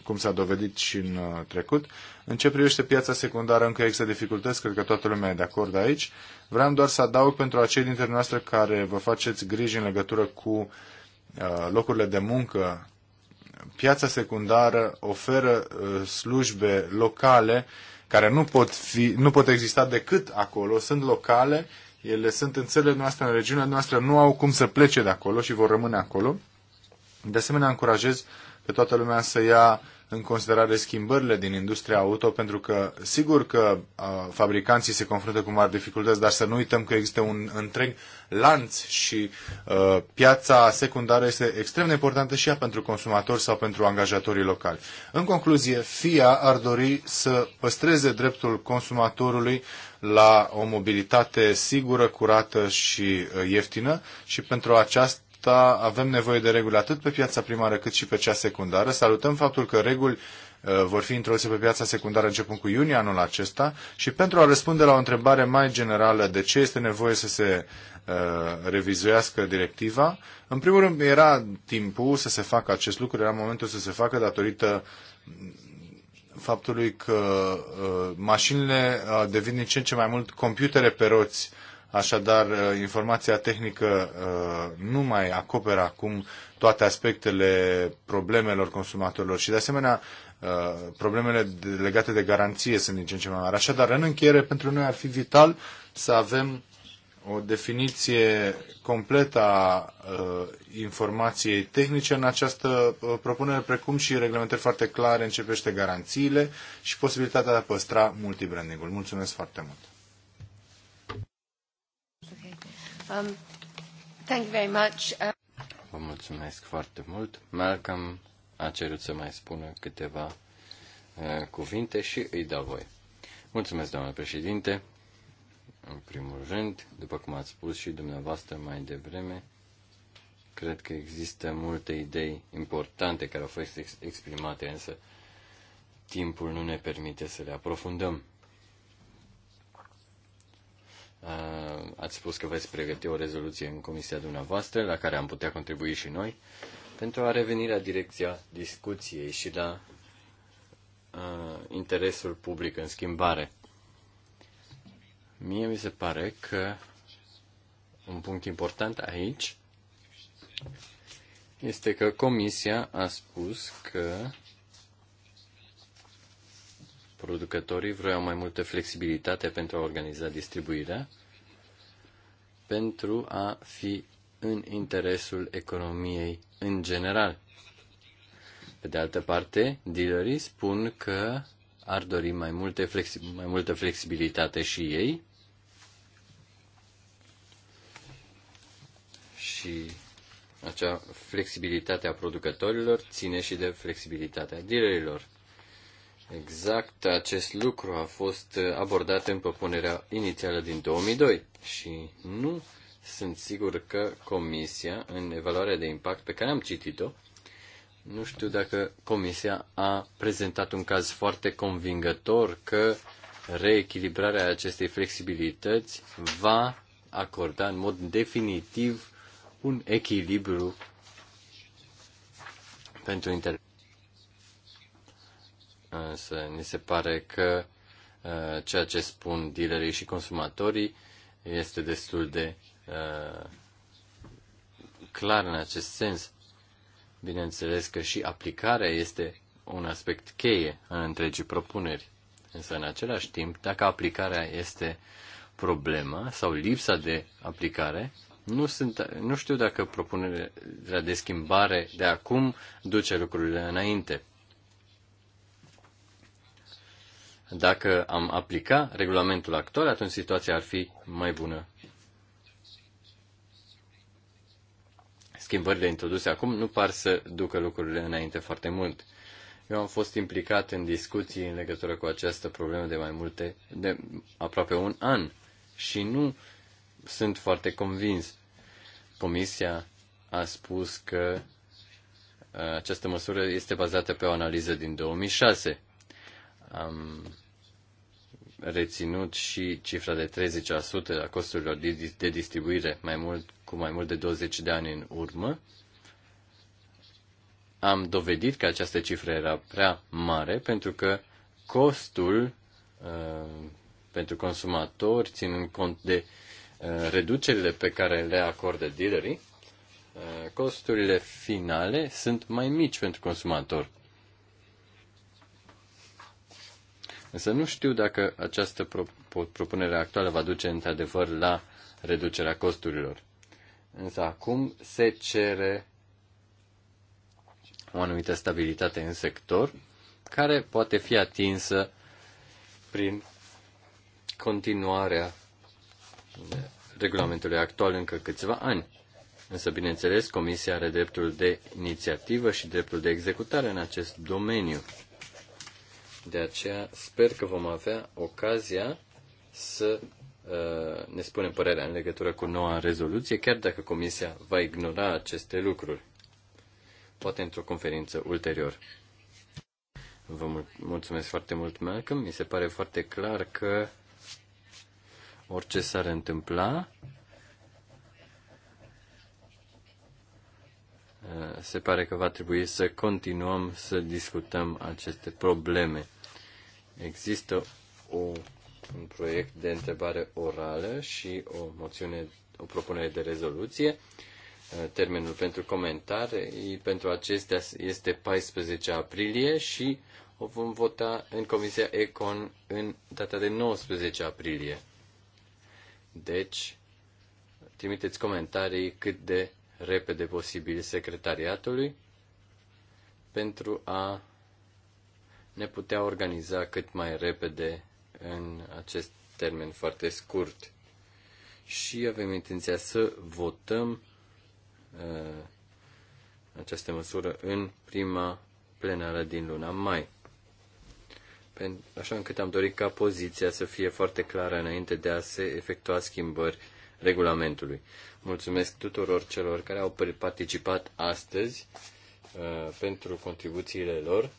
cum s-a dovedit și în uh, trecut. În ce privește piața secundară, încă există dificultăți, cred că toată lumea e de acord aici. Vreau doar să adaug pentru acei dintre noastre care vă faceți griji în legătură cu uh, locurile de muncă. Piața secundară oferă uh, slujbe locale care nu pot, fi, nu pot exista decât acolo, sunt locale, ele sunt în țările noastre, în regiunea noastră, nu au cum să plece de acolo și vor rămâne acolo. De asemenea, încurajez pe toată lumea să ia în considerare schimbările din industria auto, pentru că sigur că uh, fabricanții se confruntă cu mari dificultăți, dar să nu uităm că există un întreg lanț și uh, piața secundară este extrem de importantă și ea pentru consumatori sau pentru angajatorii locali. În concluzie, FIA ar dori să păstreze dreptul consumatorului la o mobilitate sigură, curată și uh, ieftină și pentru aceasta asta avem nevoie de reguli atât pe piața primară cât și pe cea secundară. Salutăm faptul că reguli uh, vor fi introduse pe piața secundară începând cu iunie anul acesta și pentru a răspunde la o întrebare mai generală de ce este nevoie să se uh, revizuiască directiva, în primul rând era timpul să se facă acest lucru, era momentul să se facă datorită faptului că uh, mașinile uh, devin din ce în ce mai mult computere pe roți Așadar, uh, informația tehnică uh, nu mai acoperă acum toate aspectele problemelor consumatorilor și, de asemenea, uh, problemele legate de garanție sunt din ce în ce mai mari. Așadar, în încheiere, pentru noi ar fi vital să avem o definiție completă a informației tehnice în această propunere, precum și reglementări foarte clare începește garanțiile și posibilitatea de a păstra multibranding-ul. Mulțumesc foarte mult! Um, uh, Vă mulțumesc foarte mult. Malcolm a cerut să mai spună câteva uh, cuvinte și îi dau voi. Mulțumesc, doamnă președinte. În primul rând, după cum ați spus și dumneavoastră mai devreme, cred că există multe idei importante care au fost exprimate, însă timpul nu ne permite să le aprofundăm. Ați spus că veți pregăti o rezoluție în comisia dumneavoastră, la care am putea contribui și noi, pentru a reveni la direcția discuției și la interesul public în schimbare. Mie mi se pare că un punct important aici este că Comisia a spus că producătorii vreau mai multă flexibilitate pentru a organiza distribuirea, pentru a fi în interesul economiei în general. Pe de altă parte, dealerii spun că ar dori mai, multe flexi- mai multă flexibilitate și ei și acea flexibilitate a producătorilor ține și de flexibilitatea dealerilor. Exact acest lucru a fost abordat în propunerea inițială din 2002 și nu sunt sigur că Comisia, în evaluarea de impact pe care am citit-o, nu știu dacă Comisia a prezentat un caz foarte convingător că reechilibrarea acestei flexibilități va acorda în mod definitiv un echilibru pentru inter. Însă uh, ni se pare că uh, ceea ce spun dealerii și consumatorii este destul de uh, clar în acest sens. Bineînțeles că și aplicarea este un aspect cheie în întregii propuneri. Însă, în același timp, dacă aplicarea este problema sau lipsa de aplicare, nu, sunt, nu știu dacă propunerea de schimbare de acum duce lucrurile înainte. Dacă am aplica regulamentul actual, atunci situația ar fi mai bună. Schimbările introduse acum nu par să ducă lucrurile înainte foarte mult. Eu am fost implicat în discuții în legătură cu această problemă de mai multe, de aproape un an și nu sunt foarte convins. Comisia a spus că uh, această măsură este bazată pe o analiză din 2006. Am reținut și cifra de 30% a costurilor de distribuire mai mult, cu mai mult de 20 de ani în urmă. Am dovedit că această cifră era prea mare pentru că costul uh, pentru consumatori, ținând cont de uh, reducerile pe care le acordă dealerii, uh, costurile finale sunt mai mici pentru consumator. Însă nu știu dacă această pro- propunere actuală va duce într-adevăr la reducerea costurilor. Însă acum se cere o anumită stabilitate în sector care poate fi atinsă prin continuarea regulamentului actual încă câțiva ani. Însă, bineînțeles, Comisia are dreptul de inițiativă și dreptul de executare în acest domeniu. De aceea sper că vom avea ocazia să uh, ne spunem părerea în legătură cu noua rezoluție, chiar dacă Comisia va ignora aceste lucruri. Poate într-o conferință ulterior. Vă mulțumesc foarte mult, Malcolm. Mi se pare foarte clar că orice s-ar întâmpla, uh, se pare că va trebui să continuăm să discutăm aceste probleme. Există o, un proiect de întrebare orală și o moțiune, o propunere de rezoluție. Uh, termenul pentru comentarii pentru acestea este 14 aprilie și o vom vota în Comisia Econ în data de 19 aprilie. Deci, trimiteți comentarii cât de repede posibil secretariatului pentru a ne putea organiza cât mai repede în acest termen foarte scurt. Și avem intenția să votăm uh, această măsură în prima plenară din luna mai. Așa încât am dorit ca poziția să fie foarte clară înainte de a se efectua schimbări regulamentului. Mulțumesc tuturor celor care au participat astăzi uh, pentru contribuțiile lor.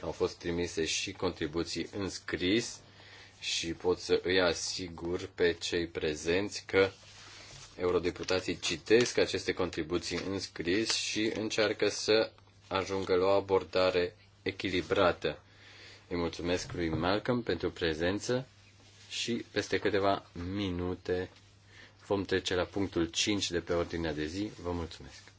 Au fost trimise și contribuții în scris și pot să îi asigur pe cei prezenți că eurodeputații citesc aceste contribuții în scris și încearcă să ajungă la o abordare echilibrată. Îi mulțumesc lui Malcolm pentru prezență și peste câteva minute vom trece la punctul 5 de pe ordinea de zi. Vă mulțumesc!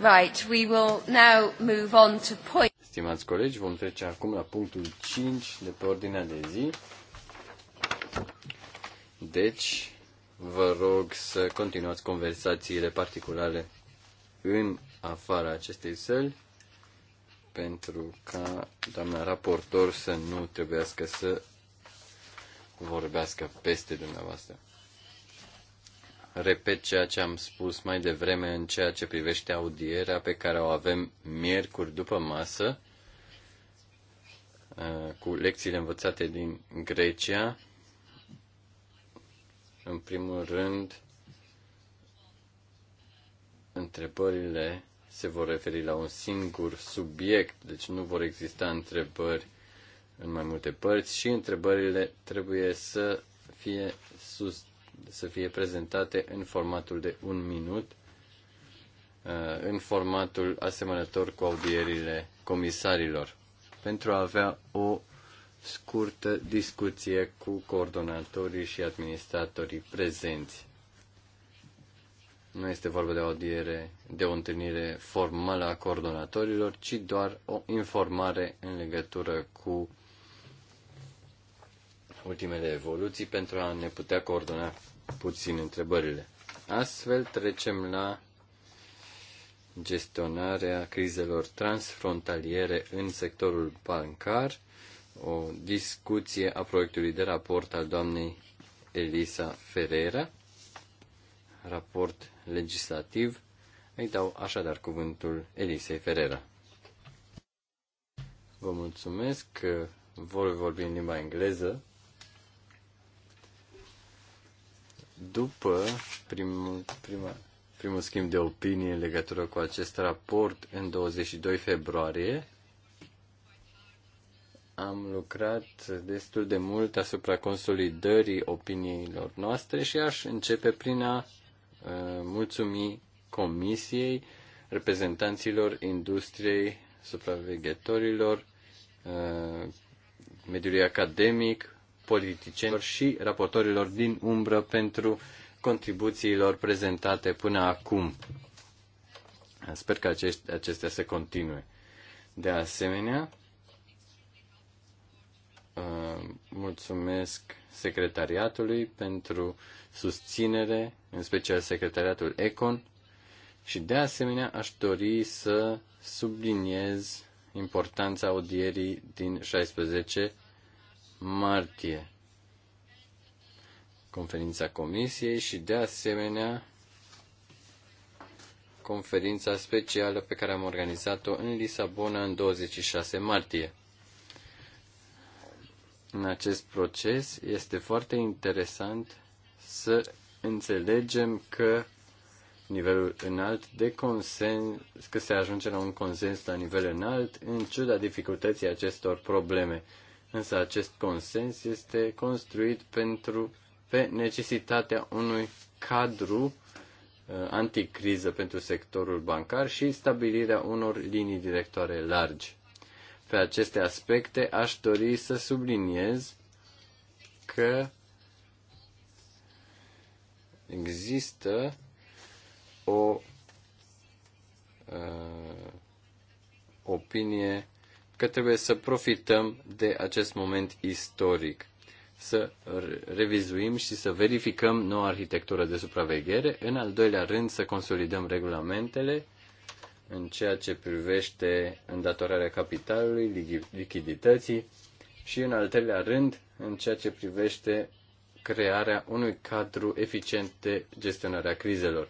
Right, we will now move on to point... Stimați colegi, vom trece acum la punctul 5 de pe ordinea de zi. Deci, vă rog să continuați conversațiile particulare în afara acestei săli pentru ca doamna raportor să nu trebuiască să vorbească peste dumneavoastră repet ceea ce am spus mai devreme în ceea ce privește audierea pe care o avem miercuri după masă uh, cu lecțiile învățate din Grecia. În primul rând, întrebările se vor referi la un singur subiect, deci nu vor exista întrebări în mai multe părți și întrebările trebuie să fie sus, să fie prezentate în formatul de un minut, uh, în formatul asemănător cu audierile comisarilor, pentru a avea o scurtă discuție cu coordonatorii și administratorii prezenți. Nu este vorba de o audiere, de o întâlnire formală a coordonatorilor, ci doar o informare în legătură cu ultimele evoluții pentru a ne putea coordona puțin întrebările. Astfel trecem la gestionarea crizelor transfrontaliere în sectorul bancar, o discuție a proiectului de raport al doamnei Elisa Ferreira, raport legislativ. Îi dau așadar cuvântul Elisei Ferreira. Vă mulțumesc că voi vorbi în limba engleză. După primul, prima, primul schimb de opinie în legătură cu acest raport în 22 februarie, am lucrat destul de mult asupra consolidării opiniilor noastre și aș începe prin a uh, mulțumi Comisiei, reprezentanților industriei, supraveghetorilor, uh, mediului academic, politicienilor și raportorilor din umbră pentru contribuțiilor prezentate până acum. Sper că acestea se continue. De asemenea, uh, mulțumesc secretariatului pentru susținere, în special secretariatul Econ, și de asemenea aș dori să subliniez importanța audierii din 16 martie conferința comisiei și de asemenea conferința specială pe care am organizat-o în Lisabona în 26 martie. În acest proces este foarte interesant să înțelegem că nivelul înalt de consens, că se ajunge la un consens la nivel înalt în ciuda dificultății acestor probleme. Însă acest consens este construit pentru, pe necesitatea unui cadru uh, anticriză pentru sectorul bancar și stabilirea unor linii directoare largi. Pe aceste aspecte aș dori să subliniez că există o uh, opinie că trebuie să profităm de acest moment istoric, să revizuim și să verificăm noua arhitectură de supraveghere, în al doilea rând să consolidăm regulamentele în ceea ce privește îndatorarea capitalului, lichidității și, în al treilea rând, în ceea ce privește crearea unui cadru eficient de gestionare a crizelor.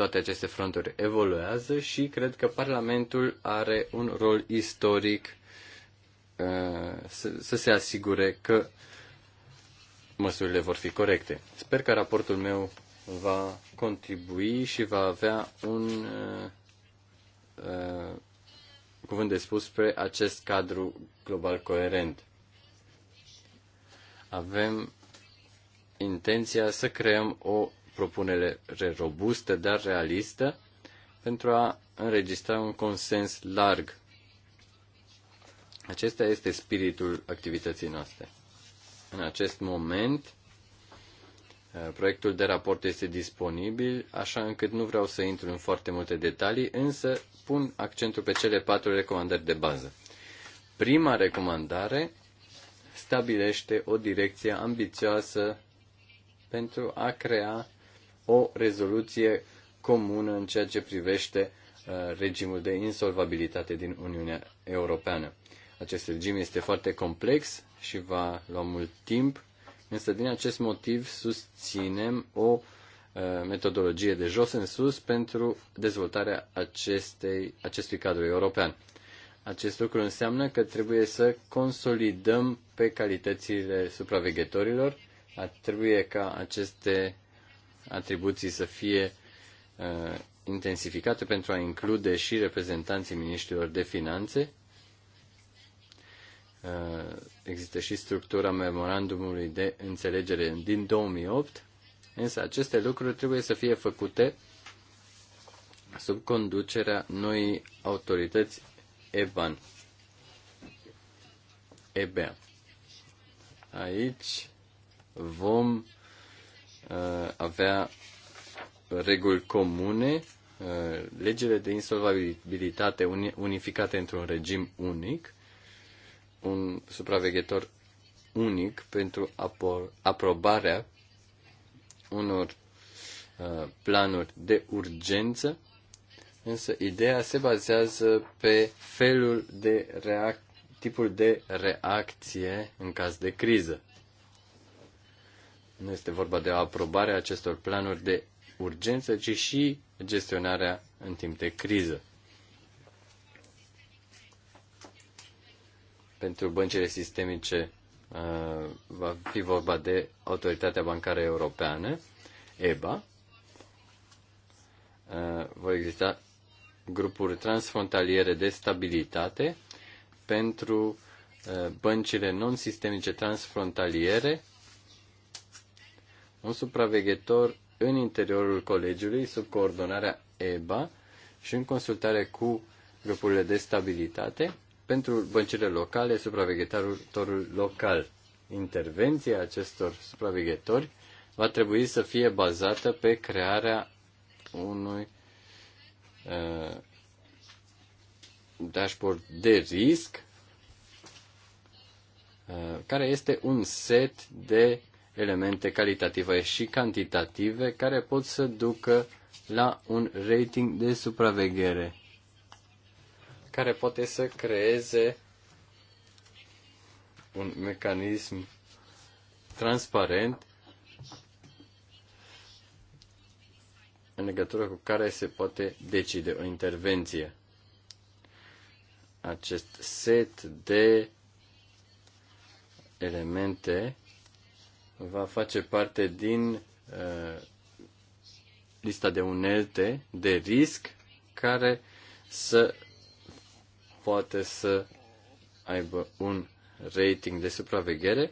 toate aceste fronturi evoluează și cred că Parlamentul are un rol istoric uh, să, să se asigure că măsurile vor fi corecte. Sper că raportul meu va contribui și va avea un uh, uh cuvânt de spus spre acest cadru global coerent. Avem intenția să creăm o propunere robustă, dar realistă, pentru a înregistra un consens larg. Acesta este spiritul activității noastre. În acest moment, uh, proiectul de raport este disponibil, așa încât nu vreau să intru în foarte multe detalii, însă pun accentul pe cele patru recomandări de bază. Prima recomandare stabilește o direcție ambițioasă pentru a crea o rezoluție comună în ceea ce privește uh, regimul de insolvabilitate din Uniunea Europeană. Acest regim este foarte complex și va lua mult timp, însă din acest motiv susținem o uh, metodologie de jos în sus pentru dezvoltarea acestei, acestui cadru european. Acest lucru înseamnă că trebuie să consolidăm pe calitățile supraveghetorilor, trebuie ca aceste atribuții să fie uh, intensificate pentru a include și reprezentanții ministrilor de finanțe. Uh, există și structura memorandumului de înțelegere din 2008, însă aceste lucruri trebuie să fie făcute sub conducerea noii autorități EBAN. EBA. Aici vom Uh, avea reguli comune, uh, legile de insolvabilitate unificate într-un regim unic, un supraveghetor unic pentru aprobarea unor uh, planuri de urgență, însă ideea se bazează pe felul de reac- tipul de reacție în caz de criză. Nu este vorba de aprobarea acestor planuri de urgență, ci și gestionarea în timp de criză. Pentru băncile sistemice uh, va fi vorba de Autoritatea Bancară Europeană, EBA. Uh, vor exista grupuri transfrontaliere de stabilitate pentru uh, băncile non-sistemice transfrontaliere un supraveghetor în interiorul colegiului, sub coordonarea EBA și în consultare cu grupurile de stabilitate, pentru băncile locale, supraveghetorul local. Intervenția acestor supraveghetori va trebui să fie bazată pe crearea unui uh, dashboard de risc, uh, care este un set de elemente calitative și cantitative care pot să ducă la un rating de supraveghere care poate să creeze un mecanism transparent în legătură cu care se poate decide o intervenție. Acest set de elemente va face parte din uh, lista de unelte de risc care să poate să aibă un rating de supraveghere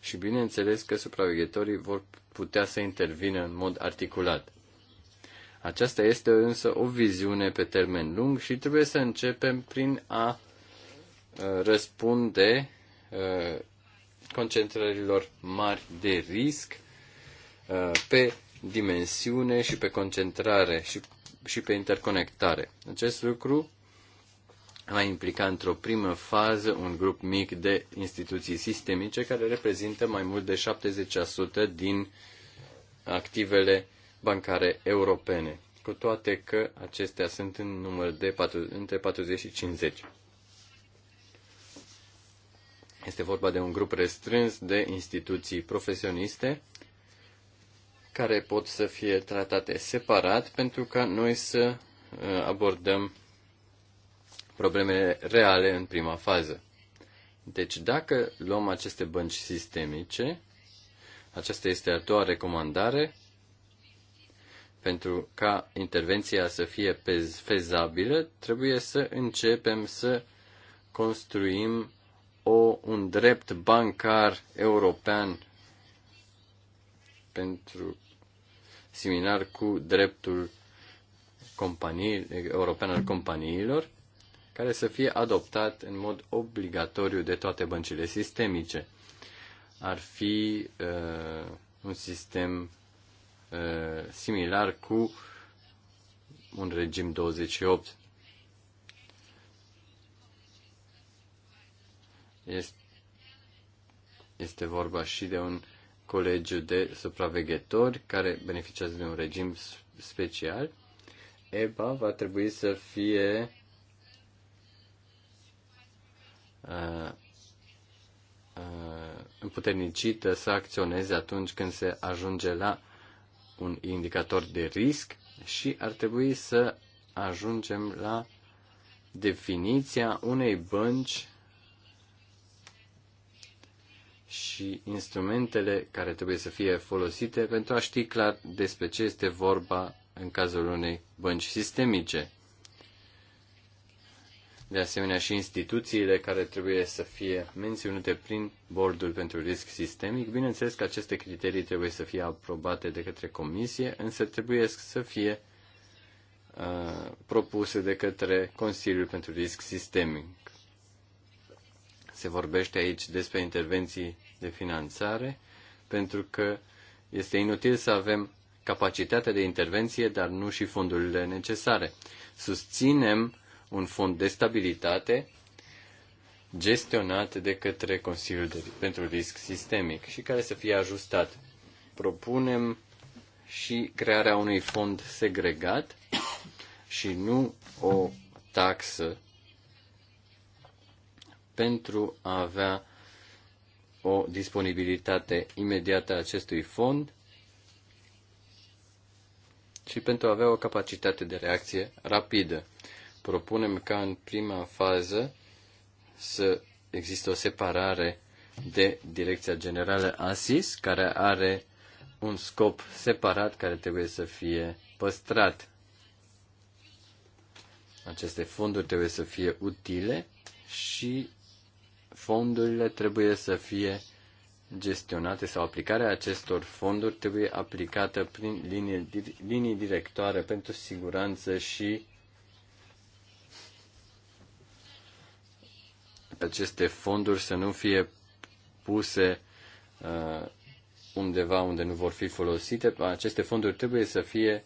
și bineînțeles că supraveghetorii vor putea să intervină în mod articulat. Aceasta este însă o viziune pe termen lung și trebuie să începem prin a uh, răspunde uh, concentrărilor mari de risc uh, pe dimensiune și pe concentrare și, și pe interconectare. Acest lucru va implica într-o primă fază un grup mic de instituții sistemice care reprezintă mai mult de 70% din activele bancare europene, cu toate că acestea sunt în număr de 4, între 40 și 50. Este vorba de un grup restrâns de instituții profesioniste care pot să fie tratate separat pentru ca noi să uh, abordăm problemele reale în prima fază. Deci dacă luăm aceste bănci sistemice, aceasta este a doua recomandare, pentru ca intervenția să fie fezabilă, trebuie să începem să construim o, un drept bancar european pentru similar cu dreptul european al companiilor, care să fie adoptat în mod obligatoriu de toate băncile sistemice. Ar fi uh, un sistem uh, similar cu un regim 28 Este, vorba și de un colegiu de supraveghetori care beneficiază de un regim special. EBA va trebui să fie împuternicită să acționeze atunci când se ajunge la un indicator de risc și ar trebui să ajungem la definiția unei bănci și instrumentele care trebuie să fie folosite pentru a ști clar despre ce este vorba în cazul unei bănci sistemice. De asemenea și instituțiile care trebuie să fie menționate prin bordul pentru risc sistemic. Bineînțeles că aceste criterii trebuie să fie aprobate de către comisie, însă trebuie să fie uh, propuse de către Consiliul pentru Risc Sistemic se vorbește aici despre intervenții de finanțare, pentru că este inutil să avem capacitatea de intervenție, dar nu și fondurile necesare. Susținem un fond de stabilitate gestionat de către Consiliul de, pentru Risc Sistemic și care să fie ajustat. Propunem și crearea unui fond segregat și nu o taxă pentru a avea o disponibilitate imediată a acestui fond și pentru a avea o capacitate de reacție rapidă. Propunem ca în prima fază să există o separare de Direcția Generală ASIS, care are un scop separat care trebuie să fie păstrat. Aceste fonduri trebuie să fie utile și fondurile trebuie să fie gestionate sau aplicarea acestor fonduri trebuie aplicată prin linii, linii directoare pentru siguranță și aceste fonduri să nu fie puse uh, undeva unde nu vor fi folosite. Aceste fonduri trebuie să fie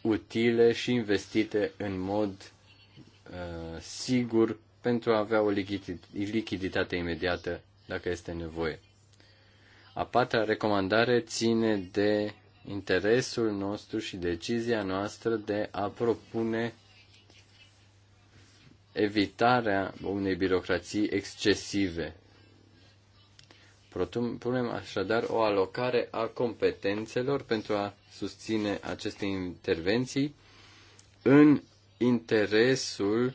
utile și investite în mod uh, sigur pentru a avea o lichiditate imediată dacă este nevoie. A patra recomandare ține de interesul nostru și decizia noastră de a propune evitarea unei birocrații excesive. Propunem așadar o alocare a competențelor pentru a susține aceste intervenții în interesul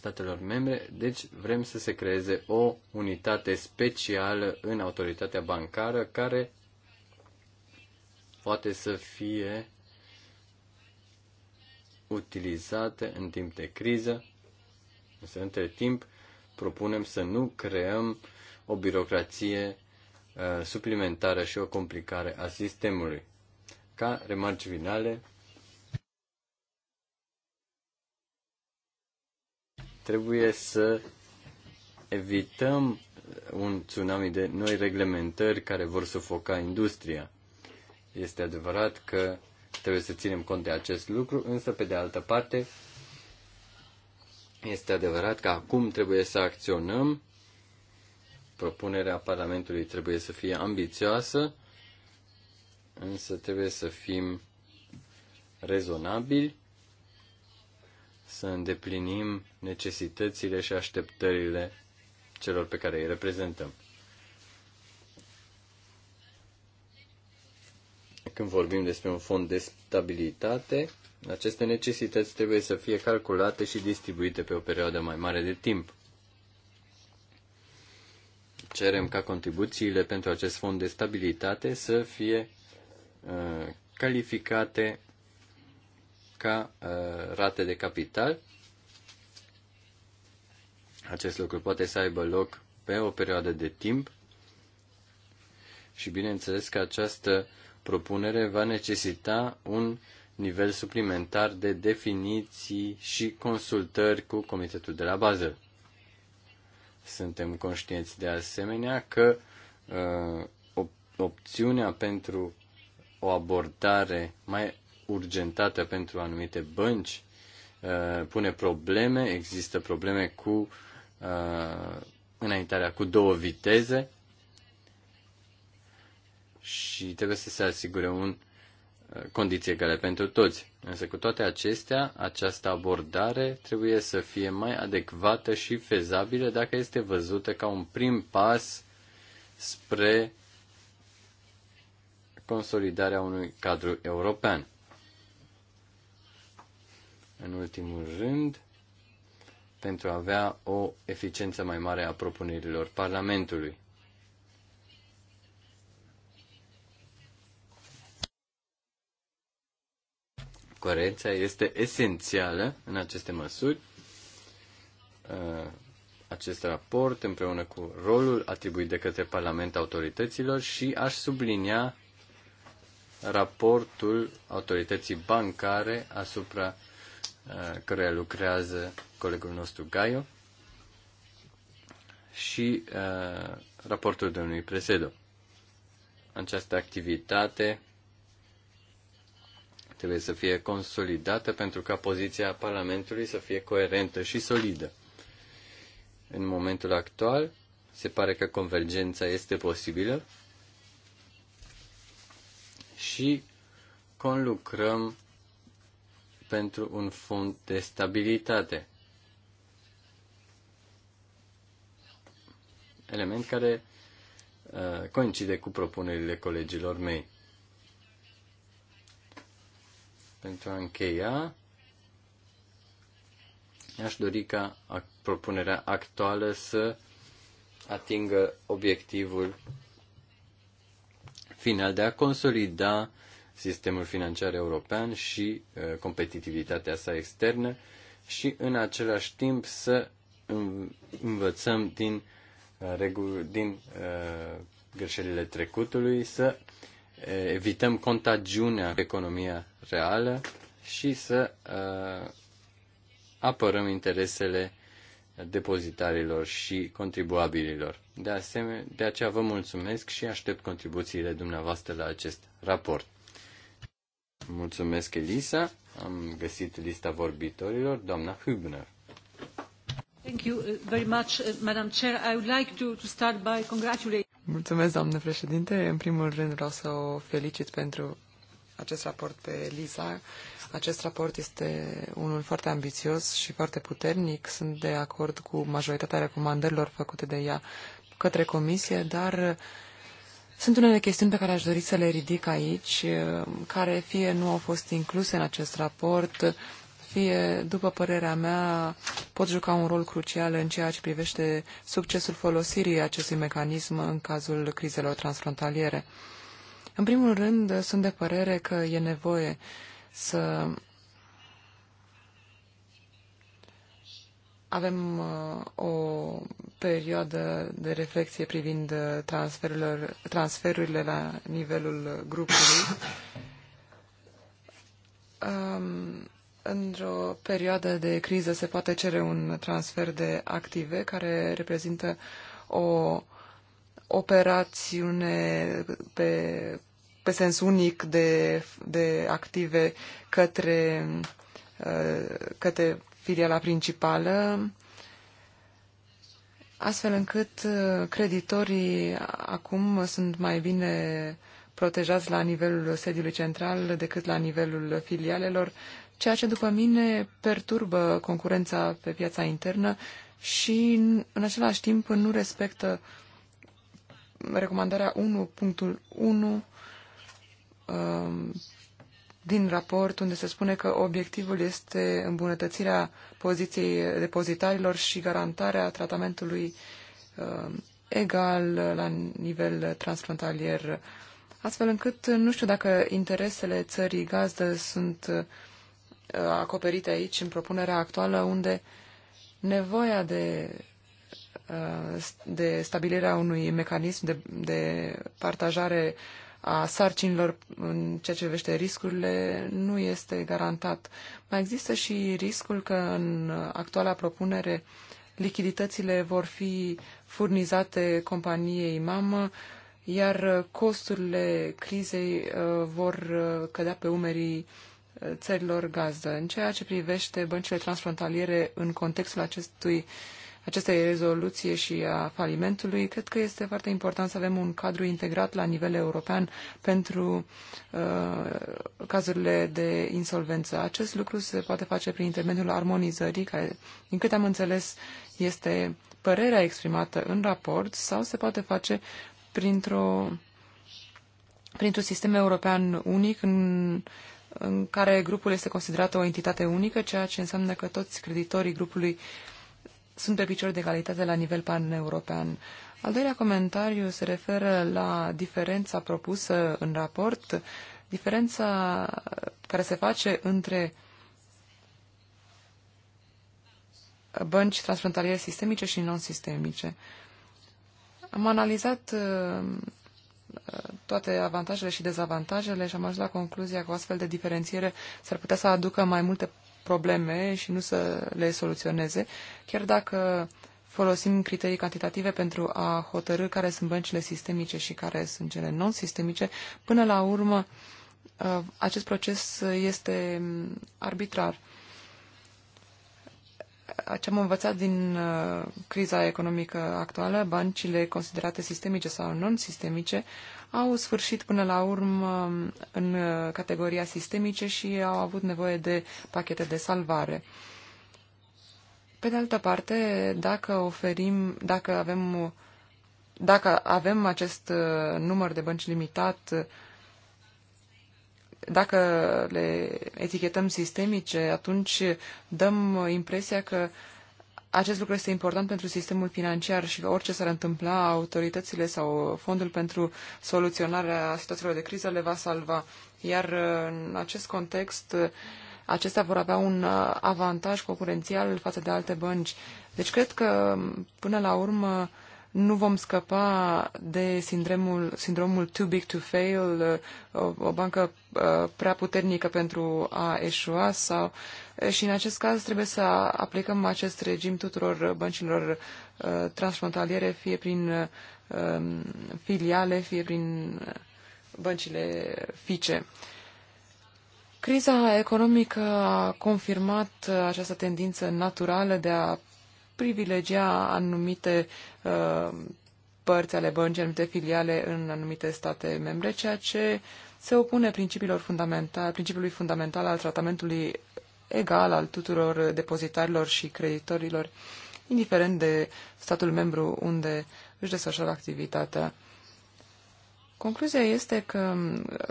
statelor membre, deci vrem să se creeze o unitate specială în autoritatea bancară care poate să fie utilizată în timp de criză. Însă, între timp, propunem să nu creăm o birocrație uh, suplimentară și o complicare a sistemului. Ca remarci finale, Trebuie să evităm un tsunami de noi reglementări care vor sufoca industria. Este adevărat că trebuie să ținem cont de acest lucru, însă, pe de altă parte, este adevărat că acum trebuie să acționăm. Propunerea Parlamentului trebuie să fie ambițioasă, însă trebuie să fim rezonabili să îndeplinim necesitățile și așteptările celor pe care îi reprezentăm. Când vorbim despre un fond de stabilitate, aceste necesități trebuie să fie calculate și distribuite pe o perioadă mai mare de timp. Cerem ca contribuțiile pentru acest fond de stabilitate să fie uh, calificate ca uh, rate de capital. Acest lucru poate să aibă loc pe o perioadă de timp și bineînțeles că această propunere va necesita un nivel suplimentar de definiții și consultări cu comitetul de la bază. Suntem conștienți de asemenea că uh, opțiunea pentru o abordare mai urgentate pentru anumite bănci uh, pune probleme, există probleme cu uh, înaintarea cu două viteze și trebuie să se asigure un uh, condiție care pentru toți. Însă cu toate acestea, această abordare trebuie să fie mai adecvată și fezabilă dacă este văzută ca un prim pas spre consolidarea unui cadru european. În ultimul rând, pentru a avea o eficiență mai mare a propunerilor Parlamentului. Coerența este esențială în aceste măsuri. Uh, acest raport, împreună cu rolul atribuit de către Parlament autorităților și aș sublinia raportul autorității bancare asupra Uh, care lucrează colegul nostru Gaio și uh, raportul domnului Presedo. Această activitate trebuie să fie consolidată pentru ca poziția Parlamentului să fie coerentă și solidă. În momentul actual, se pare că convergența este posibilă și conlucrăm pentru un fond de stabilitate. Element care uh, coincide cu propunerile colegilor mei. Pentru a încheia, aș dori ca propunerea actuală să atingă obiectivul final de a consolida uh, sistemul financiar european și uh, competitivitatea sa externă și în același timp să învățăm din, uh, din uh, greșelile trecutului, să evităm contagiunea economia reală și să apărăm interesele depozitarilor și contribuabililor. De, asemenea, de aceea vă mulțumesc și aștept contribuțiile dumneavoastră la acest raport. Mulțumesc, Elisa. Am găsit lista vorbitorilor, doamna Hübner. Thank you uh, very much, uh, Madam Chair. I would like to, to start by congratulating. Mulțumesc, doamnă președinte. În primul rând vreau să o felicit pentru acest raport pe Elisa. Acest raport este unul foarte ambițios și foarte puternic. Sunt de acord cu majoritatea recomandărilor făcute de ea către comisie, dar uh, sunt unele chestiuni pe care aș dori să le ridic aici, uh, care fie nu au fost incluse în acest raport, fie, după părerea mea, pot juca un rol crucial în ceea ce privește succesul folosirii acestui mecanism în cazul crizelor transfrontaliere. În primul rând, sunt de părere că e nevoie să avem uh, o perioadă de reflexie privind uh, transferurile, transferurile la nivelul grupului. Um, într-o perioadă de criză se poate cere un transfer de active care reprezintă o operațiune pe, pe sens unic de, de active către, uh, către filiala principală, astfel încât uh, creditorii acum sunt mai bine protejați la nivelul sediului central decât la nivelul filialelor, ceea ce, după mine, perturbă concurența pe piața internă și, în același timp, nu respectă recomandarea 1.1 din raport unde se spune că obiectivul este îmbunătățirea poziției depozitarilor și garantarea tratamentului uh, egal la nivel transfrontalier, astfel încât nu știu dacă interesele țării gazdă sunt uh, acoperite aici în propunerea actuală, unde nevoia de, uh, de stabilirea unui mecanism de, de partajare uh, a sarcinilor în ceea ce privește riscurile nu este garantat. Mai există și riscul că în actuala propunere lichiditățile vor fi furnizate companiei mamă, iar costurile crizei uh, vor uh, cădea pe umerii uh, țărilor gazdă. În ceea ce privește băncile transfrontaliere în contextul acestui uh, acestei rezoluție și a falimentului, cred că este foarte important să avem un cadru integrat la nivel european pentru uh, cazurile de insolvență. Acest lucru se poate face prin intermediul armonizării, care, din câte am înțeles, este părerea exprimată în raport sau se poate face printr-o printr-un sistem european unic în, în care grupul este considerat o entitate unică, ceea ce înseamnă că toți creditorii grupului sunt pe picior de calitate la nivel pan-european. Al doilea comentariu se referă la diferența propusă în raport, diferența care se face între bănci transfrontaliere sistemice și non-sistemice. Am analizat uh, uh, toate avantajele și dezavantajele și am ajuns la concluzia că o astfel de diferențiere s-ar putea să aducă mai multe probleme și nu să le soluționeze, chiar dacă folosim criterii cantitative pentru a hotărâ care sunt băncile sistemice și care sunt cele non-sistemice, până la urmă uh, acest proces este mm, arbitrar. Ce am învățat din uh, criza economică actuală, băncile considerate sistemice sau non-sistemice au sfârșit până la urmă în categoria sistemice și au avut nevoie de pachete de salvare. Pe de altă parte, dacă oferim, dacă avem, dacă avem acest uh, număr de bănci limitat, dacă le etichetăm sistemice, atunci dăm impresia că uh, acest lucru este important pentru sistemul financiar și orice s-ar întâmpla, autoritățile sau fondul pentru soluționarea situațiilor de criză le va salva. Iar în acest context, acestea vor avea un avantaj concurențial față de alte bănci. Deci cred că, până la urmă, nu vom scăpa de sindromul, sindromul too big to fail, uh, o, o bancă uh, prea puternică pentru a eșua sau uh, și în acest caz trebuie să aplicăm acest regim tuturor băncilor transfrontaliere, fie prin um, filiale, fie prin băncile fice. Criza economică a confirmat această tendință naturală de a privilegia anumite Uh, părți ale băncii, anumite filiale în anumite state membre, ceea ce se opune principiilor fundamentale, principiului fundamental al tratamentului egal al tuturor depozitarilor și creditorilor, indiferent de statul membru unde își desfășoară activitatea. Concluzia este că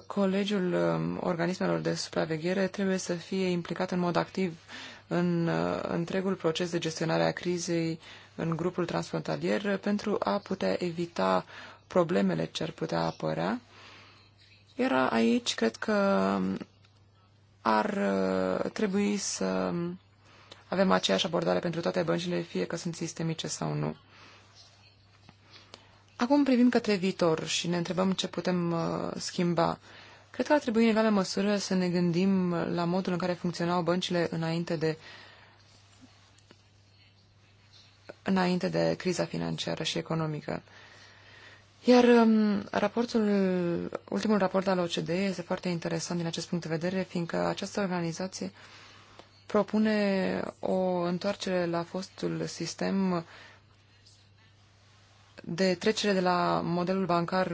Colegiul um, Organismelor de Supraveghere trebuie să fie implicat în mod activ în uh, întregul proces de gestionare a crizei în grupul transfrontalier pentru a putea evita problemele ce ar putea apărea. Era aici, cred că ar uh, trebui să avem aceeași abordare pentru toate băncile, fie că sunt sistemice sau nu. Acum privim către viitor și ne întrebăm ce putem uh, schimba. Cred că ar trebui în egală măsură să ne gândim la modul în care funcționau băncile înainte de uh, înainte de criza financiară și economică. Iar um, raportul, ultimul raport al OCDE este foarte interesant din acest punct de vedere, fiindcă această organizație propune o întoarcere la fostul sistem de trecere de la modelul bancar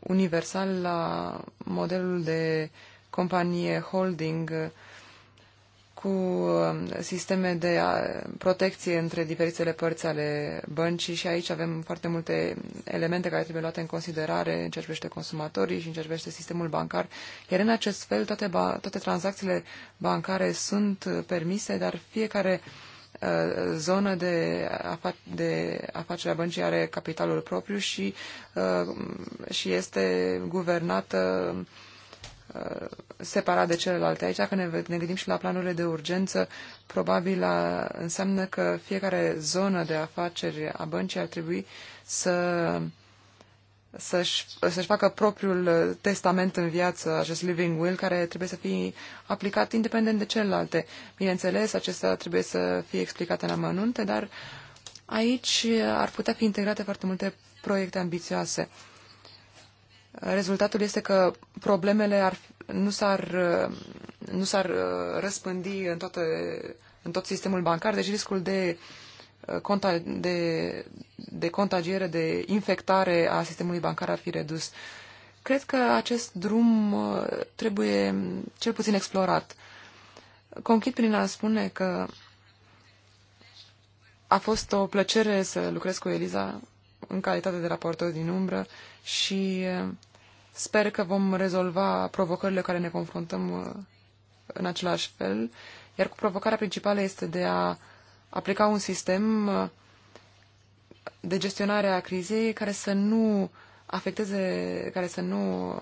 universal la modelul de companie holding cu um, sisteme de protecție între diferitele părți ale băncii și aici avem foarte multe elemente care trebuie luate în considerare în ceea ce privește consumatorii și în ceea ce privește sistemul bancar. Iar în acest fel toate, ba- toate tranzacțiile bancare sunt permise, dar fiecare uh, zonă de, afa- de afacere a băncii are capitalul propriu și, uh, și este guvernată Uh, separat de celelalte. Aici, când ne, ne gândim și la planurile de urgență, probabil a, înseamnă că fiecare zonă de afaceri a băncii ar trebui să să-și, să-și facă propriul testament în viață, acest living will, care trebuie să fie aplicat independent de celelalte. Bineînțeles, acesta trebuie să fie explicat în amănunte, dar aici ar putea fi integrate foarte multe proiecte ambițioase. Rezultatul este că problemele ar, nu, s-ar, nu s-ar uh, răspândi în, toată, în tot sistemul bancar, deci riscul de, uh, de, de contagiere, de infectare a sistemului bancar ar fi redus. Cred că acest drum uh, trebuie cel puțin explorat. Conchid prin a spune că a fost o plăcere să lucrez cu Eliza în calitate de raportor din umbră și Sper că vom rezolva provocările care ne confruntăm uh, în același fel, iar cu provocarea principală este de a aplica un sistem uh, de gestionare a crizei care să nu afecteze, care să nu uh,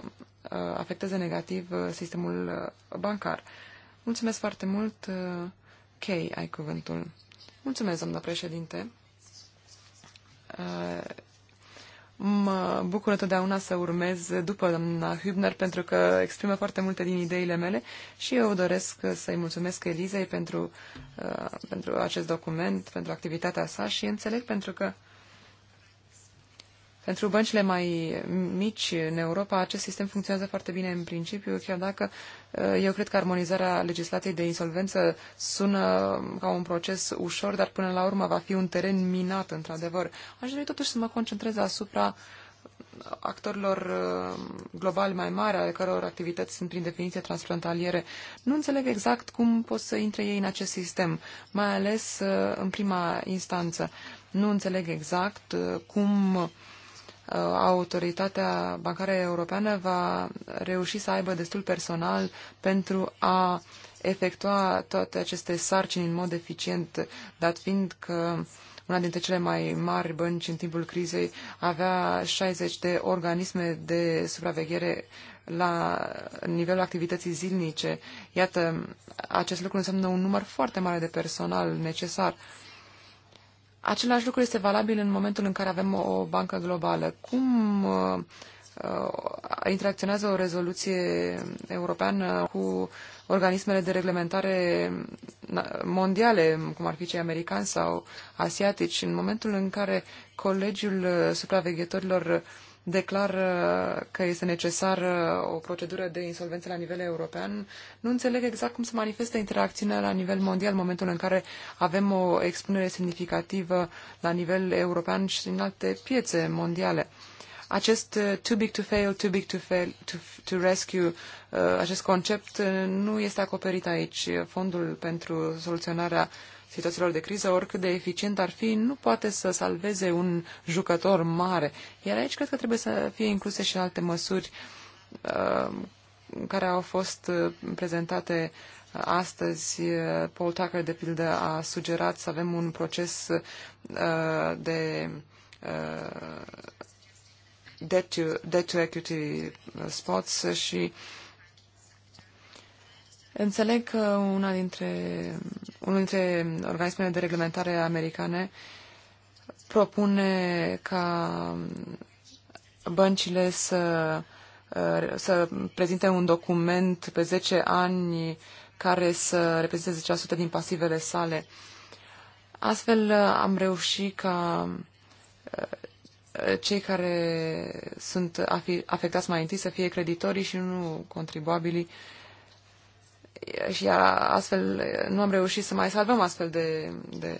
afecteze negativ sistemul bancar. Mulțumesc foarte mult. Kay, ai cuvântul. Mulțumesc, doamna președinte. Mă bucur întotdeauna să urmez după doamna Hübner pentru că exprimă foarte multe din ideile mele și eu doresc să-i mulțumesc Elizei pentru, uh, pentru acest document, pentru activitatea sa și înțeleg pentru că pentru băncile mai mici în Europa, acest sistem funcționează foarte bine în principiu, chiar dacă uh, eu cred că armonizarea legislației de insolvență sună ca un proces ușor, dar până la urmă va fi un teren minat, într-adevăr. Aș dori totuși să mă concentrez asupra actorilor uh, globali mai mari, ale căror activități sunt prin definiție transfrontaliere. Nu înțeleg exact cum pot să intre ei în acest sistem, mai ales uh, în prima instanță. Nu înțeleg exact cum Uh, autoritatea bancară europeană va reuși să aibă destul personal pentru a efectua toate aceste sarcini în mod eficient, dat fiind că una dintre cele mai mari bănci în timpul crizei avea 60 de organisme de supraveghere la nivelul activității zilnice. Iată, acest lucru înseamnă un număr foarte mare de personal necesar. Uh, Același lucru este valabil în momentul în care avem o, o bancă globală. Cum uh, uh interacționează o rezoluție europeană cu organismele de reglementare mondiale, cum ar fi cei americani sau asiatici, în momentul în care Colegiul uh, Supraveghetorilor uh, declară uh, că este necesară o procedură de insolvență la nivel european, nu înțeleg exact cum se manifestă interacțiunea la nivel mondial în momentul în care avem o expunere semnificativă la nivel european și în alte piețe mondiale. Acest uh, too big to fail, too big to, fail, to, to rescue, uh, acest concept nu este acoperit aici. Fondul pentru soluționarea uh, situațiilor de criză, oricât de eficient ar fi, nu poate să salveze un jucător mare. Iar aici cred că trebuie să fie incluse și alte măsuri uh, care au fost uh, prezentate uh, astăzi. Uh, Paul Tucker, de pildă, a sugerat să avem un proces uh, de uh, debt to, debt to equity spots și uh, Înțeleg că una dintre, unul dintre organismele de reglementare americane propune ca băncile să, uh, să prezinte un document pe 10 ani care să reprezinte 10% din pasivele sale. Astfel uh, am reușit ca uh, cei care sunt afectați mai întâi să fie creditorii și nu contribuabilii și astfel nu am reușit să mai salvăm astfel de, de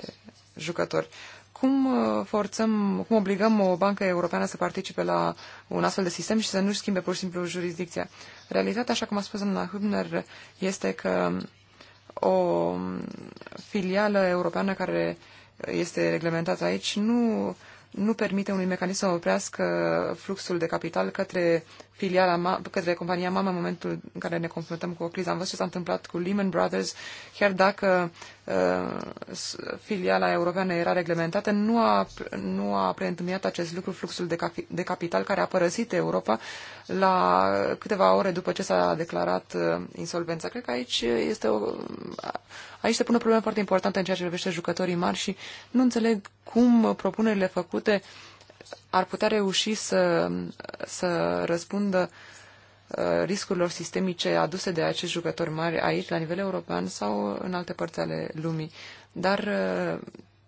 jucători. Cum uh, forțăm, cum obligăm o bancă europeană să participe la un astfel de sistem și să nu-și schimbe pur și simplu jurisdicția? Realitatea, așa cum a spus doamna Hübner, este că o filială europeană care este reglementată aici nu nu permite unui mecanism să oprească fluxul de capital către filiala, către compania mamă în momentul în care ne confruntăm cu o criză. Am văzut ce s-a întâmplat cu Lehman Brothers, chiar dacă uh, filiala europeană era reglementată, nu a, nu a preîntâmiat acest lucru fluxul de, capi, de capital care a părăsit Europa la câteva ore după ce s-a declarat uh, insolvența. Cred că aici este o, Aici se pune o problemă foarte importantă în ceea ce privește jucătorii mari și nu înțeleg cum propunerile făcute ar putea reuși să, să răspundă uh, riscurilor sistemice aduse de acești jucători mari aici, la nivel european sau în alte părți ale lumii. Dar uh,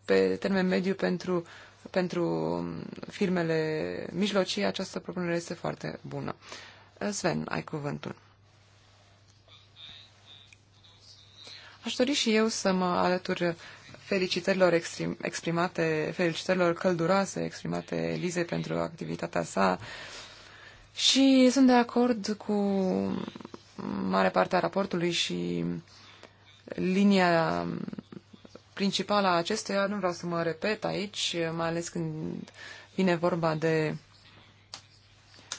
pe termen mediu pentru, pentru firmele mijlocii, această propunere este foarte bună. Uh, Sven, ai cuvântul. Aș dori și eu să mă alătur felicitărilor exprim, exprimate, felicitărilor călduroase exprimate Elizei pentru activitatea sa și sunt de acord cu mare parte a raportului și linia principală a acestuia, nu vreau să mă repet aici, mai ales când vine vorba de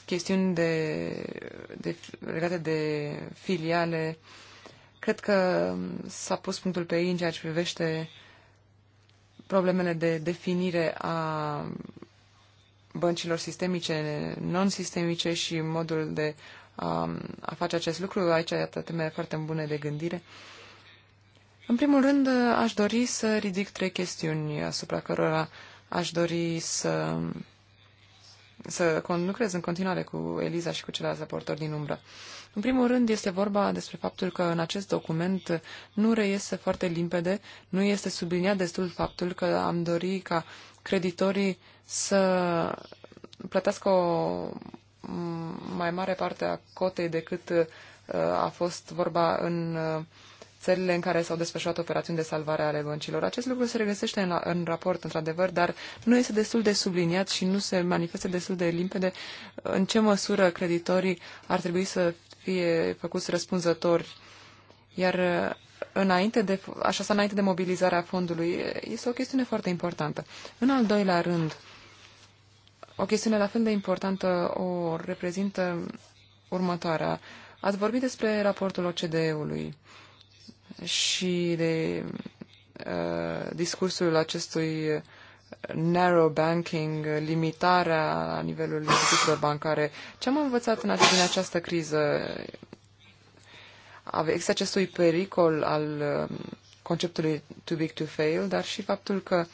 chestiuni de, de, legate de filiale uh, Cred că s-a pus punctul pe ei în ceea ce privește problemele de definire a băncilor sistemice, non-sistemice și modul de um, a face acest lucru. Aici ai teme foarte bune de gândire. În primul rând, aș dori să ridic trei chestiuni asupra cărora aș dori să, să lucrez în continuare cu Eliza și cu ceilalți raportori din umbră. Uh, în primul rând este vorba despre faptul că în acest document nu reiese foarte limpede, nu este subliniat destul faptul că am dori ca creditorii să plătească o mai mare parte a cotei decât uh, a fost vorba în uh, țările în care s-au desfășurat operațiuni de salvare ale băncilor. Acest lucru se regăsește în, la, în raport, într-adevăr, dar nu este destul de subliniat și nu se manifestă destul de limpede în ce măsură creditorii ar trebui să fie făcuți răspunzători. Iar uh, înainte de, așa să înainte de mobilizarea fondului, uh, este o chestiune foarte importantă. În al doilea rând, o chestiune la fel de importantă o reprezintă următoarea. Ați vorbit despre raportul OCDE-ului și de uh, discursul acestui narrow banking, limitarea la nivelul instituțiilor bancare. Ce am învățat în, din această criză? Există acestui pericol al um, conceptului too big to fail, dar și faptul că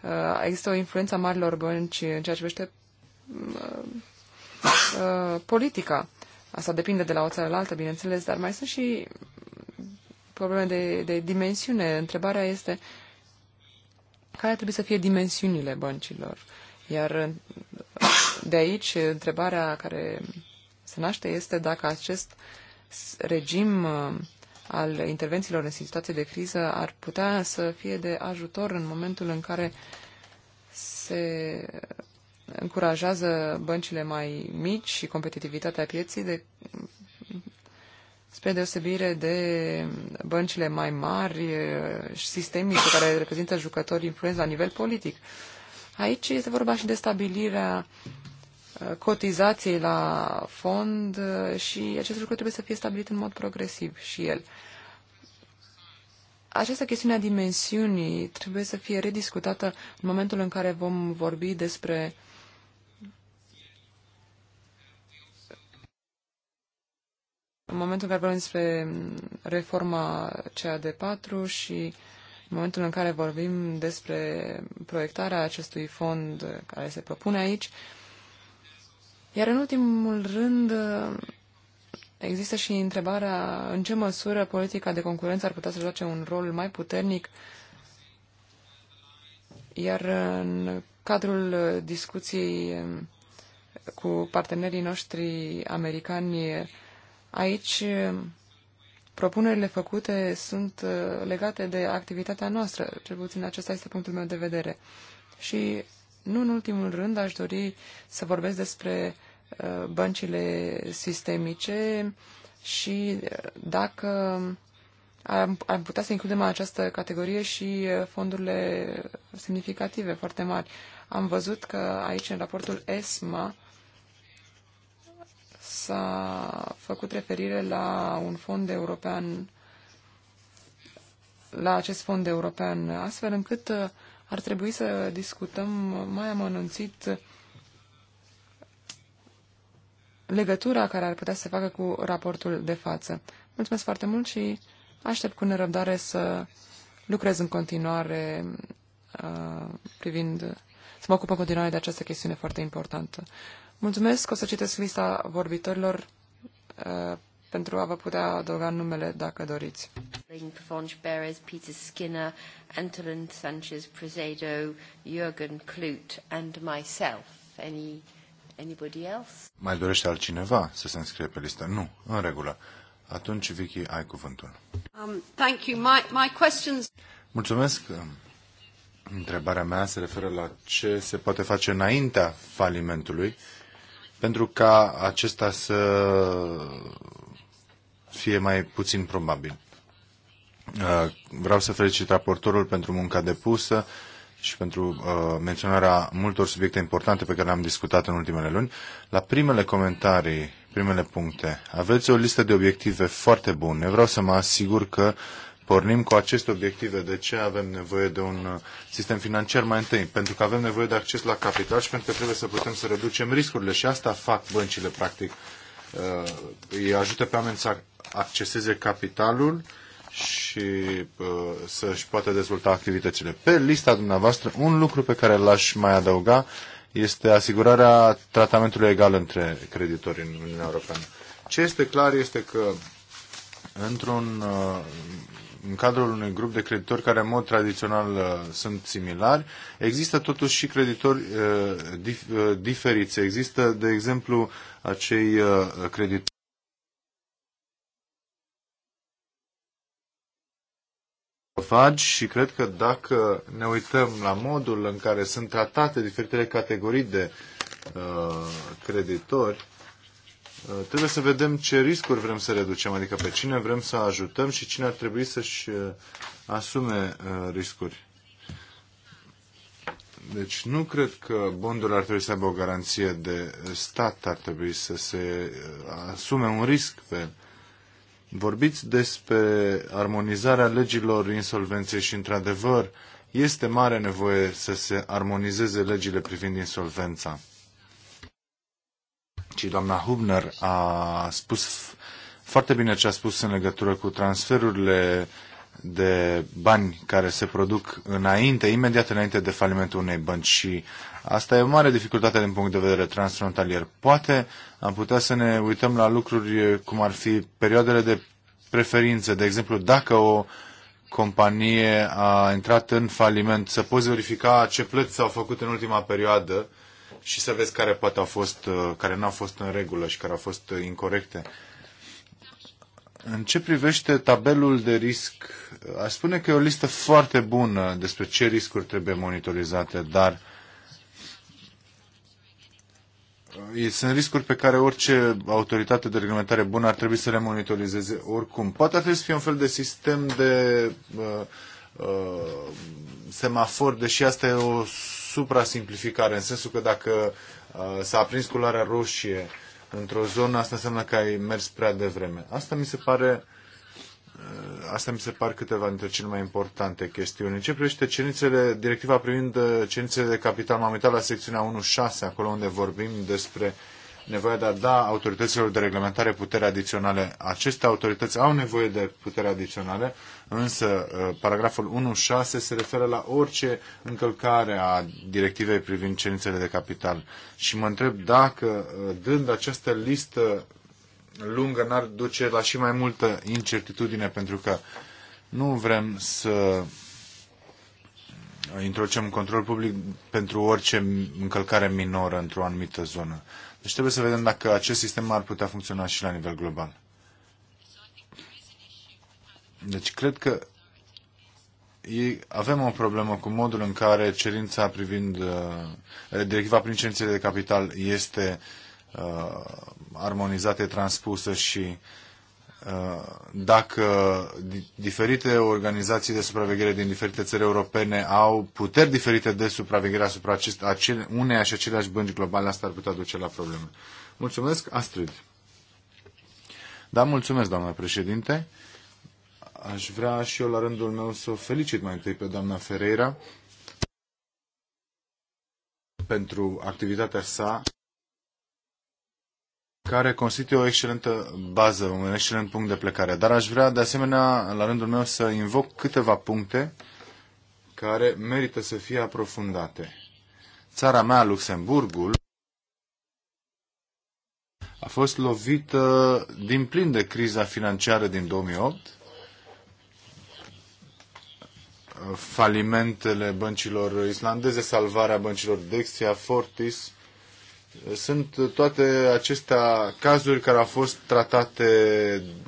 uh, există o influență a marilor bănci în ceea ce vește uh, uh, politica. Asta depinde de la o țară la alta, bineînțeles, dar mai sunt și probleme de, de dimensiune. Întrebarea este uh, care trebuie să fie dimensiunile băncilor. Iar de aici întrebarea care se naște este dacă acest regim uh, al intervențiilor în situații de criză ar putea să fie de ajutor în momentul în care se încurajează băncile mai mici și competitivitatea pieții de, spre deosebire de băncile mai mari și sistemice care reprezintă jucători influenți la nivel politic. Aici este vorba și de stabilirea cotizației la fond și acest lucru trebuie să fie stabilit în mod progresiv și el. Această chestiune a dimensiunii trebuie să fie rediscutată în momentul în care vom vorbi despre În momentul în care vorbim despre reforma CAD4 și în momentul în care vorbim despre proiectarea acestui fond care se propune aici, iar în ultimul rând există și întrebarea în ce măsură politica de concurență ar putea să joace un rol mai puternic, iar în cadrul discuției cu partenerii noștri americani Aici propunerile făcute sunt legate de activitatea noastră, cel puțin acesta este punctul meu de vedere. Și nu în ultimul rând aș dori să vorbesc despre băncile sistemice și dacă am putea să includem în această categorie și fondurile semnificative foarte mari. Am văzut că aici, în raportul ESMA, s-a făcut referire la un fond european, la acest fond european, astfel încât uh, ar trebui să discutăm mai amănunțit legătura care ar putea să se facă cu raportul de față. Mulțumesc foarte mult și aștept cu nerăbdare să lucrez în continuare uh, privind, să mă ocup în continuare de această chestiune foarte importantă. Mulțumesc, o să citesc lista vorbitorilor uh, pentru a vă putea adăuga numele dacă doriți. Peter Skinner, Antolin Sanchez Prezedo, Jürgen Klut and myself. Any, anybody else? Mai dorește altcineva să se înscrie pe listă? Nu, în regulă. Atunci, Vicky, ai cuvântul. Um, thank you. My, my questions... Mulțumesc. Întrebarea mea se referă la ce se poate face înaintea falimentului pentru ca acesta să fie mai puțin probabil. Uh, vreau să felicit raportorul pentru munca depusă și pentru uh, menționarea multor subiecte importante pe care le-am discutat în ultimele luni. La primele comentarii, primele puncte, aveți o listă de obiective foarte bune. Vreau să mă asigur că uh, pornim cu aceste obiective. De ce avem nevoie de un uh, sistem financiar mai întâi? Pentru că avem nevoie de acces la capital și pentru că trebuie să putem să reducem riscurile și asta fac băncile practic. Uh, îi ajută pe oameni să acceseze capitalul și uh, să-și poată dezvolta activitățile. Pe lista dumneavoastră, un lucru pe care l-aș mai adăuga este asigurarea tratamentului egal între creditorii în Uniunea Europeană. Ce este clar este că într-un în cadrul unui grup de creditori care în mod tradițional uh, sunt similari, există totuși și creditori uh, dif, uh, diferiți. Există, de exemplu, acei creditori fagi și cred că dacă ne uităm la modul în care sunt tratate diferitele categorii de uh, creditori, Uh, trebuie să vedem ce riscuri vrem să reducem, adică pe cine vrem să ajutăm și cine ar trebui să-și uh, asume uh, riscuri. Deci nu cred că bondurile ar trebui să aibă o garanție de stat, ar trebui să se asume un risc pe el. Vorbiți despre armonizarea legilor insolvenței și, într-adevăr, este mare nevoie să se armonizeze legile privind insolvența ci doamna Hubner a spus foarte bine ce a spus în legătură cu transferurile de bani care se produc înainte, imediat înainte de falimentul unei bănci și asta e o mare dificultate din punct de vedere transfrontalier. Poate am putea să ne uităm la lucruri cum ar fi perioadele de preferință, de exemplu, dacă o companie a intrat în faliment, să poți verifica ce plăți s-au făcut în ultima perioadă și să vezi care poate au fost, uh, care n-au fost în regulă și care au fost uh, incorrecte. În ce privește tabelul de risc, aș spune că e o listă foarte bună despre ce riscuri trebuie monitorizate, dar uh, sunt riscuri pe care orice autoritate de reglementare bună ar trebui să le monitorizeze oricum. Poate ar trebui să fie un fel de sistem de uh, uh, semafor, deși asta e o suprasimplificare, în sensul că dacă uh, s-a aprins culoarea roșie într-o zonă, asta înseamnă că ai mers prea devreme. Asta mi se pare uh, Asta mi se par câteva dintre cele mai importante chestiuni. În ce privește cerințele, directiva privind uh, cerințele de capital, m-am uitat la secțiunea 1.6, acolo unde vorbim despre uh, nevoia de a da autorităților de reglementare putere adiționale. Aceste autorități au nevoie de putere adiționale, însă uh, paragraful 1.6 se referă la orice încălcare a directivei privind cerințele de capital. Și mă întreb dacă, uh, dând această listă lungă, n-ar duce la și mai multă incertitudine, pentru că nu vrem să introducem control public pentru orice încălcare minoră într-o anumită zonă. Deci trebuie să vedem dacă acest sistem ar putea funcționa și la nivel global. Deci cred că avem o problemă cu modul în care cerința privind uh, directiva prin cerințele de capital este uh, armonizată, transpusă și Uh, dacă diferite organizații de supraveghere din diferite țări europene au puteri diferite de supraveghere asupra acest, acele, uneia și aceleași bănci globale, asta ar putea duce la probleme. Mulțumesc, Astrid. Da, mulțumesc, doamna președinte. Aș vrea și eu, la rândul meu, să o felicit mai întâi pe doamna Ferreira pentru activitatea sa care constituie o excelentă bază, un excelent punct de plecare. Dar aș vrea, de asemenea, la rândul meu, să invoc câteva puncte care merită să fie aprofundate. Țara mea, Luxemburgul, a fost lovită din plin de criza financiară din 2008, falimentele băncilor islandeze, salvarea băncilor Dexia, Fortis, sunt toate acestea cazuri care au fost tratate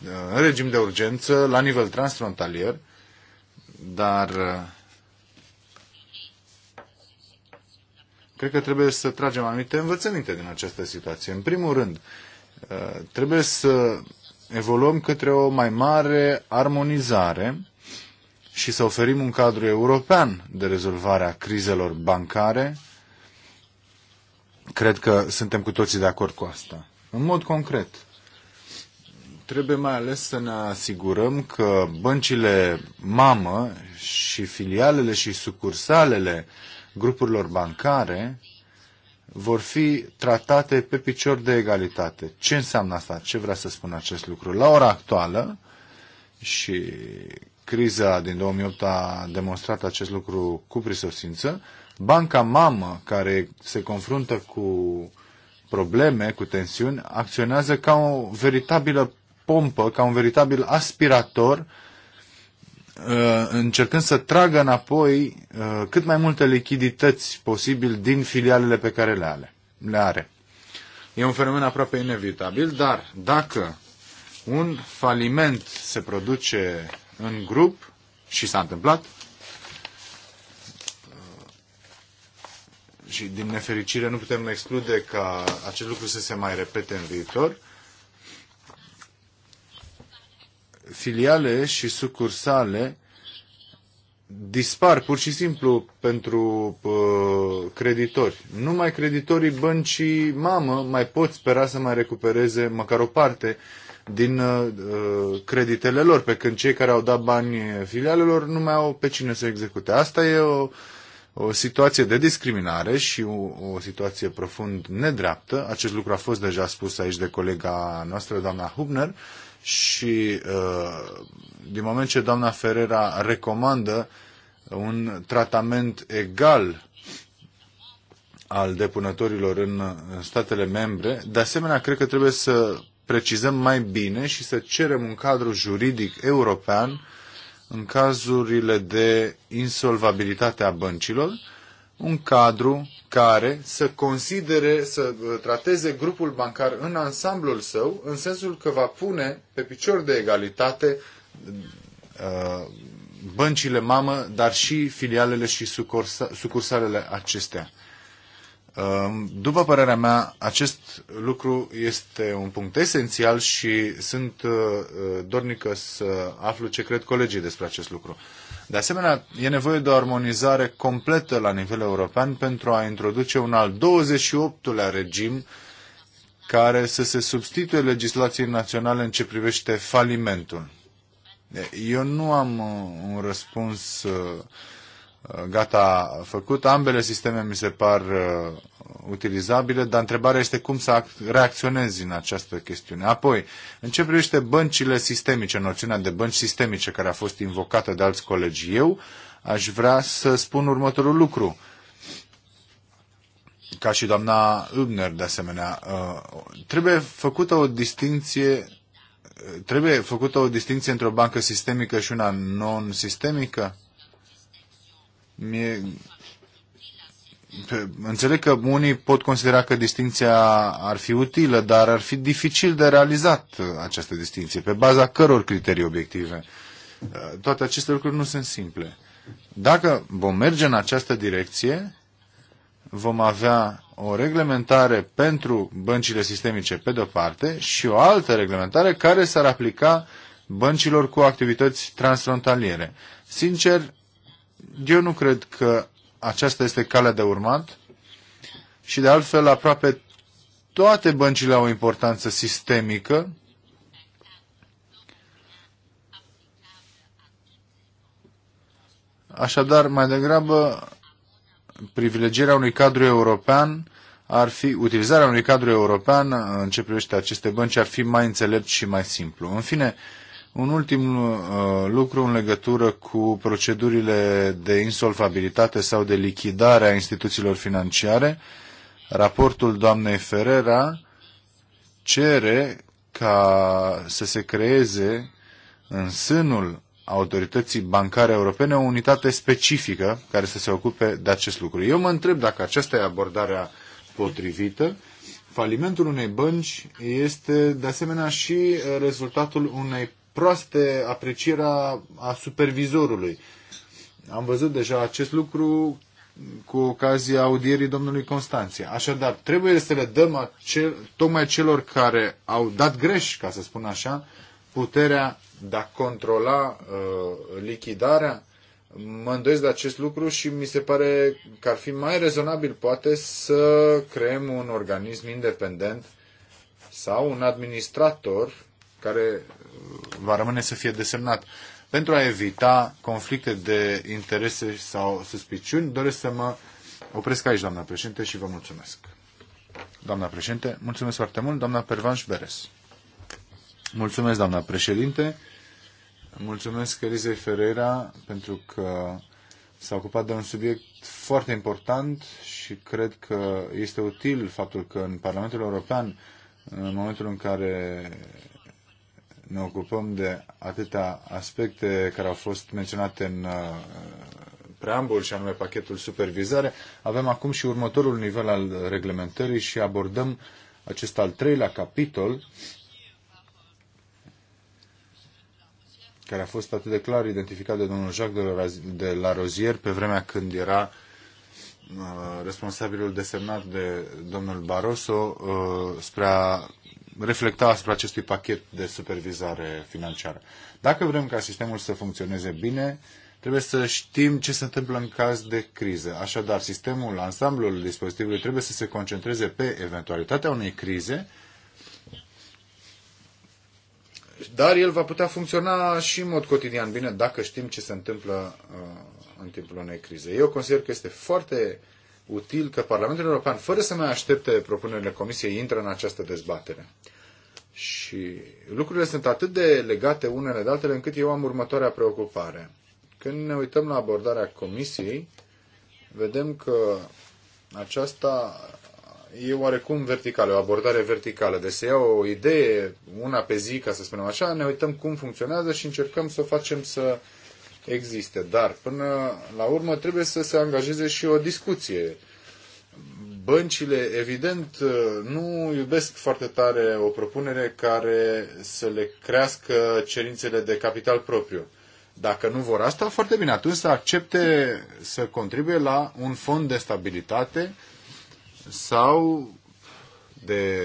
uh, în regim de urgență, la nivel transfrontalier, dar uh, cred că trebuie să tragem anumite învățăminte din această situație. În primul rând, uh, trebuie să evoluăm către o mai mare armonizare și să oferim un cadru european de rezolvare a crizelor bancare Cred că suntem cu toții de acord cu asta. În mod concret, trebuie mai ales să ne asigurăm că băncile mamă și filialele și sucursalele grupurilor bancare vor fi tratate pe picior de egalitate. Ce înseamnă asta? Ce vrea să spun acest lucru? La ora actuală, și criza din 2008 a demonstrat acest lucru cu prisosință, banca mamă care se confruntă cu probleme, cu tensiuni, acționează ca o veritabilă pompă, ca un veritabil aspirator, uh, încercând să tragă înapoi uh, cât mai multe lichidități posibil din filialele pe care le are. Le are. E un fenomen aproape inevitabil, dar dacă un faliment se produce în grup, și s-a întâmplat, și din nefericire nu putem exclude ca acest lucru să se mai repete în viitor. Filiale și sucursale dispar pur și simplu pentru uh, creditori. Numai creditorii băncii mamă mai pot spera să mai recupereze măcar o parte din uh, creditele lor, pe când cei care au dat bani filialelor nu mai au pe cine să execute. Asta e o uh, o situație de discriminare și o, o situație profund nedreaptă. Acest lucru a fost deja spus aici de colega noastră, doamna Hubner, și uh, din moment ce doamna Ferrera recomandă un tratament egal al depunătorilor în statele membre, de asemenea, cred că trebuie să precizăm mai bine și să cerem un cadru juridic european în cazurile de insolvabilitate a băncilor, un cadru care să considere, să uh, trateze grupul bancar în ansamblul său, în sensul că va pune pe picior de egalitate uh, băncile mamă, dar și filialele și sucursalele acestea. Um, după părerea mea, acest lucru este un punct esențial și sunt uh, dornică să aflu ce cred colegii despre acest lucru. De asemenea, e nevoie de o armonizare completă la nivel european pentru a introduce un al 28-lea regim care să se substituie legislației naționale în ce privește falimentul. Eu nu am uh, un răspuns uh, gata făcut. Ambele sisteme mi se par utilizabile, dar întrebarea este cum să reacționezi în această chestiune. Apoi, în ce privește băncile sistemice, noțiunea de bănci sistemice care a fost invocată de alți colegi, eu aș vrea să spun următorul lucru. Ca și doamna Übner, de asemenea, uh, trebuie făcută o distinție uh, trebuie făcută o distinție între o bancă sistemică și una non-sistemică? Mie înțeleg că unii pot considera că distinția ar fi utilă, dar ar fi dificil de realizat această distinție, pe baza căror criterii obiective. Uh, toate aceste lucruri nu sunt simple. Dacă vom merge în această direcție, vom avea o reglementare pentru băncile sistemice pe de-o parte și o altă reglementare care s-ar aplica băncilor cu activități transfrontaliere. Sincer, eu nu cred că aceasta este calea de urmat și de altfel aproape toate băncile au o importanță sistemică Așadar, mai degrabă, privilegierea unui cadru european ar fi, utilizarea unui cadru european în ce privește aceste bănci ar fi mai înțelept și mai simplu. În fine, un ultim uh, lucru în legătură cu procedurile de insolvabilitate sau de lichidare a instituțiilor financiare. Raportul doamnei Ferrera cere ca să se creeze în sânul autorității bancare europene o unitate specifică care să se ocupe de acest lucru. Eu mă întreb dacă aceasta e abordarea potrivită. Falimentul unei bănci este de asemenea și uh, rezultatul unei proaste aprecierea a supervizorului. Am văzut deja acest lucru cu ocazia audierii domnului Constanție. Așadar, trebuie să le dăm acel, tocmai celor care au dat greș, ca să spun așa, puterea de a controla uh, lichidarea. Mă îndoiesc de acest lucru și mi se pare că ar fi mai rezonabil, poate, să creăm un organism independent sau un administrator care va rămâne să fie desemnat. Pentru a evita conflicte de interese sau suspiciuni, doresc să mă opresc aici, doamna președinte, și vă mulțumesc. Doamna președinte, mulțumesc foarte mult, doamna Pervanș Beres. Mulțumesc, doamna președinte. Mulțumesc Elizei Ferreira pentru că s-a ocupat de un subiect foarte important și cred că este util faptul că în Parlamentul European, în momentul în care ne ocupăm de atâtea aspecte care au fost menționate în uh, preambul și anume pachetul supervizare, avem acum și următorul nivel al reglementării și abordăm acest al treilea capitol care a fost atât de clar identificat de domnul Jacques de la Rozier pe vremea când era uh, responsabilul desemnat de domnul Barroso uh, spre a reflecta asupra acestui pachet de supervizare financiară. Dacă vrem ca sistemul să funcționeze bine, trebuie să știm ce se întâmplă în caz de criză. Așadar, sistemul, ansamblul dispozitivului trebuie să se concentreze pe eventualitatea unei crize, dar el va putea funcționa și în mod cotidian bine dacă știm ce se întâmplă uh, în timpul unei crize. Eu consider că este foarte util că Parlamentul European, fără să mai aștepte propunerile Comisiei, intră în această dezbatere. Și lucrurile sunt atât de legate unele de altele, încât eu am următoarea preocupare. Când ne uităm la abordarea Comisiei, vedem că aceasta e oarecum verticală, o abordare verticală. Deci se ia o idee, una pe zi, ca să spunem așa, ne uităm cum funcționează și încercăm să o facem să uh, existe. Dar până la urmă trebuie să se angajeze și o discuție. Băncile, evident, nu iubesc foarte tare o propunere care să le crească cerințele de capital propriu. Dacă nu vor asta, foarte bine. Atunci să accepte să contribuie la un fond de stabilitate sau de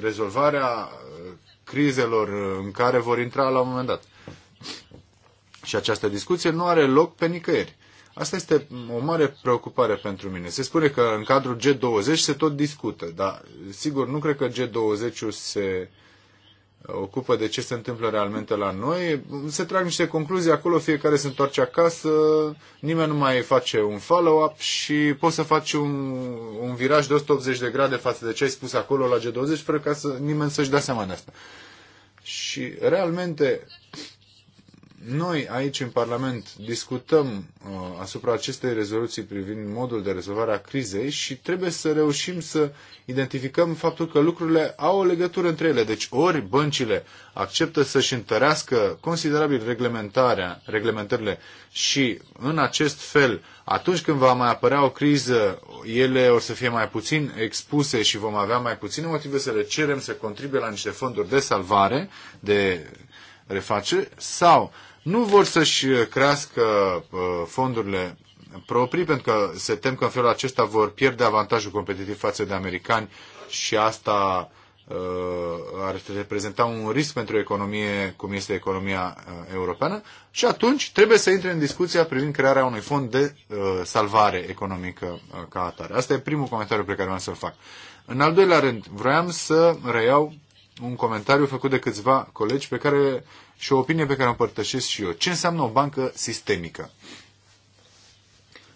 rezolvarea uh, crizelor în care vor intra la un moment dat. Și această discuție nu are loc pe nicăieri. Asta este o mare preocupare pentru mine. Se spune că în cadrul G20 se tot discută, dar sigur nu cred că G20-ul se ocupă de ce se întâmplă realmente la noi. Se trag niște concluzii acolo, fiecare se întoarce acasă, nimeni nu mai face un follow-up și poți să faci un, un viraj de 180 de grade față de ce ai spus acolo la G20 fără ca să, nimeni să-și dea seama de asta. Și realmente noi aici în Parlament discutăm uh, asupra acestei rezoluții privind modul de rezolvare a crizei și trebuie să reușim să identificăm faptul că lucrurile au o legătură între ele. Deci ori băncile acceptă să-și întărească considerabil reglementarea, reglementările și în acest fel, atunci când va mai apărea o criză, ele o să fie mai puțin expuse și vom avea mai puține motive să le cerem să contribuie la niște fonduri de salvare, de refacere sau nu vor să-și uh, crească uh, fondurile proprii, pentru că se tem că în felul acesta vor pierde avantajul competitiv față de americani și asta uh, ar reprezenta un risc pentru o economie cum este economia europeană și atunci trebuie să intre în discuția privind crearea unui fond de salvare economică ca atare. Asta e primul comentariu pe care vreau să-l fac. În al doilea rând, vreau să reiau un comentariu făcut de câțiva colegi pe care, și o opinie pe care o împărtășesc și eu. Ce înseamnă o bancă sistemică?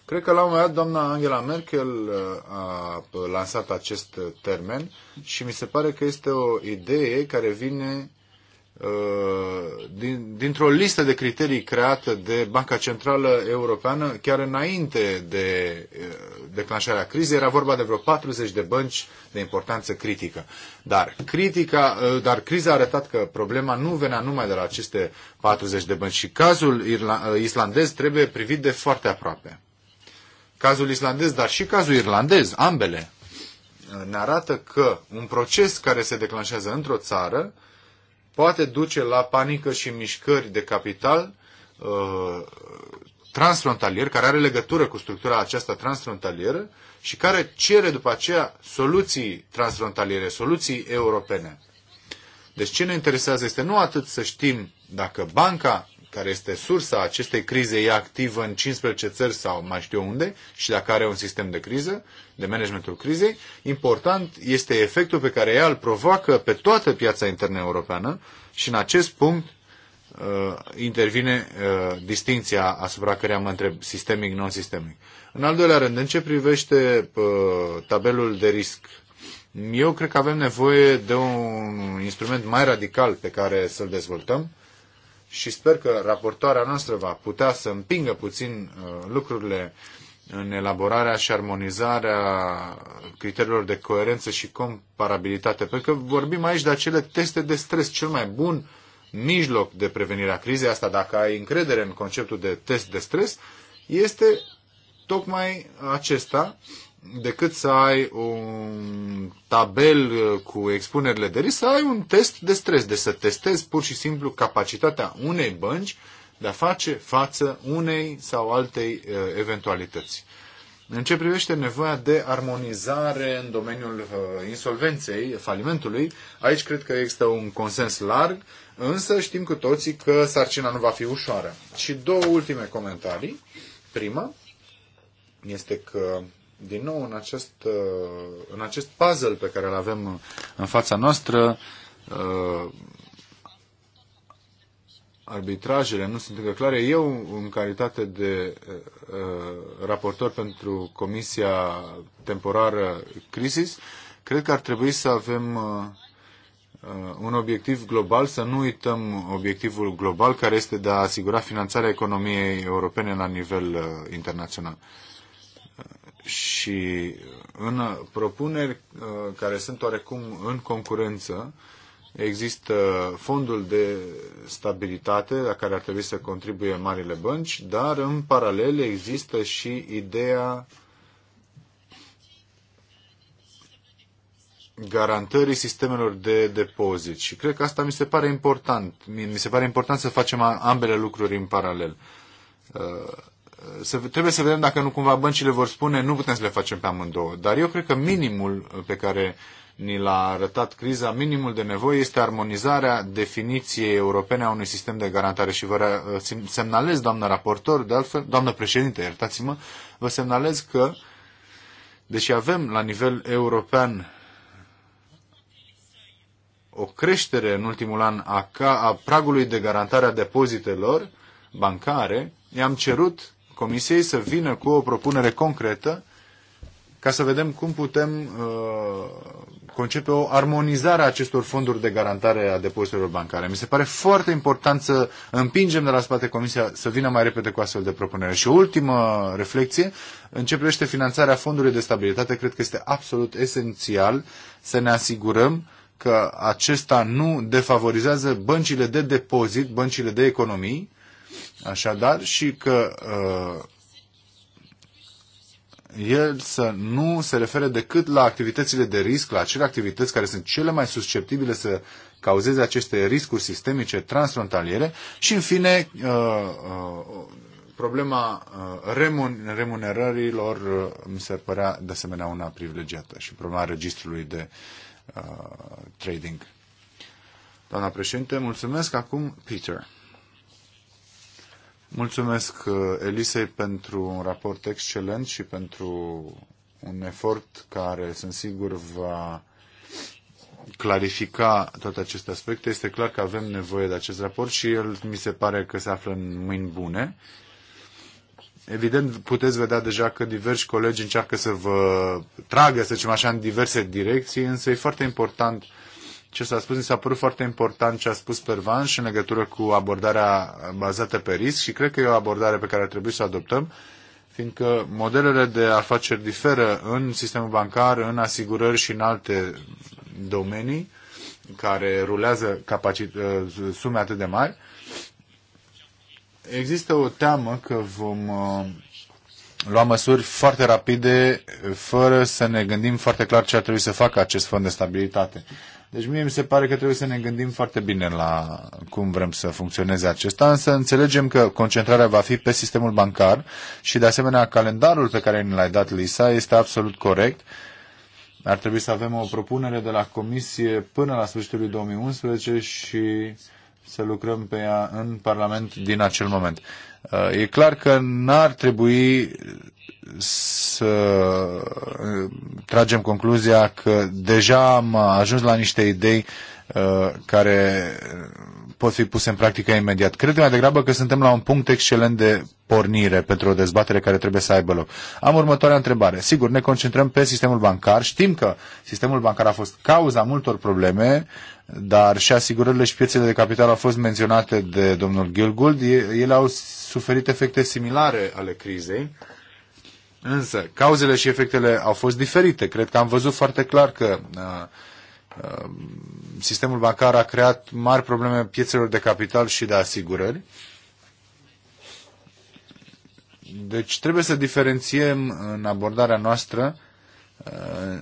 Cred că la un moment dat doamna Angela Merkel uh, a lansat acest termen și mi se pare că este o idee care vine Uh, din, dintr-o listă de criterii creată de Banca Centrală Europeană chiar înainte de uh, declanșarea crizei. Era vorba de vreo 40 de bănci de importanță critică. Dar, critica, uh, dar criza a arătat că problema nu venea numai de la aceste 40 de bănci și cazul islandez trebuie privit de foarte aproape. Cazul islandez, dar și cazul irlandez, ambele, ne arată că un proces care se declanșează într-o țară poate duce la panică și mișcări de capital uh, transfrontalier, care are legătură cu structura aceasta transfrontalieră și care cere după aceea soluții transfrontaliere, soluții europene. Deci ce ne interesează este nu atât să știm dacă banca care este sursa acestei crize, e activă în 15 țări sau mai știu unde și dacă are un sistem de criză, de managementul crizei, important este efectul pe care ea îl provoacă pe toată piața internă europeană și în acest punct uh, intervine uh, distinția asupra care am întreb sistemic, non-sistemic. În al doilea rând, în ce privește uh, tabelul de risc, eu cred că avem nevoie de un instrument mai radical pe care să-l dezvoltăm și sper că raportoarea noastră va putea să împingă puțin uh, lucrurile în elaborarea și armonizarea criteriilor de coerență și comparabilitate. Pentru că vorbim aici de acele teste de stres, cel mai bun mijloc de prevenire a crizei asta, dacă ai încredere în conceptul de test de stres, este tocmai acesta decât să ai un tabel uh, cu expunerile de risc, să ai un test de stres, de să testezi pur și simplu capacitatea unei bănci de a face față unei sau altei uh, eventualități. În ce privește nevoia de armonizare în domeniul uh, insolvenței, falimentului, aici cred că există un consens larg, însă știm cu toții că sarcina nu va fi ușoară. Și două ultime comentarii. Prima este că din nou în acest, uh, în acest puzzle pe care îl avem uh, în fața noastră, uh, arbitrajele nu sunt încă clare. Eu, în calitate de raportor pentru Comisia Temporară Crisis, cred că ar trebui să avem un obiectiv global, să nu uităm obiectivul global care este de a asigura finanțarea economiei europene la nivel internațional și uh, în uh, propuneri uh, care sunt oarecum în concurență, există fondul de stabilitate la care ar trebui să contribuie marile bănci, dar în paralel există și ideea garantării sistemelor de depozit. Și cred că asta mi se pare important. Mi se pare important să facem ambele lucruri în paralel să, trebuie să vedem dacă nu cumva băncile vor spune nu putem să le facem pe amândouă. Dar eu cred că minimul uh, pe care ni l-a arătat criza, minimul de nevoie este armonizarea definiției europene a unui sistem de garantare. Și vă uh, semnalez, doamnă raportor, de altfel, doamnă președinte, iertați-mă, vă semnalez că, deși avem la nivel european o creștere în ultimul an a, ca, a pragului de garantare a depozitelor bancare, i-am cerut Comisiei să vină cu o propunere concretă ca să vedem cum putem uh, concepe o armonizare a acestor fonduri de garantare a depozitelor bancare. Mi se pare foarte important să împingem de la spate Comisia să vină mai repede cu astfel de propunere. Și o ultimă reflexie, începește finanțarea fondului de stabilitate, cred că este absolut esențial să ne asigurăm că acesta nu defavorizează băncile de depozit, băncile de economii, așadar și că uh, el să nu se refere decât la activitățile de risc, la acele activități care sunt cele mai susceptibile să cauzeze aceste riscuri sistemice transfrontaliere și, în fine, uh, uh, problema uh, remun- remunerărilor uh, mi se părea de asemenea una privilegiată și problema registrului de uh, trading. Doamna președinte, mulțumesc. Acum, Peter. Mulțumesc uh, Elisei pentru un raport excelent și pentru un efort care, sunt sigur, va clarifica toate aceste aspecte. Este clar că avem nevoie de acest raport și el mi se pare că se află în mâini bune. Evident, puteți vedea deja că diversi colegi încearcă să vă tragă, să zicem așa, în diverse direcții, însă e foarte important ce s-a spus, mi s-a părut foarte important ce a spus Pervan și în legătură cu abordarea bazată pe risc și cred că e o abordare pe care ar trebui să o adoptăm, fiindcă modelele de afaceri diferă în sistemul bancar, în asigurări și în alte domenii care rulează uh, sume atât de mari. Există o teamă că vom uh, lua măsuri foarte rapide, fără să ne gândim foarte clar ce ar trebui să facă acest fond de stabilitate. Deci mie mi se pare că trebuie să ne gândim foarte bine la cum vrem să funcționeze acesta, însă înțelegem că concentrarea va fi pe sistemul bancar și de asemenea calendarul pe care ne l-ai dat, Lisa, este absolut corect. Ar trebui să avem o propunere de la Comisie până la sfârșitul lui 2011 și să lucrăm pe ea în Parlament din acel moment. Uh, e clar că n-ar trebui să uh, tragem concluzia că deja am ajuns la niște idei Uh, care pot fi puse în practică imediat. Cred mai degrabă că suntem la un punct excelent de pornire pentru o dezbatere care trebuie să aibă loc. Am următoarea întrebare. Sigur, ne concentrăm pe sistemul bancar. Știm că sistemul bancar a fost cauza multor probleme, dar și asigurările și piețele de capital au fost menționate de domnul Gilgold. Ele au suferit efecte similare ale crizei. Însă, cauzele și efectele au fost diferite. Cred că am văzut foarte clar că uh, Um, sistemul bancar a creat mari probleme piețelor de capital și de asigurări. Deci trebuie să diferențiem în abordarea noastră uh,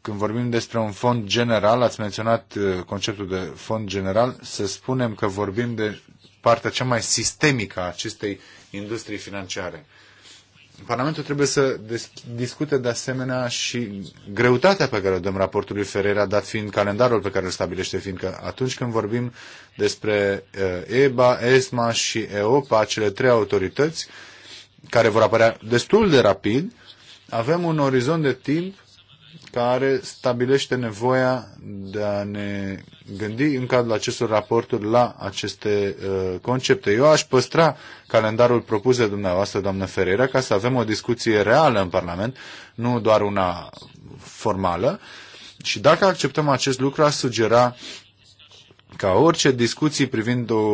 când vorbim despre un fond general, ați menționat uh, conceptul de fond general, să spunem că vorbim de partea cea mai sistemică a acestei industrii financiare. Parlamentul trebuie să discute de asemenea și greutatea pe care o dăm raportului Ferreira, dat fiind calendarul pe care îl stabilește, fiindcă atunci când vorbim despre uh, EBA, ESMA și EOPA, cele trei autorități, care vor apărea destul de rapid, avem un orizont de timp care stabilește nevoia de a ne gândi în cadrul acestor raporturi la aceste uh, concepte. Eu aș păstra calendarul propus de dumneavoastră, doamnă Ferreira, ca să avem o discuție reală în Parlament, nu doar una formală. Și dacă acceptăm acest lucru, aș sugera ca orice discuții privind o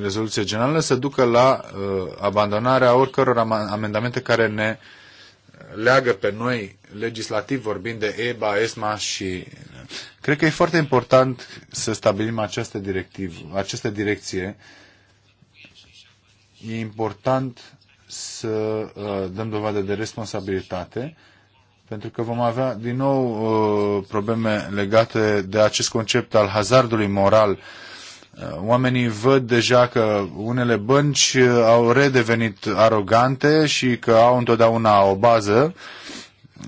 rezoluție generală să ducă la uh, abandonarea oricăror amendamente care ne uh, leagă pe noi, legislativ vorbind, de EBA, ESMA și... Cred că e foarte important să stabilim această, directiv, această direcție. E important să uh, dăm dovadă de responsabilitate, pentru că vom avea din nou uh, probleme legate de acest concept al hazardului moral uh, Uh, oamenii văd deja că unele bănci uh, au redevenit arogante și că au întotdeauna o bază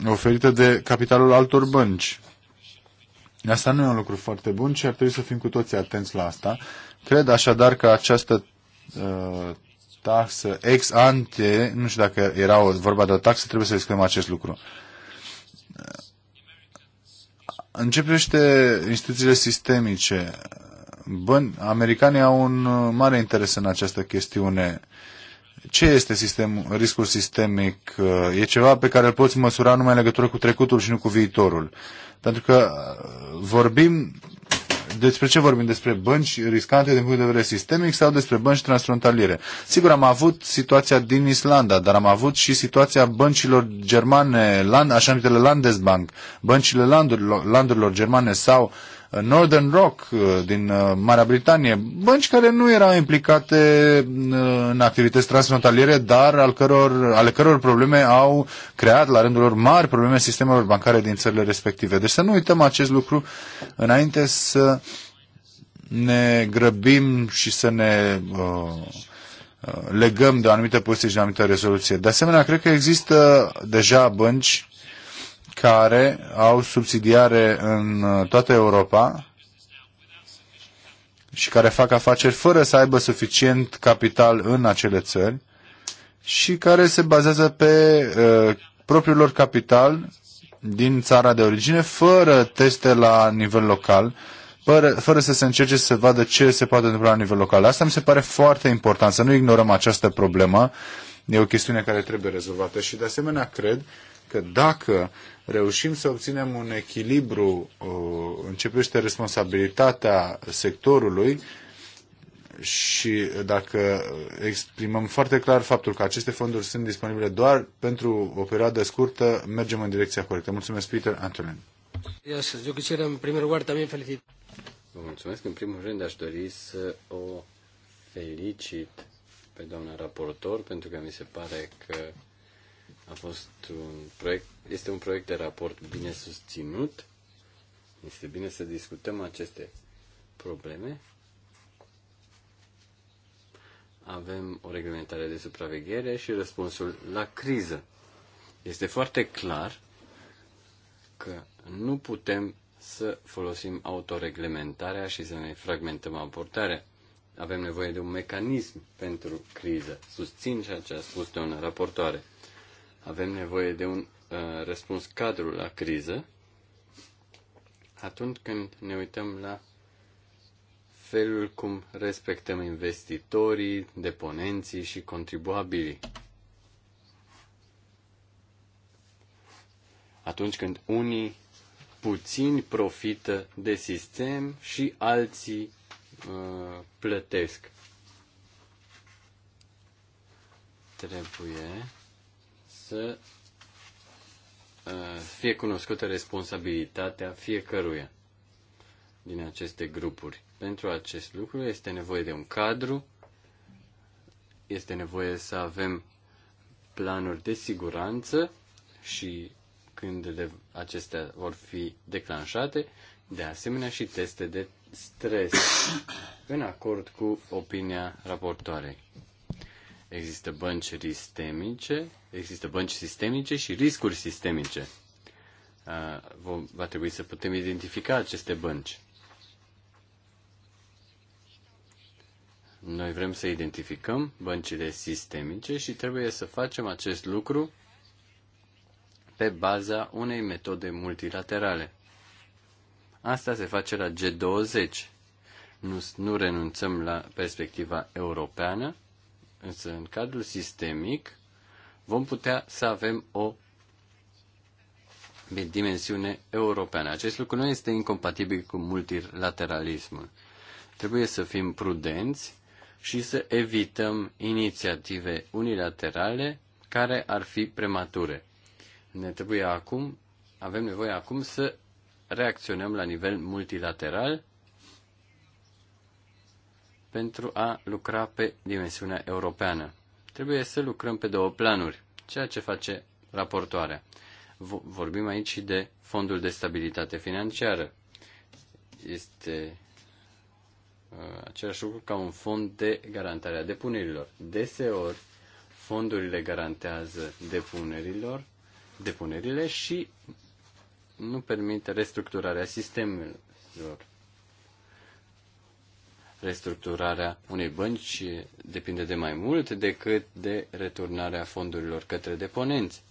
oferită de capitalul altor bănci. Asta nu e un lucru foarte bun și ar trebui să fim cu toții atenți la asta. Cred așadar că această uh, taxă ex ante, nu știu dacă era o, vorba de o taxă, trebuie să exclăm acest lucru. Uh, Începește instituțiile sistemice, Bun, americanii au un uh, mare interes în această chestiune. Ce este sistem, riscul sistemic? Uh, e ceva pe care îl poți măsura numai în legătură cu trecutul și nu cu viitorul. Pentru că uh, vorbim despre ce vorbim? Despre bănci riscante din punct de vedere sistemic sau despre bănci transfrontaliere? Sigur, am avut situația din Islanda, dar am avut și situația băncilor germane, land, așa numitele Landesbank, băncile landurilor, landurilor germane sau Northern Rock uh, din uh, Marea Britanie, bănci care nu erau implicate uh, în activități transfrontaliere, dar al căror, ale căror probleme au creat la rândul lor mari probleme sistemelor bancare din țările respective. Deci să nu uităm acest lucru înainte să ne grăbim și să ne legăm de o anumită poziție și de o anumită rezoluție. De asemenea, cred că există deja bănci care au subsidiare în uh, toată Europa și care fac afaceri fără să aibă suficient capital în acele țări și care se bazează pe uh, propriul lor capital din țara de origine, fără teste la nivel local, fără, fără să se încerce să vadă ce se poate întâmpla la nivel local. Asta mi se pare foarte important, să nu ignorăm această problemă. E o chestiune care trebuie rezolvată și, de asemenea, cred că dacă reușim să obținem un echilibru, uh, privește responsabilitatea sectorului și dacă exprimăm foarte clar faptul că aceste fonduri sunt disponibile doar pentru o perioadă scurtă, mergem în direcția corectă. Mulțumesc, Peter Antonin. Eu quisiera, în primul rând, también felicit. Vă mulțumesc. În primul rând, aș dori să o felicit pe doamna raportor, pentru că mi se pare că a fost un proiect, este un proiect de raport bine susținut. Este bine să discutăm aceste probleme. Avem o reglementare de supraveghere și răspunsul la criză. Este foarte clar că nu putem să folosim autoreglementarea și să ne fragmentăm abordarea. Avem nevoie de un mecanism pentru criză. Susțin ceea ce a spus una raportoare avem nevoie de un uh, răspuns cadru la criză, atunci când ne uităm la felul cum respectăm investitorii, deponenții și contribuabilii. Atunci când unii puțini profită de sistem și alții uh, plătesc. Trebuie să uh, fie cunoscută responsabilitatea fiecăruia din aceste grupuri. Pentru acest lucru este nevoie de un cadru, este nevoie să avem planuri de siguranță și când le, acestea vor fi declanșate, de asemenea și teste de stres, în acord cu opinia raportoarei. Există bănci sistemice, există bănci sistemice și riscuri sistemice. Va trebui să putem identifica aceste bănci. Noi vrem să identificăm băncile sistemice și trebuie să facem acest lucru pe baza unei metode multilaterale. Asta se face la G20. Nu, nu renunțăm la perspectiva europeană, Însă, în cadrul sistemic, vom putea să avem o dimensiune europeană. Acest lucru nu este incompatibil cu multilateralismul. Trebuie să fim prudenți și să evităm inițiative unilaterale care ar fi premature. Ne trebuie acum, avem nevoie acum să reacționăm la nivel multilateral pentru a lucra pe dimensiunea europeană. Trebuie să lucrăm pe două planuri, ceea ce face raportoarea. Vorbim aici și de fondul de stabilitate financiară. Este uh, același lucru ca un fond de garantare a depunerilor. Deseori, fondurile garantează depunerilor, depunerile și nu permit restructurarea sistemelor restructurarea unei bănci depinde de mai mult decât de returnarea fondurilor către deponenți.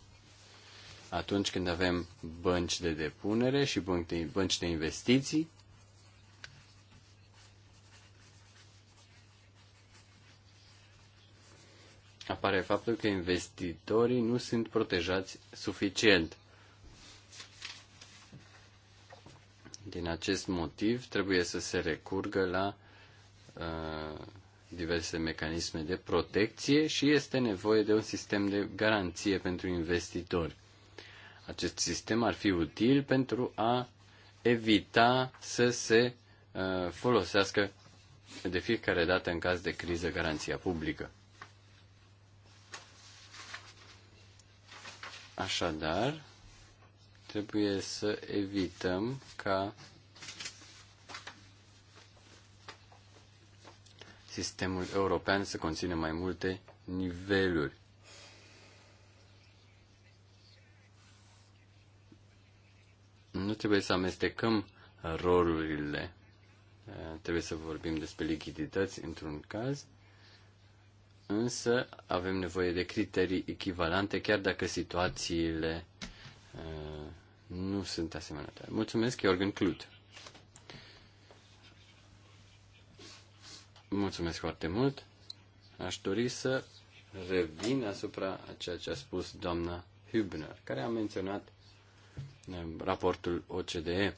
Atunci când avem bănci de depunere și bănci de investiții, apare faptul că investitorii nu sunt protejați suficient. Din acest motiv trebuie să se recurgă la diverse mecanisme de protecție și este nevoie de un sistem de garanție pentru investitori. Acest sistem ar fi util pentru a evita să se folosească de fiecare dată în caz de criză garanția publică. Așadar, trebuie să evităm ca sistemul european să conțină mai multe niveluri. Nu trebuie să amestecăm rolurile. Trebuie să vorbim despre lichidități într-un caz, însă avem nevoie de criterii echivalente, chiar dacă situațiile uh, nu sunt asemănătoare. Mulțumesc, Jorgen Clut. Mulțumesc foarte mult. Aș dori să revin asupra a ceea ce a spus doamna Hübner, care a menționat eh, raportul OCDE.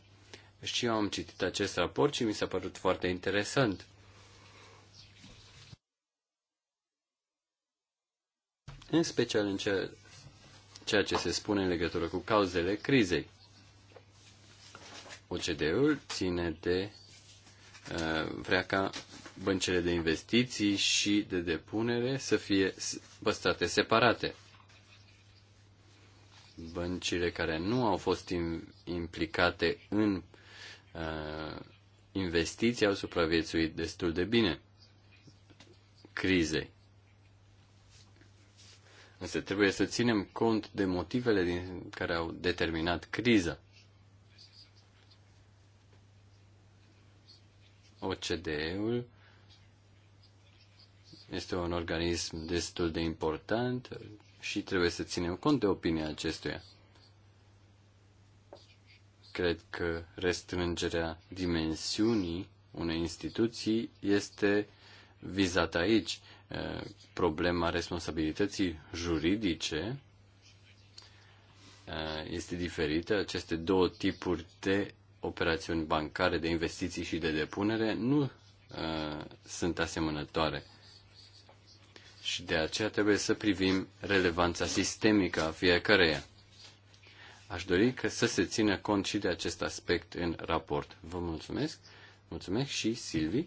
Și eu am citit acest raport și mi s-a părut foarte interesant. În special în ceea, ce se spune în legătură cu cauzele crizei. OCDE-ul ține de eh, vrea ca băncile de investiții și de depunere să fie păstrate separate. Băncile care nu au fost implicate în uh, investiții au supraviețuit destul de bine crizei. Însă trebuie să ținem cont de motivele din care au determinat criza. OCDE-ul este un organism destul de important și trebuie să ținem cont de opinia acestuia. Cred că restrângerea dimensiunii unei instituții este vizată aici. Eh, problema responsabilității juridice eh, este diferită. Aceste două tipuri de operațiuni bancare, de investiții și de depunere, nu uh, sunt asemănătoare și de aceea trebuie să privim relevanța sistemică a fiecăreia. Aș dori că să se țină cont și de acest aspect în raport. Vă mulțumesc. Mulțumesc și Silvi.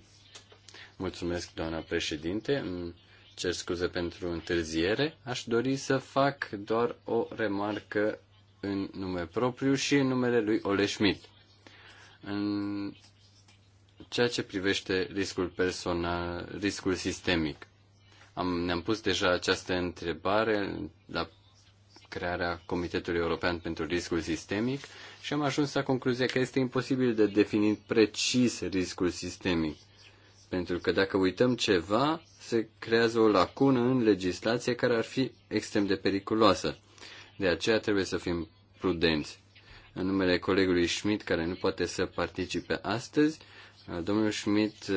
Mulțumesc, doamna președinte. Îmi cer scuze pentru întârziere. Aș dori să fac doar o remarcă în nume propriu și în numele lui Ole Schmidt. În ceea ce privește riscul personal, riscul sistemic. Am, ne-am pus deja această întrebare la crearea Comitetului European pentru Riscul Sistemic și am ajuns la concluzia că este imposibil de definit precis riscul sistemic. Pentru că dacă uităm ceva, se creează o lacună în legislație care ar fi extrem de periculoasă. De aceea trebuie să fim prudenți. În numele colegului Schmidt, care nu poate să participe astăzi, domnul Schmidt uh,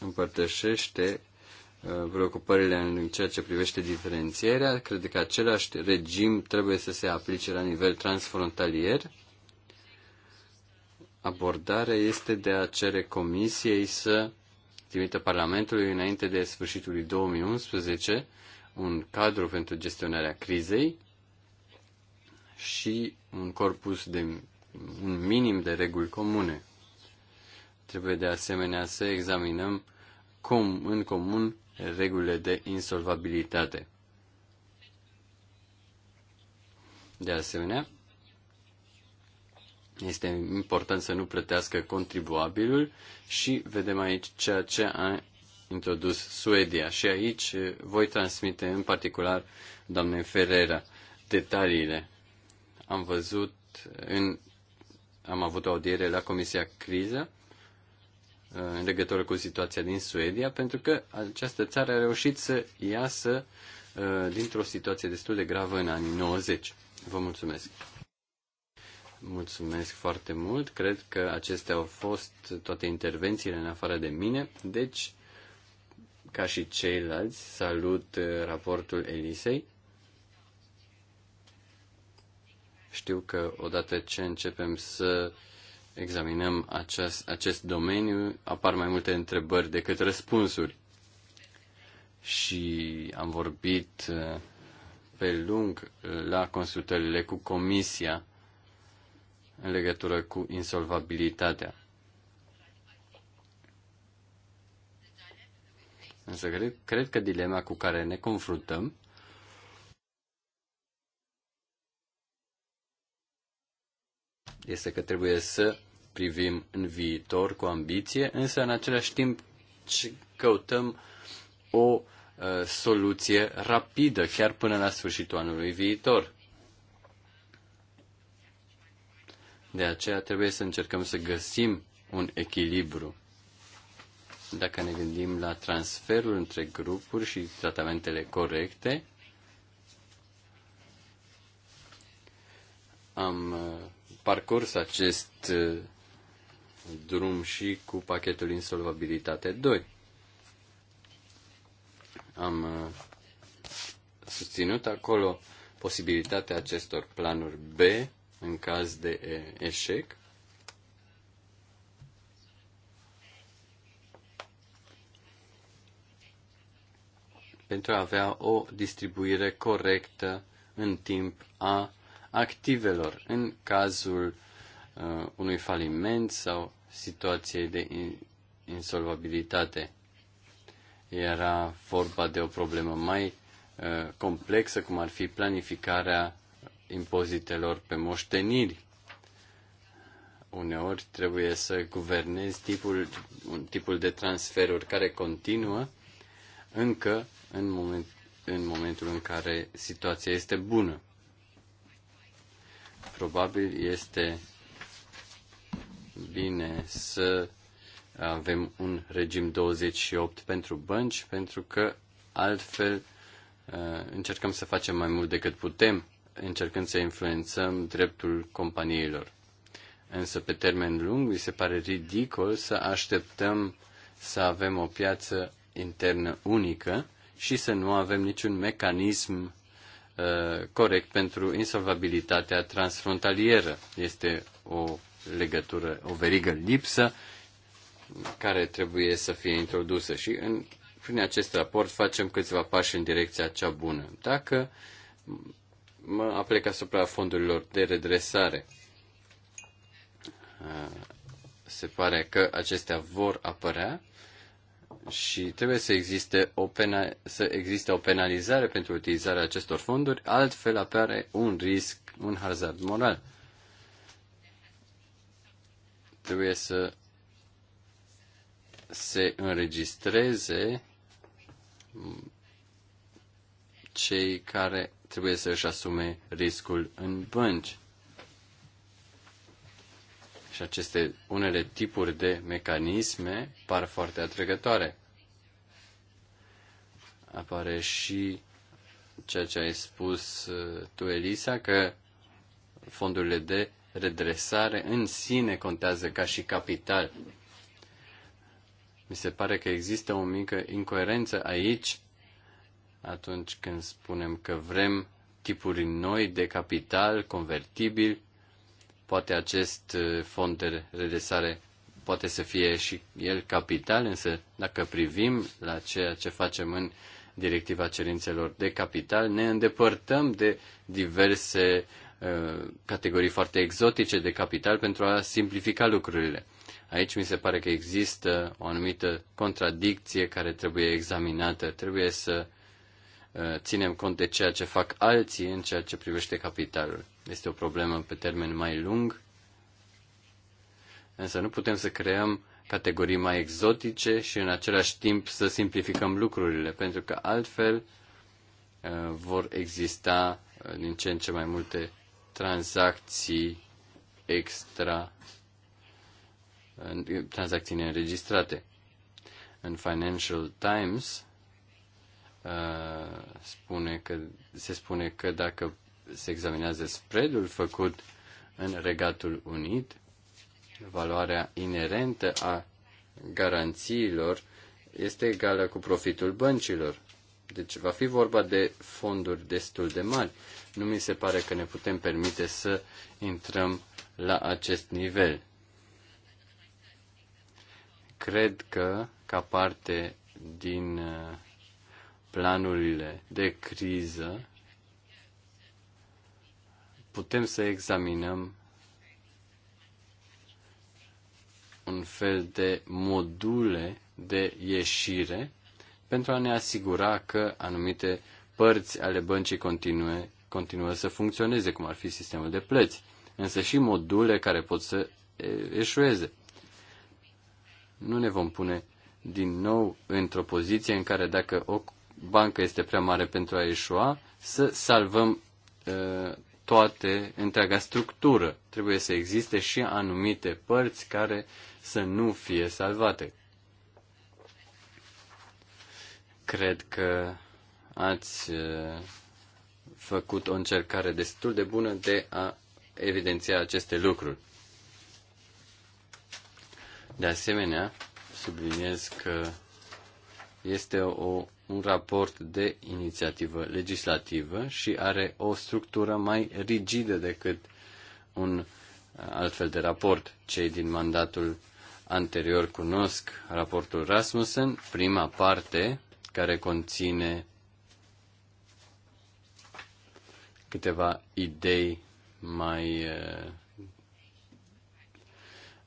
împărtășește Uh, preocupările în ceea ce privește diferențierea. Cred că același regim trebuie să se aplice la nivel transfrontalier. Abordarea este de a cere Comisiei să trimită Parlamentului înainte de sfârșitul 2011 un cadru pentru gestionarea crizei și un corpus de un minim de reguli comune. Trebuie de asemenea să examinăm cum în comun regulile de insolvabilitate. De asemenea, este important să nu plătească contribuabilul și vedem aici ceea ce a introdus Suedia. Și aici voi transmite în particular doamnei Ferreira detaliile. Am văzut în am avut o audiere la Comisia Criză Uh, în legătură cu situația din Suedia, pentru că această țară a reușit să iasă uh, dintr-o situație destul de gravă în anii 90. Vă mulțumesc! Mulțumesc foarte mult. Cred că acestea au fost toate intervențiile în afară de mine. Deci, ca și ceilalți, salut uh, raportul Elisei. Știu că odată ce începem să examinăm acest, acest domeniu, apar mai multe întrebări decât răspunsuri. Și am vorbit uh, pe lung uh, la consultările cu Comisia în legătură cu insolvabilitatea. Însă cred, cred că dilema cu care ne confruntăm este că trebuie să privim în viitor cu ambiție, însă în același timp căutăm o uh, soluție rapidă, chiar până la sfârșitul anului viitor. De aceea trebuie să încercăm să găsim un echilibru. Dacă ne gândim la transferul între grupuri și tratamentele corecte, am uh, parcurs acest uh, drum și cu pachetul Insolvabilitate 2. Am uh, susținut acolo posibilitatea acestor planuri B în caz de uh, eșec. pentru a avea o distribuire corectă în timp a activelor în cazul uh, unui faliment sau situației de insolvabilitate. Era vorba de o problemă mai uh, complexă, cum ar fi planificarea impozitelor pe moșteniri. Uneori trebuie să guvernezi tipul, un tipul de transferuri care continuă încă în, moment, în momentul în care situația este bună. Probabil este bine să avem un regim 28 pentru bănci, pentru că altfel uh, încercăm să facem mai mult decât putem, încercând să influențăm dreptul companiilor. Însă, pe termen lung, mi se pare ridicol să așteptăm să avem o piață internă unică și să nu avem niciun mecanism Uh, corect pentru insolvabilitatea transfrontalieră. Este o legătură, o verigă lipsă care trebuie să fie introdusă și în, prin acest raport facem câțiva pași în direcția cea bună. Dacă mă aplec asupra fondurilor de redresare, uh, se pare că acestea vor apărea și trebuie să existe, o pena, să existe o penalizare pentru utilizarea acestor fonduri, altfel apare un risc, un hazard moral. Trebuie să se înregistreze cei care trebuie să își asume riscul în bănci. Și aceste unele tipuri de mecanisme par foarte atrăgătoare. Apare și ceea ce ai spus uh, tu, Elisa, că fondurile de redresare în sine contează ca și capital. Mi se pare că există o mică incoerență aici atunci când spunem că vrem tipuri noi de capital convertibil Poate acest uh, fond de redresare poate să fie și el capital, însă dacă privim la ceea ce facem în directiva cerințelor de capital, ne îndepărtăm de diverse uh, categorii foarte exotice de capital pentru a simplifica lucrurile. Aici mi se pare că există o anumită contradicție care trebuie examinată. Trebuie să uh, ținem cont de ceea ce fac alții în ceea ce privește capitalul. Este o problemă pe termen mai lung, însă nu putem să creăm categorii mai exotice și în același timp să simplificăm lucrurile, pentru că altfel uh, vor exista uh, din ce în ce mai multe tranzacții extra uh, tranzacții neînregistrate. În Financial Times uh, spune că, se spune că dacă se examinează spreadul făcut în Regatul Unit, valoarea inerentă a garanțiilor este egală cu profitul băncilor. Deci va fi vorba de fonduri destul de mari. Nu mi se pare că ne putem permite să intrăm la acest nivel. Cred că, ca parte din uh, planurile de criză, putem să examinăm un fel de module de ieșire pentru a ne asigura că anumite părți ale băncii continue, continuă să funcționeze, cum ar fi sistemul de plăți, însă și module care pot să eșueze. Nu ne vom pune din nou într-o poziție în care dacă o bancă este prea mare pentru a eșua, să salvăm uh, toate, întreaga structură. Trebuie să existe și anumite părți care să nu fie salvate. Cred că ați uh, făcut o încercare destul de bună de a evidenția aceste lucruri. De asemenea, subliniez că este o un raport de inițiativă legislativă și are o structură mai rigidă decât un uh, altfel de raport. Cei din mandatul anterior cunosc raportul Rasmussen, prima parte care conține câteva idei mai uh,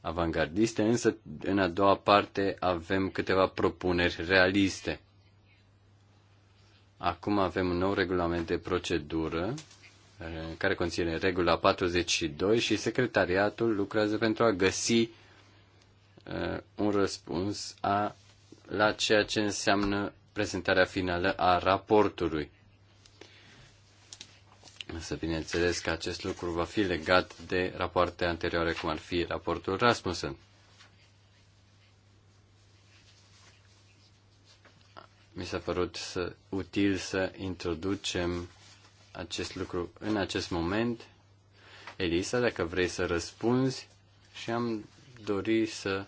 avangardiste, însă în a doua parte avem câteva propuneri realiste. Acum avem un nou regulament de procedură eh, care conține regula 42 și secretariatul lucrează pentru a găsi eh, un răspuns a, la ceea ce înseamnă prezentarea finală a raportului. Însă, bineînțeles că acest lucru va fi legat de rapoarte anterioare, cum ar fi raportul Rasmussen. mi s-a părut să, util să introducem acest lucru în acest moment. Elisa, dacă vrei să răspunzi, și am dori să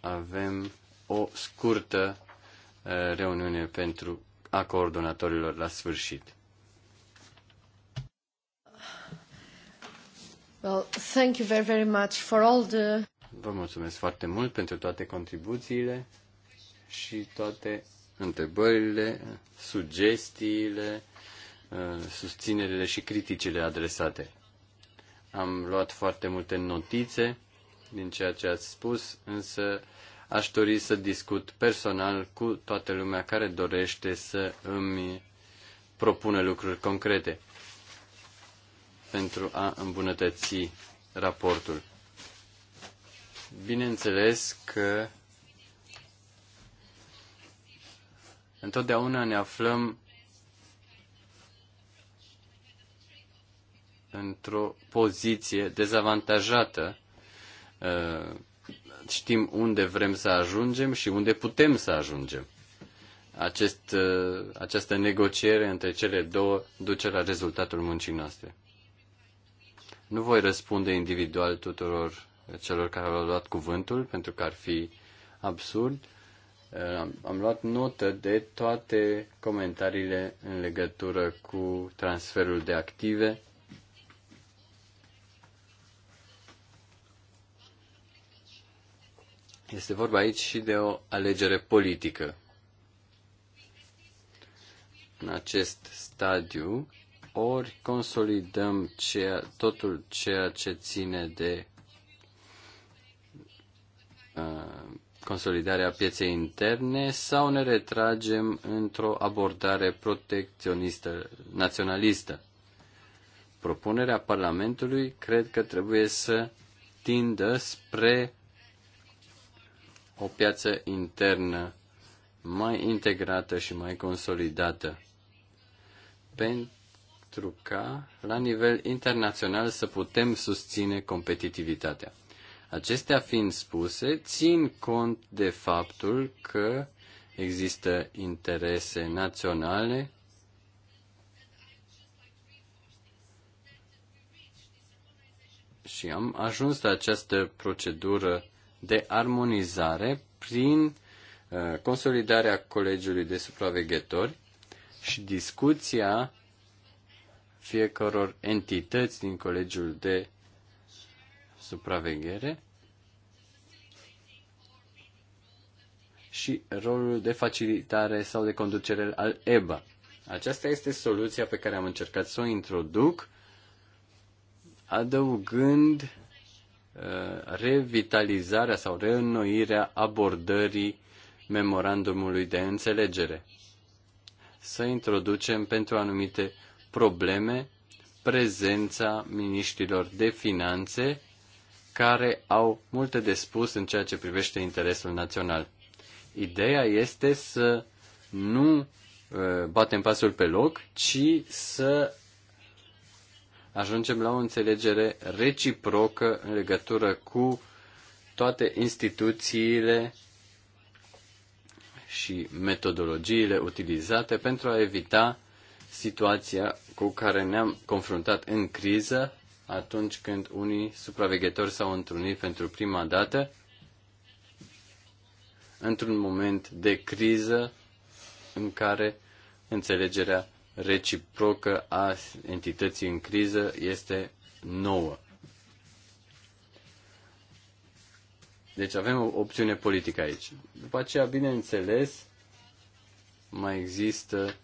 avem o scurtă uh, reuniune pentru a coordonatorilor la sfârșit. Well, thank you very, very much for all the... Vă mulțumesc foarte mult pentru toate contribuțiile și toate întrebările, sugestiile, uh, susținerile și criticile adresate. Am luat foarte multe notițe din ceea ce ați spus, însă aș dori să discut personal cu toată lumea care dorește să îmi propună lucruri concrete pentru a îmbunătăți raportul. Bineînțeles că Întotdeauna ne aflăm într-o poziție dezavantajată. Uh, știm unde vrem să ajungem și unde putem să ajungem. Acest, uh, această negociere între cele două duce la rezultatul muncii noastre. Nu voi răspunde individual tuturor celor care au luat cuvântul, pentru că ar fi absurd. Uh, am, am luat notă de toate comentariile în legătură cu transferul de active. Este vorba aici și de o alegere politică. În acest stadiu, ori consolidăm ceea, totul ceea ce ține de uh, consolidarea pieței interne sau ne retragem într-o abordare protecționistă, naționalistă. Propunerea Parlamentului cred că trebuie să tindă spre o piață internă mai integrată și mai consolidată, pentru ca, la nivel internațional, să putem susține competitivitatea. Acestea fiind spuse, țin cont de faptul că există interese naționale și am ajuns la această procedură de armonizare prin uh, consolidarea Colegiului de Supraveghetori și discuția fiecăror entități din Colegiul de supraveghere și rolul de facilitare sau de conducere al EBA. Aceasta este soluția pe care am încercat să o introduc, adăugând uh, revitalizarea sau reînnoirea abordării memorandumului de înțelegere. Să introducem pentru anumite probleme prezența miniștilor de finanțe care au multe de spus în ceea ce privește interesul național. Ideea este să nu uh, batem pasul pe loc, ci să ajungem la o înțelegere reciprocă în legătură cu toate instituțiile și metodologiile utilizate pentru a evita situația cu care ne-am confruntat în criză atunci când unii supraveghetori s-au întrunit pentru prima dată într-un moment de criză în care înțelegerea reciprocă a entității în criză este nouă. Deci avem o opțiune politică aici. După aceea, bineînțeles, mai există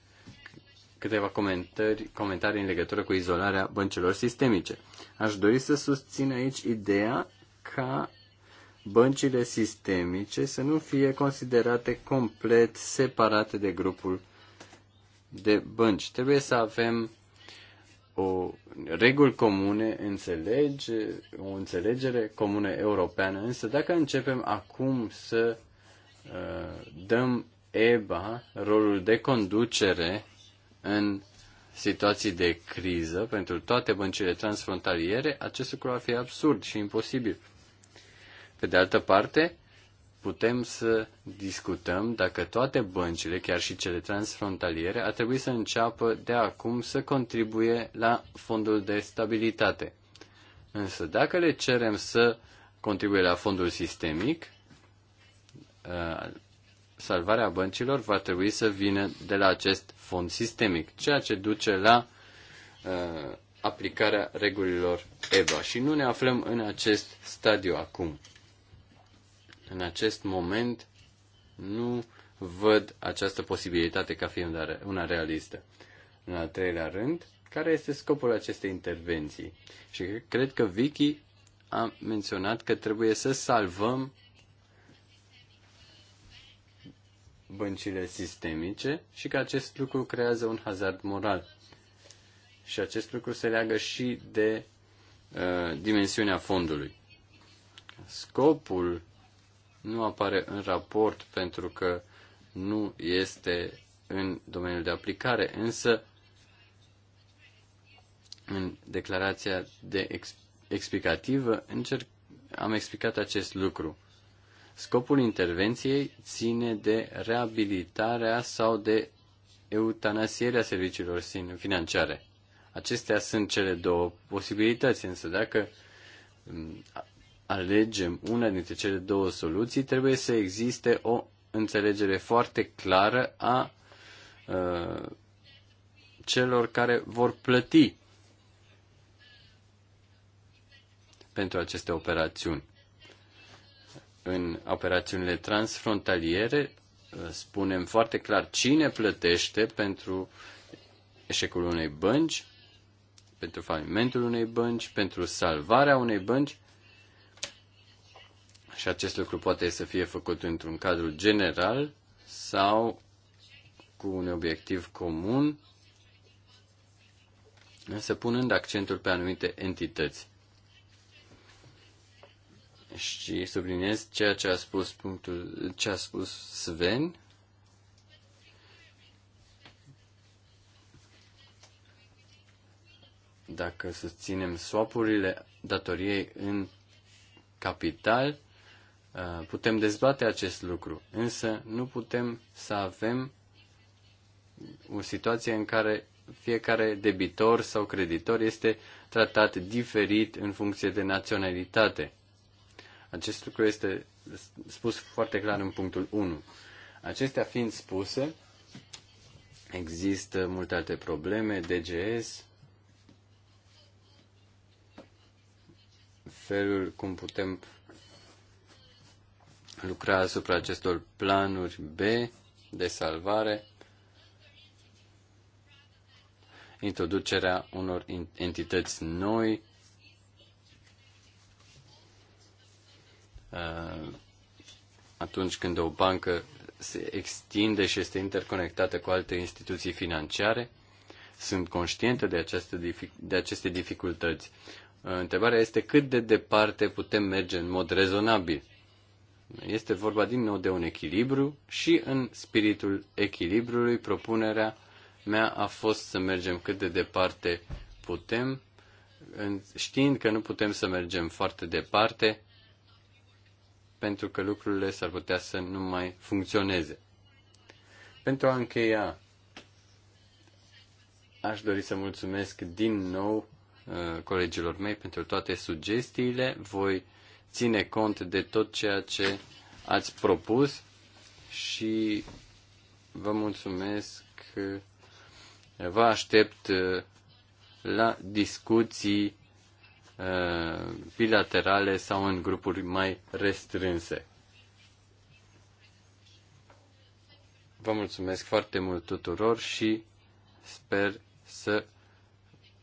câteva comentarii, comentarii în legătură cu izolarea băncilor sistemice. Aș dori să susțin aici ideea ca băncile sistemice să nu fie considerate complet separate de grupul de bănci. Trebuie să avem o reguli comune, înțelege, o înțelegere comună europeană, însă dacă începem acum să uh, dăm EBA rolul de conducere în situații de criză pentru toate băncile transfrontaliere, acest lucru ar fi absurd și imposibil. Pe de altă parte, putem să discutăm dacă toate băncile, chiar și cele transfrontaliere, ar trebui să înceapă de acum să contribuie la fondul de stabilitate. Însă, dacă le cerem să contribuie la fondul sistemic, uh, salvarea băncilor va trebui să vină de la acest fond sistemic, ceea ce duce la uh, aplicarea regulilor EBA. Și nu ne aflăm în acest stadiu acum. În acest moment nu văd această posibilitate ca fiind una realistă. În al treilea rând, care este scopul acestei intervenții? Și cred că Vicky a menționat că trebuie să salvăm băncile sistemice și că acest lucru creează un hazard moral. Și acest lucru se leagă și de uh, dimensiunea fondului. Scopul nu apare în raport pentru că nu este în domeniul de aplicare, însă în declarația de ex- explicativă încerc, am explicat acest lucru. Scopul intervenției ține de reabilitarea sau de eutanasierea serviciilor financiare. Acestea sunt cele două posibilități, însă dacă mm, alegem una dintre cele două soluții, trebuie să existe o înțelegere foarte clară a uh, celor care vor plăti pentru aceste operațiuni în operațiunile transfrontaliere uh, spunem foarte clar cine plătește pentru eșecul unei bănci, pentru falimentul unei bănci, pentru salvarea unei bănci și acest lucru poate să fie făcut într-un cadru general sau cu un obiectiv comun, însă punând accentul pe anumite entități și subliniez ceea ce a spus punctul, ce a spus Sven. Dacă susținem swapurile datoriei în capital, uh, putem dezbate acest lucru, însă nu putem să avem o situație în care fiecare debitor sau creditor este tratat diferit în funcție de naționalitate. Acest lucru este spus foarte clar în punctul 1. Acestea fiind spuse, există multe alte probleme, DGS, felul cum putem lucra asupra acestor planuri B de salvare, introducerea unor entități noi Uh, atunci când o bancă se extinde și este interconectată cu alte instituții financiare. Sunt conștiente de aceste, de aceste dificultăți. Uh, întrebarea este cât de departe putem merge în mod rezonabil. Este vorba din nou de un echilibru și în spiritul echilibrului propunerea mea a fost să mergem cât de departe putem, știind că nu putem să mergem foarte departe, pentru că lucrurile s-ar putea să nu mai funcționeze. Pentru a încheia, aș dori să mulțumesc din nou uh, colegilor mei pentru toate sugestiile. Voi ține cont de tot ceea ce ați propus și vă mulțumesc. Uh, vă aștept uh, la discuții Uh, bilaterale sau în grupuri mai restrânse. Vă mulțumesc foarte mult tuturor și sper să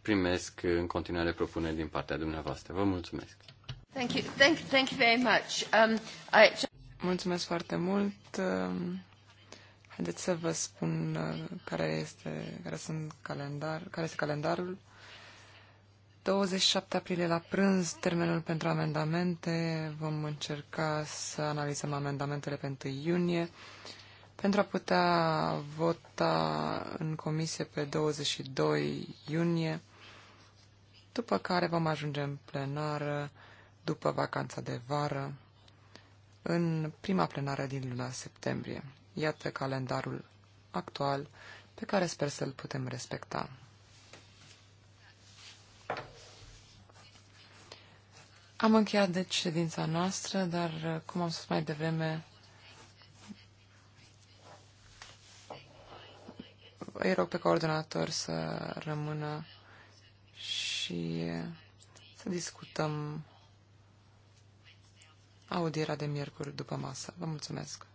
primesc în continuare propuneri din partea dumneavoastră. Vă mulțumesc. Thank you. Thank, thank you very much. Um, I... Mulțumesc foarte mult. Um, haideți să vă spun uh, care este, care sunt calendar, care este calendarul. 27 aprilie la prânz, termenul pentru amendamente. Vom încerca să analizăm amendamentele pentru iunie pentru a putea vota în comisie pe 22 iunie, după care vom ajunge în plenară după vacanța de vară, în prima plenară din luna septembrie. Iată calendarul actual pe care sper să-l putem respecta. Am încheiat, deci, ședința noastră, dar, cum am spus mai devreme, îi rog pe coordonator să rămână și să discutăm audierea de miercuri după masă. Vă mulțumesc!